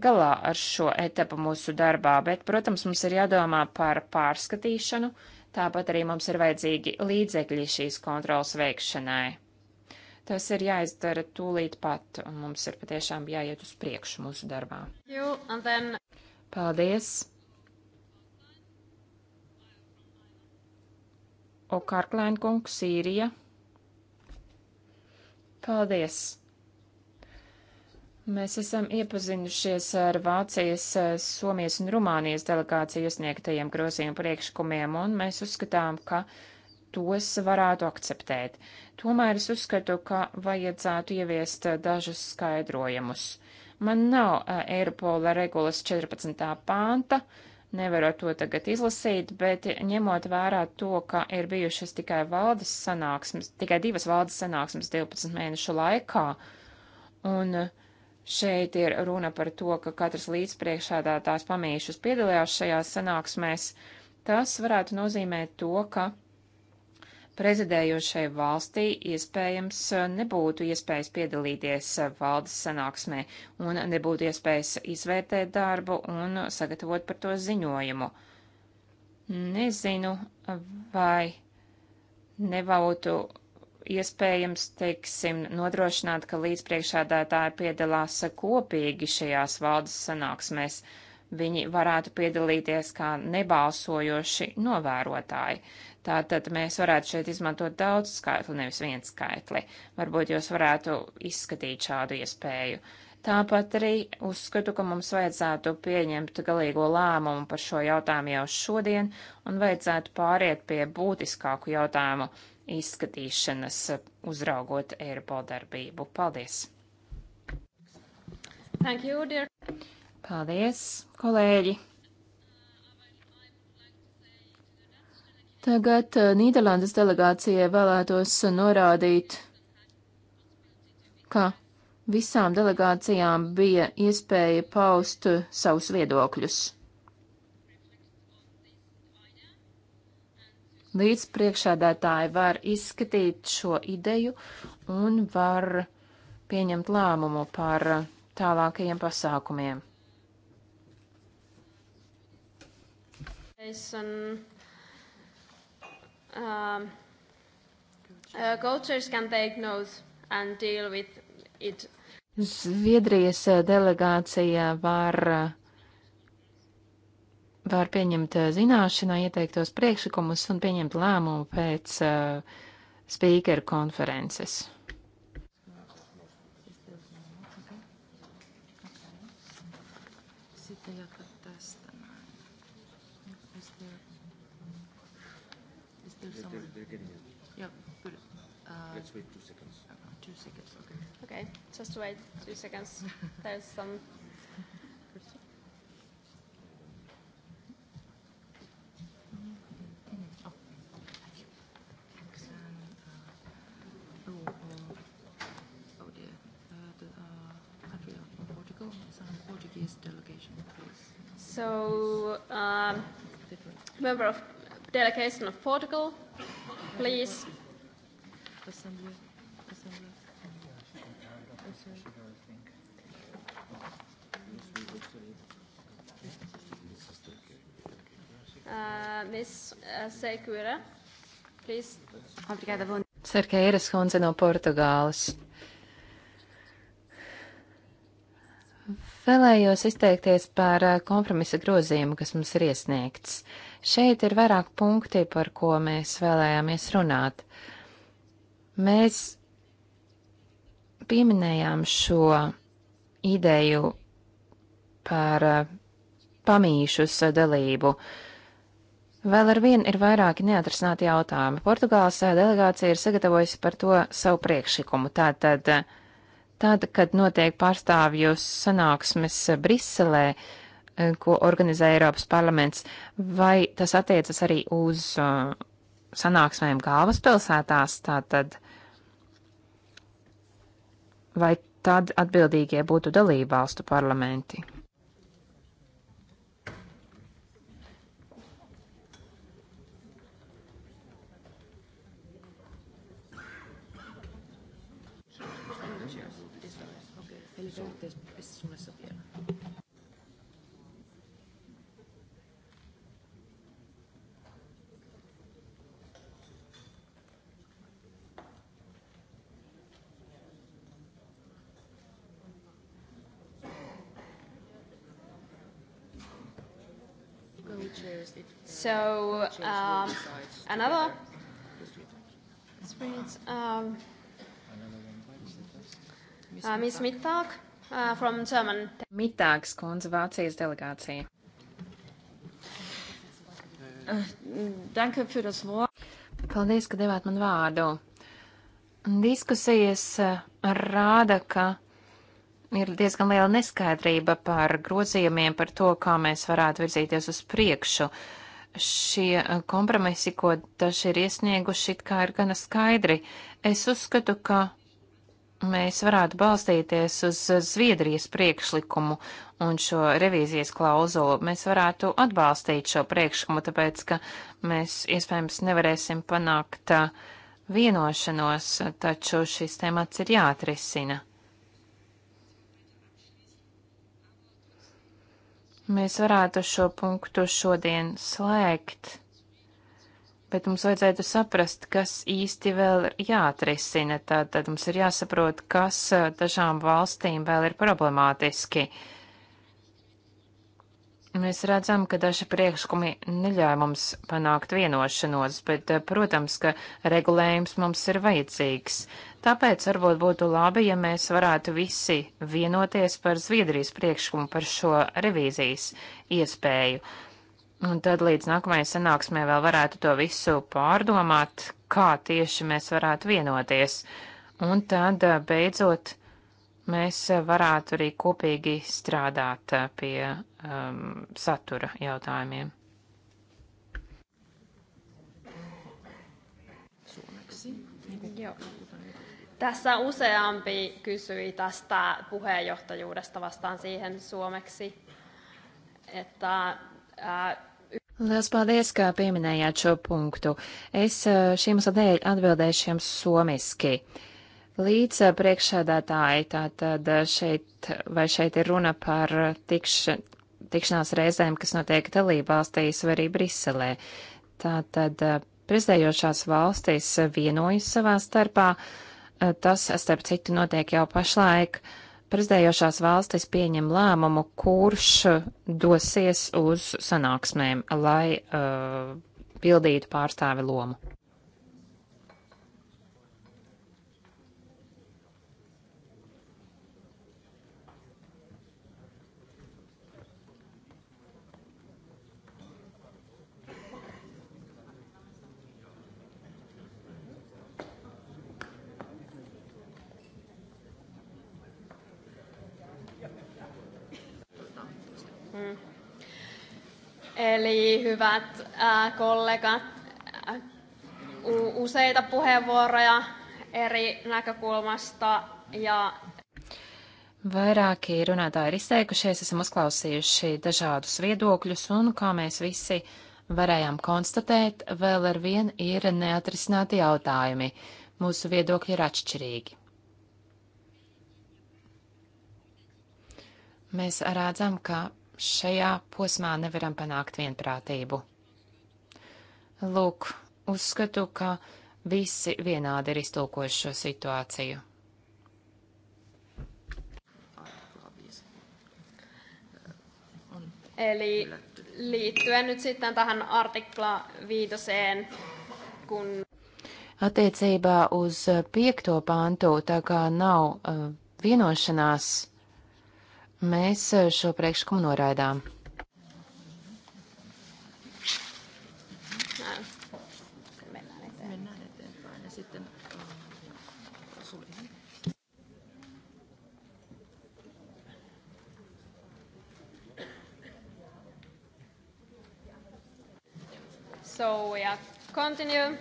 galā ar šo etapu mūsu darbā, bet, protams, mums ir jādomā par pārskatīšanu, tāpat arī mums ir vajadzīgi līdzekļi šīs kontrolas veikšanai. Tas ir jāizdara tūlīt pat, un mums ir patiešām jāiet uz priekšu mūsu darbā. You, then... Paldies! Okārklēn kungs, Sīrija. Paldies! Mēs esam iepazinušies ar Vācijas, Somijas un Rumānijas delegāciju iesniegtajiem grozījumu priekšlikumiem, un mēs uzskatām, ka uh, tos varētu akceptēt. Tomēr es uzskatu, ka vajadzētu ieviest eh, dažus skaidrojumus. Man nav uh, Eiropola regulas 14. pānta, nevaru to tagad izlasīt, bet ņemot vērā to, ka ir bijušas tikai valdes sanāksmes, tikai divas valdes sanāksmes 12 mēnešu laikā, un eh, šeit ir runa par to, ka katrs līdzpriekšādātājs pamīšus piedalījās šajās sanāksmēs, tas varētu nozīmēt to, ka prezidējošai valstī iespējams eh, nebūtu iespējas piedalīties eh, valdes sanāksmē un nebūtu iespējas izvērtēt darbu un sagatavot par to ziņojumu. Nezinu, vai nebūtu iespējams, teiksim, nodrošināt, ka līdzpriekšādātāji piedalās kopīgi šajās valdes sanāksmēs. Viņi varētu piedalīties kā nebalsojoši novērotāji. Tātad mēs varētu šeit izmantot daudz skaitli, nevis viens skaitli. Varbūt jūs varētu izskatīt šādu iespēju. Tāpat arī uzskatu, ka mums vajadzētu pieņemt galīgo lēmumu par šo jautājumu jau šodien un vajadzētu pāriet pie būtiskāku jautājumu izskatīšanas, uzraugot Eiropol darbību. Paldies! Thank you, dear. Paldies, kolēģi! Tagad eh, Nīderlandes delegācijai vēlētos norādīt, ka visām delegācijām bija iespēja paust eh, savus viedokļus. Līdz priekšādātāji var izskatīt šo ideju un var pieņemt lēmumu par eh, tālākajiem pasākumiem. Es, un... Um, um, uh, cultures can take notes and deal with it. Zviedrijas uh, delegācija var, uh, var pieņemt uh, zināšanā ieteiktos priekšlikumus un pieņemt lēmumu pēc uh, speaker konferences. Just wait two seconds. There's some. Portuguese delegation, please. So, um, member of delegation of Portugal, please. Seikura. Please. Obrigada, Vona. Serkeiras Honze no Portugāles. Vēlējos izteikties par eh, kompromisa grozījumu, kas mums ir iesniegts. Šeit ir vairāk punkti, par ko mēs vēlējāmies runāt. Mēs pieminējām šo ideju par eh, pamīšus eh, dalību. Uh, Vēl ar vienu ir vairāki neatrisināti jautājumi. Portugāles eh, delegācija ir sagatavojusi par to savu priekšlikumu. Tātad, eh, tad, kad notiek pārstāvju sanāksmes Briselē, eh, ko organizē Eiropas parlaments, vai tas attiecas arī uz sanāksmēm galvaspilsētās, tātad, vai tad atbildīgie būtu dalībvalstu parlamenti? So um, another experience. Um, uh, Ms. Mittag uh, from German. Mittāgs kundze, Vācijas delegācija. Uh, danke für das Wort. Paldies, ka devāt man vārdu. Diskusijas uh, rāda, ka ir diezgan liela neskaidrība par grozījumiem, par to, kā mēs varētu virzīties uz priekšu. Šie eh, kompromisi, ko daži ir iesnieguši, it kā ir gana skaidri. Es uzskatu, ka mēs varētu balstīties uz Zviedrijas priekšlikumu un šo revīzijas klauzulu. Mēs varētu atbalstīt šo priekšlikumu, tāpēc, ka mēs iespējams nevarēsim panākt eh, vienošanos, taču šis temats ir jāatrisina. Mēs varētu šo punktu šodien slēgt, bet mums vajadzētu saprast, kas īsti vēl ir jāatrisina. Tātad mums ir jāsaprot, kas dažām valstīm vēl ir problemātiski. Mēs redzam, ka daži priekšlikumi neļauj mums panākt vienošanos, bet, protams, ka regulējums mums ir vajadzīgs. Tāpēc varbūt būtu labi, ja mēs varētu visi vienoties par Zviedrijas priekšlikumu par šo revīzijas iespēju. Un tad līdz nākamajai sanāksmē vēl varētu to visu pārdomāt, kā tieši mēs varētu vienoties. Un tad eh, beidzot mēs varētu arī kopīgi strādāt eh, pie um, satura jautājumiem. Jā. Tässä useampi kysyi tästä puheenjohtajuudesta. Vastaan siihen suomeksi. Että, ää, Lielas paldies, ka pieminējāt šo punktu. Es šiem sadēļ atbildēšu jums somiski. Līdz priekšsēdētāji, tātad šeit, vai šeit ir runa par tikš, tikšanās reizēm, kas notiek dalībvalstīs vai arī Briselē. Tātad prezidējošās valstīs vienojas savā starpā Eh, tas, starp citu, notiek jau pašlaik. Prezidējošās valstis pieņem lēmumu, kurš dosies uz sanāksmēm, lai uh, pildītu pārstāvi lomu. Mm. Eli hyvät äh, kollegat, äh, useita puheenvuoroja eri näkökulmasta ja Vairāki runātāji ir izteikušies, esam uzklausījuši dažādus viedokļus, un kā mēs visi varējām konstatēt, vēl ar vien ir neatrisināti jautājumi. Mūsu viedokļi ir atšķirīgi. Mēs rādzam, ka šajā posmā nevaram panākt vienprātību. Lūk, uzskatu, ka visi vienādi ir iztulkojuši šo situāciju. Eli liittyen nyt sitten tähän artikla viitoseen, kun... Attiecībā uz piekto pantu tā kā nav uh, vienošanās Mēs eh, šo priekšlikumu noraidām. So, yeah, continue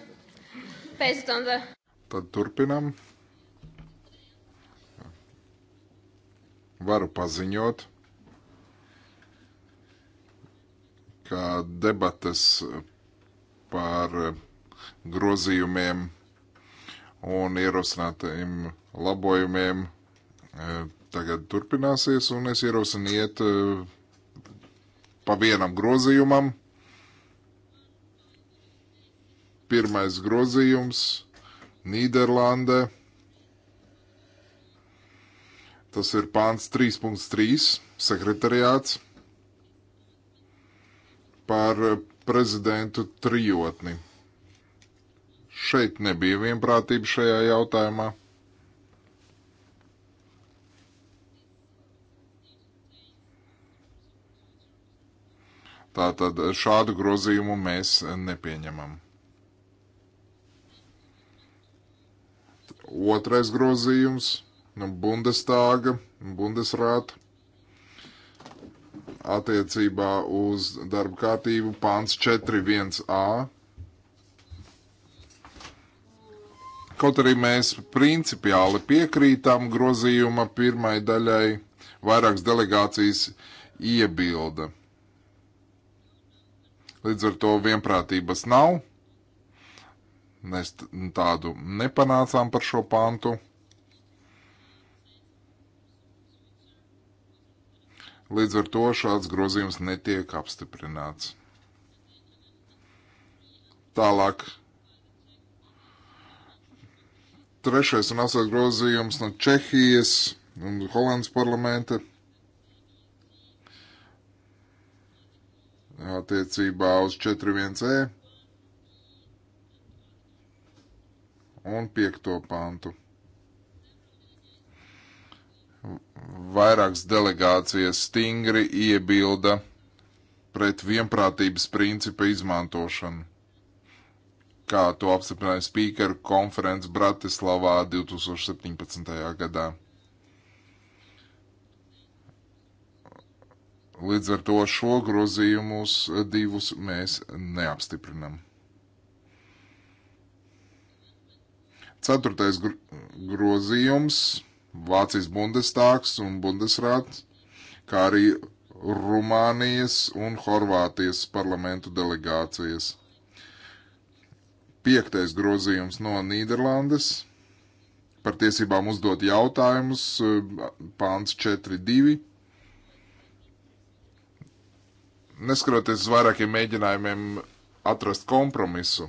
based on the... Tad turpinam varu paziņot, ka debates par grozījumiem un ierosinātajiem labojumiem e, tagad turpināsies, un es ierosinu iet e, pa vienam grozījumam. Pirmais grozījums - Nīderlande. Tas ir pāns 3.3. sekretariāts par prezidentu trijotni. Šeit nebija vienprātība šajā jautājumā. Tātad šādu grozījumu mēs nepieņemam. Otrais grozījums no nu, Bundestāga, Bundesrāta attiecībā uz darba kārtību pāns 4.1a. Kaut arī mēs principiāli piekrītam grozījuma pirmai daļai, vairākas delegācijas iebilda. Līdz ar to vienprātības nav. Mēs tādu nepanācām par šo pantu. Līdz ar to šāds grozījums netiek apstiprināts. Tālāk. Trešais un asot grozījums no Čehijas un Holandas parlamenta attiecībā uz 4.1e un 5. pantu. vairākas delegācijas stingri iebilda pret vienprātības principa izmantošanu, kā to apstiprināja spīkeru konferences Bratislavā 2017. gadā. Līdz ar to šo grozījumus divus mēs neapstiprinam. Ceturtais gr grozījums Vācijas Bundestāgs un Bundesrāts, kā arī Rumānijas un Horvātijas parlamentu delegācijas. Piektais grozījums no Nīderlandes par tiesībām uzdot jautājumus, pāns 4.2. Neskaroties uz vairākiem mēģinājumiem atrast kompromisu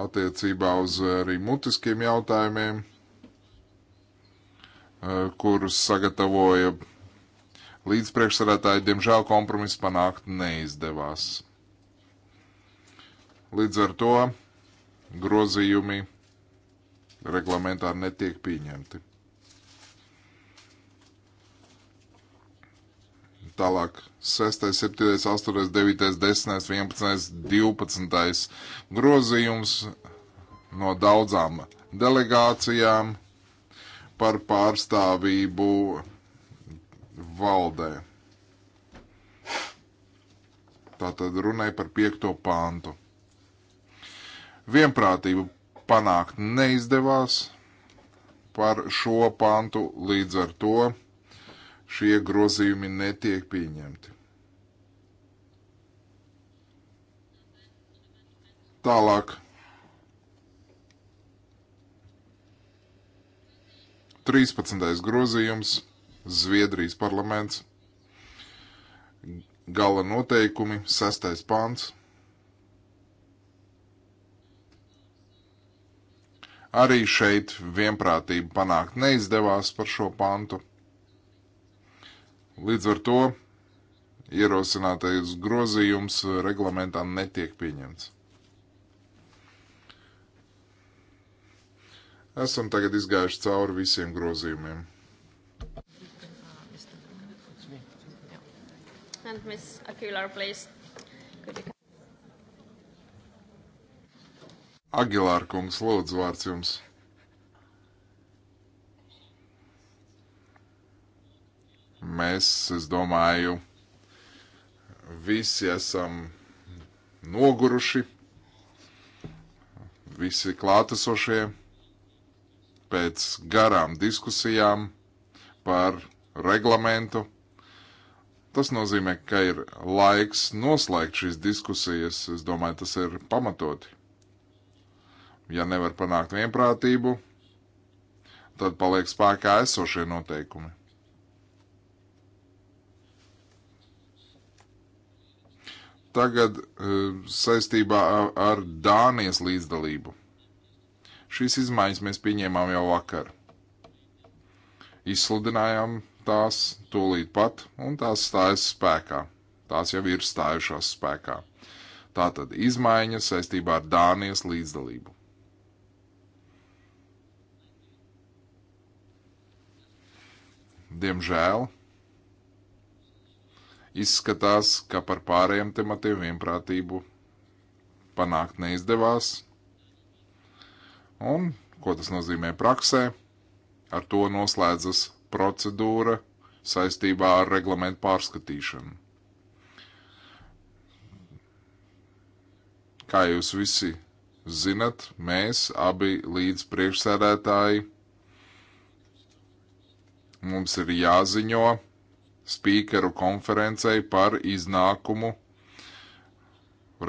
attiecībā uz eh, arī mutiskiem jautājumiem, eh, kurus sagatavoja līdzpriekšsarētāji, diemžēl kompromiss panākt neizdevās. Līdz ar to grozījumi reglamentā netiek pieņemti. Tālāk 6, 7, 8, 9, 10, 11, 12 grozījums no daudzām delegācijām par pārstāvību valdē. Tātad runai par piekto pāntu. Vienprātību panākt neizdevās par šo pāntu līdz ar to šie grozījumi netiek pieņemti. Tālāk. 13. grozījums Zviedrijas parlaments gala noteikumi 6. pāns. Arī šeit vienprātība panākt neizdevās par šo pantu. Līdz ar to ierosinātais grozījums reglamentā netiek pieņemts. Esam tagad izgājuši cauri visiem grozījumiem. And Ms. Aguilar, please. Could you... Agilār kungs, lūdzu, vārds jums. Mēs, es domāju, visi esam noguruši, visi klātesošie pēc garām diskusijām par reglamentu. Tas nozīmē, ka ir laiks noslēgt šīs diskusijas. Es domāju, tas ir pamatoti. Ja nevar panākt vienprātību, tad paliek spēkā esošie noteikumi. Tagad e, saistībā ar Dānijas līdzdalību. Šīs izmaiņas mēs pieņēmām jau vakar. Izsludinājām tās tūlīt pat, un tās stājas spēkā. Tās jau ir stājušās spēkā. Tātad izmaiņas saistībā ar Dānijas līdzdalību. Diemžēl Izskatās, ka par pārējiem tematiem vienprātību panākt neizdevās. Un, ko tas nozīmē praksē, ar to noslēdzas procedūra saistībā ar reglamentu pārskatīšanu. Kā jūs visi zinat, mēs abi līdz priekšsēdētāji mums ir jāziņo spīkeru konferencei par iznākumu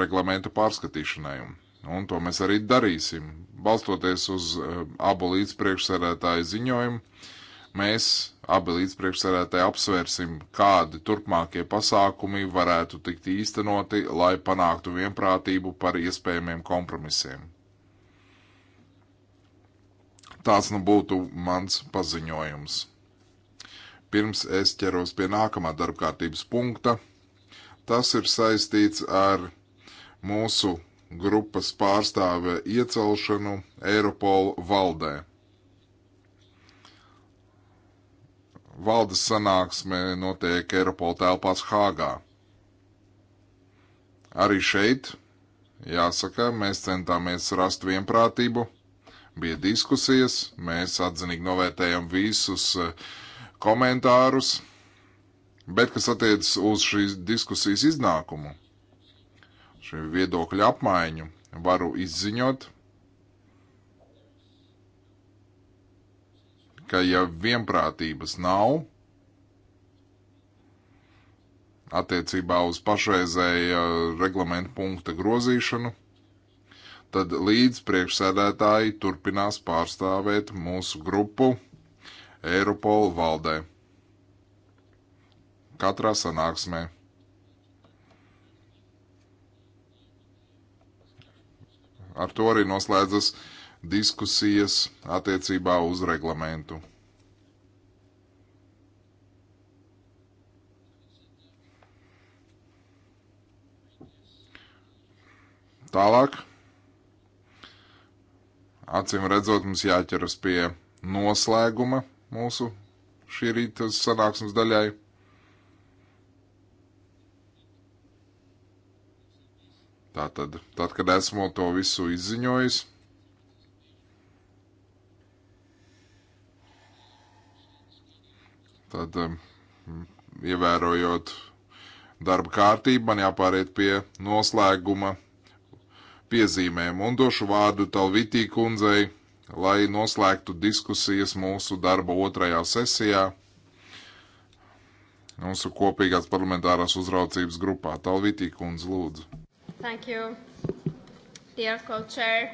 reglamentu pārskatīšanai. Un to mēs arī darīsim. Balstoties uz eh, abu līdzpriekšsēdētāju ziņojumu, mēs abi līdzpriekšsēdētāji apsvērsim, kādi turpmākie pasākumi varētu tikt īstenoti, lai panāktu vienprātību par iespējamiem kompromisiem. Tāds nu būtu mans paziņojums pirms es ķeros pie nākamā darbkārtības punkta. Tas ir saistīts ar mūsu grupas pārstāve iecelšanu Eiropolu valdē. Valdes sanāksme notiek Eiropola telpās Hāgā. Arī šeit, jāsaka, mēs centāmies rast vienprātību, bija diskusijas, mēs atzinīgi novērtējam visus uh, komentārus, bet kas attiecas uz šīs diskusijas iznākumu, šī viedokļa apmaiņu, varu izziņot, ka ja vienprātības nav attiecībā uz pašreizēja reglamentu punkta grozīšanu, tad līdz priekšsēdētāji turpinās pārstāvēt mūsu grupu Eiropola valdē. Katrā sanāksmē. Ar to arī noslēdzas diskusijas attiecībā uz reglamentu. Tālāk, acīm redzot, mums jāķeras pie noslēguma mūsu šī rīta sanāksmes daļai. Tātad, tad, kad esmu to visu izziņojis, tad, um, ievērojot darba kārtību, man jāpāriet pie noslēguma piezīmēm un došu vārdu Talvitī kundzei lai noslēgtu diskusijas mūsu darba otrajā sesijā mūsu kopīgās parlamentārās uzraucības grupā. Talvitī kundze, lūdzu. Thank you, dear co-chair.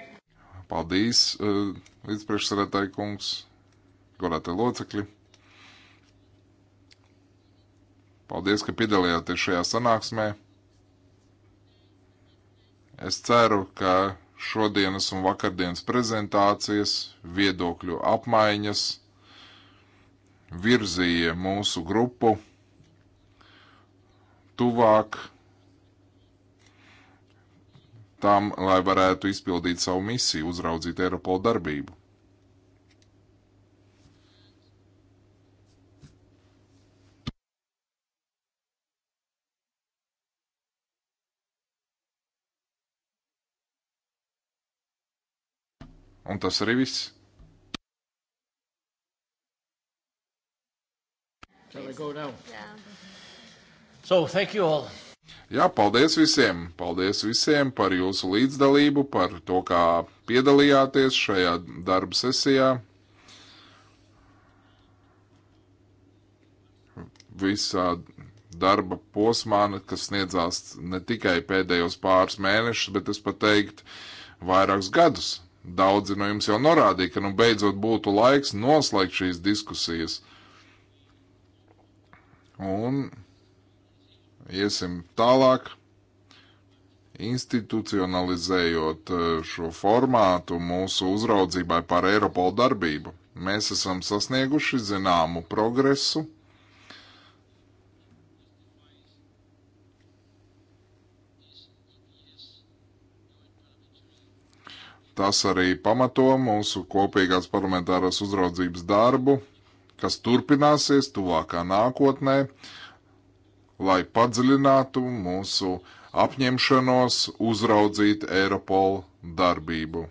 Paldies, eh, līdzpriekšsarētāji kungs, godātie locekļi. Paldies, ka piedalījāties šajā sanāksmē. Es ceru, ka šodienas un vakardienas prezentācijas, viedokļu apmaiņas virzīja mūsu grupu tuvāk tam, lai varētu izpildīt savu misiju, uzraudzīt Eiropola darbību. Un tas arī viss. So, Jā, paldies visiem! Paldies visiem par jūsu līdzdalību, par to, kā piedalījāties šajā darba sesijā. Visā darba posmā, kas sniedzās ne tikai pēdējos pāris mēnešus, bet es pat teiktu vairākus gadus Daudzi no jums jau norādīja, ka nu beidzot būtu laiks noslēgt šīs diskusijas. Un iesim tālāk, institucionalizējot eh, šo formātu mūsu uzraudzībai par Eiropolu darbību. Mēs esam sasnieguši zināmu progresu Tas arī pamato mūsu kopīgās parlamentāras uzraudzības darbu, kas turpināsies tuvākā nākotnē, lai padziļinātu mūsu apņemšanos uzraudzīt Eiropolu darbību.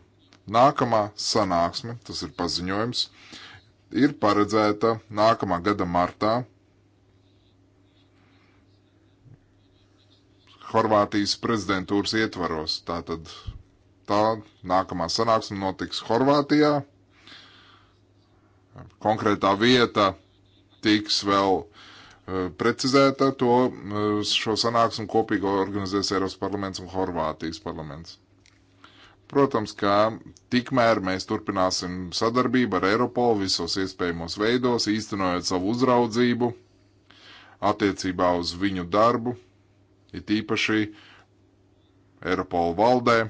Nākamā sanāksme, tas ir paziņojums, ir paredzēta nākamā gada martā Horvātijas prezidentūras ietvaros. Tātad Tā nākamā sanāksme notiks Horvātijā. Konkrētā vieta tiks vēl e, precizēta. To e, šo sanāksmu kopīgi organizēs Eiropas parlaments un Horvātijas parlaments. Protams, ka tikmēr mēs turpināsim sadarbību ar Eiropolu visos iespējamos veidos, īstenojot savu uzraudzību attiecībā uz viņu darbu, it īpaši Eiropola valdē.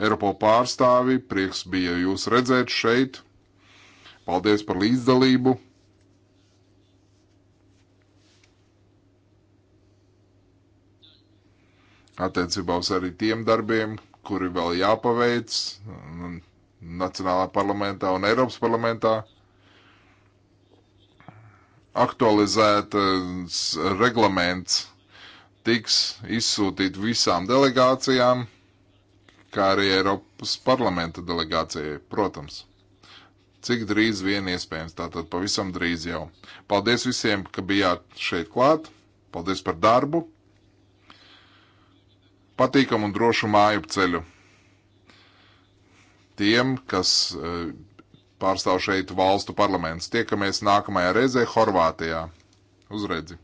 Eiropo pārstāvi. Prieks bija jūs redzēt šeit. Paldies par līdzdalību. Attiecībā uz arī tiem darbiem, kuri vēl jāpaveic Nacionālā parlamentā un Eiropas parlamentā aktualizēts reglaments tiks izsūtīt visām delegācijām kā arī Eiropas parlamenta delegācijai, protams. Cik drīz vien iespējams, tātad pavisam drīz jau. Paldies visiem, ka bijāt šeit klāt. Paldies par darbu. Patīkam un drošu māju ceļu. Tiem, kas eh, pārstāv šeit valstu parlaments, tiekamies nākamajā reizē Horvātijā. Uzredzi!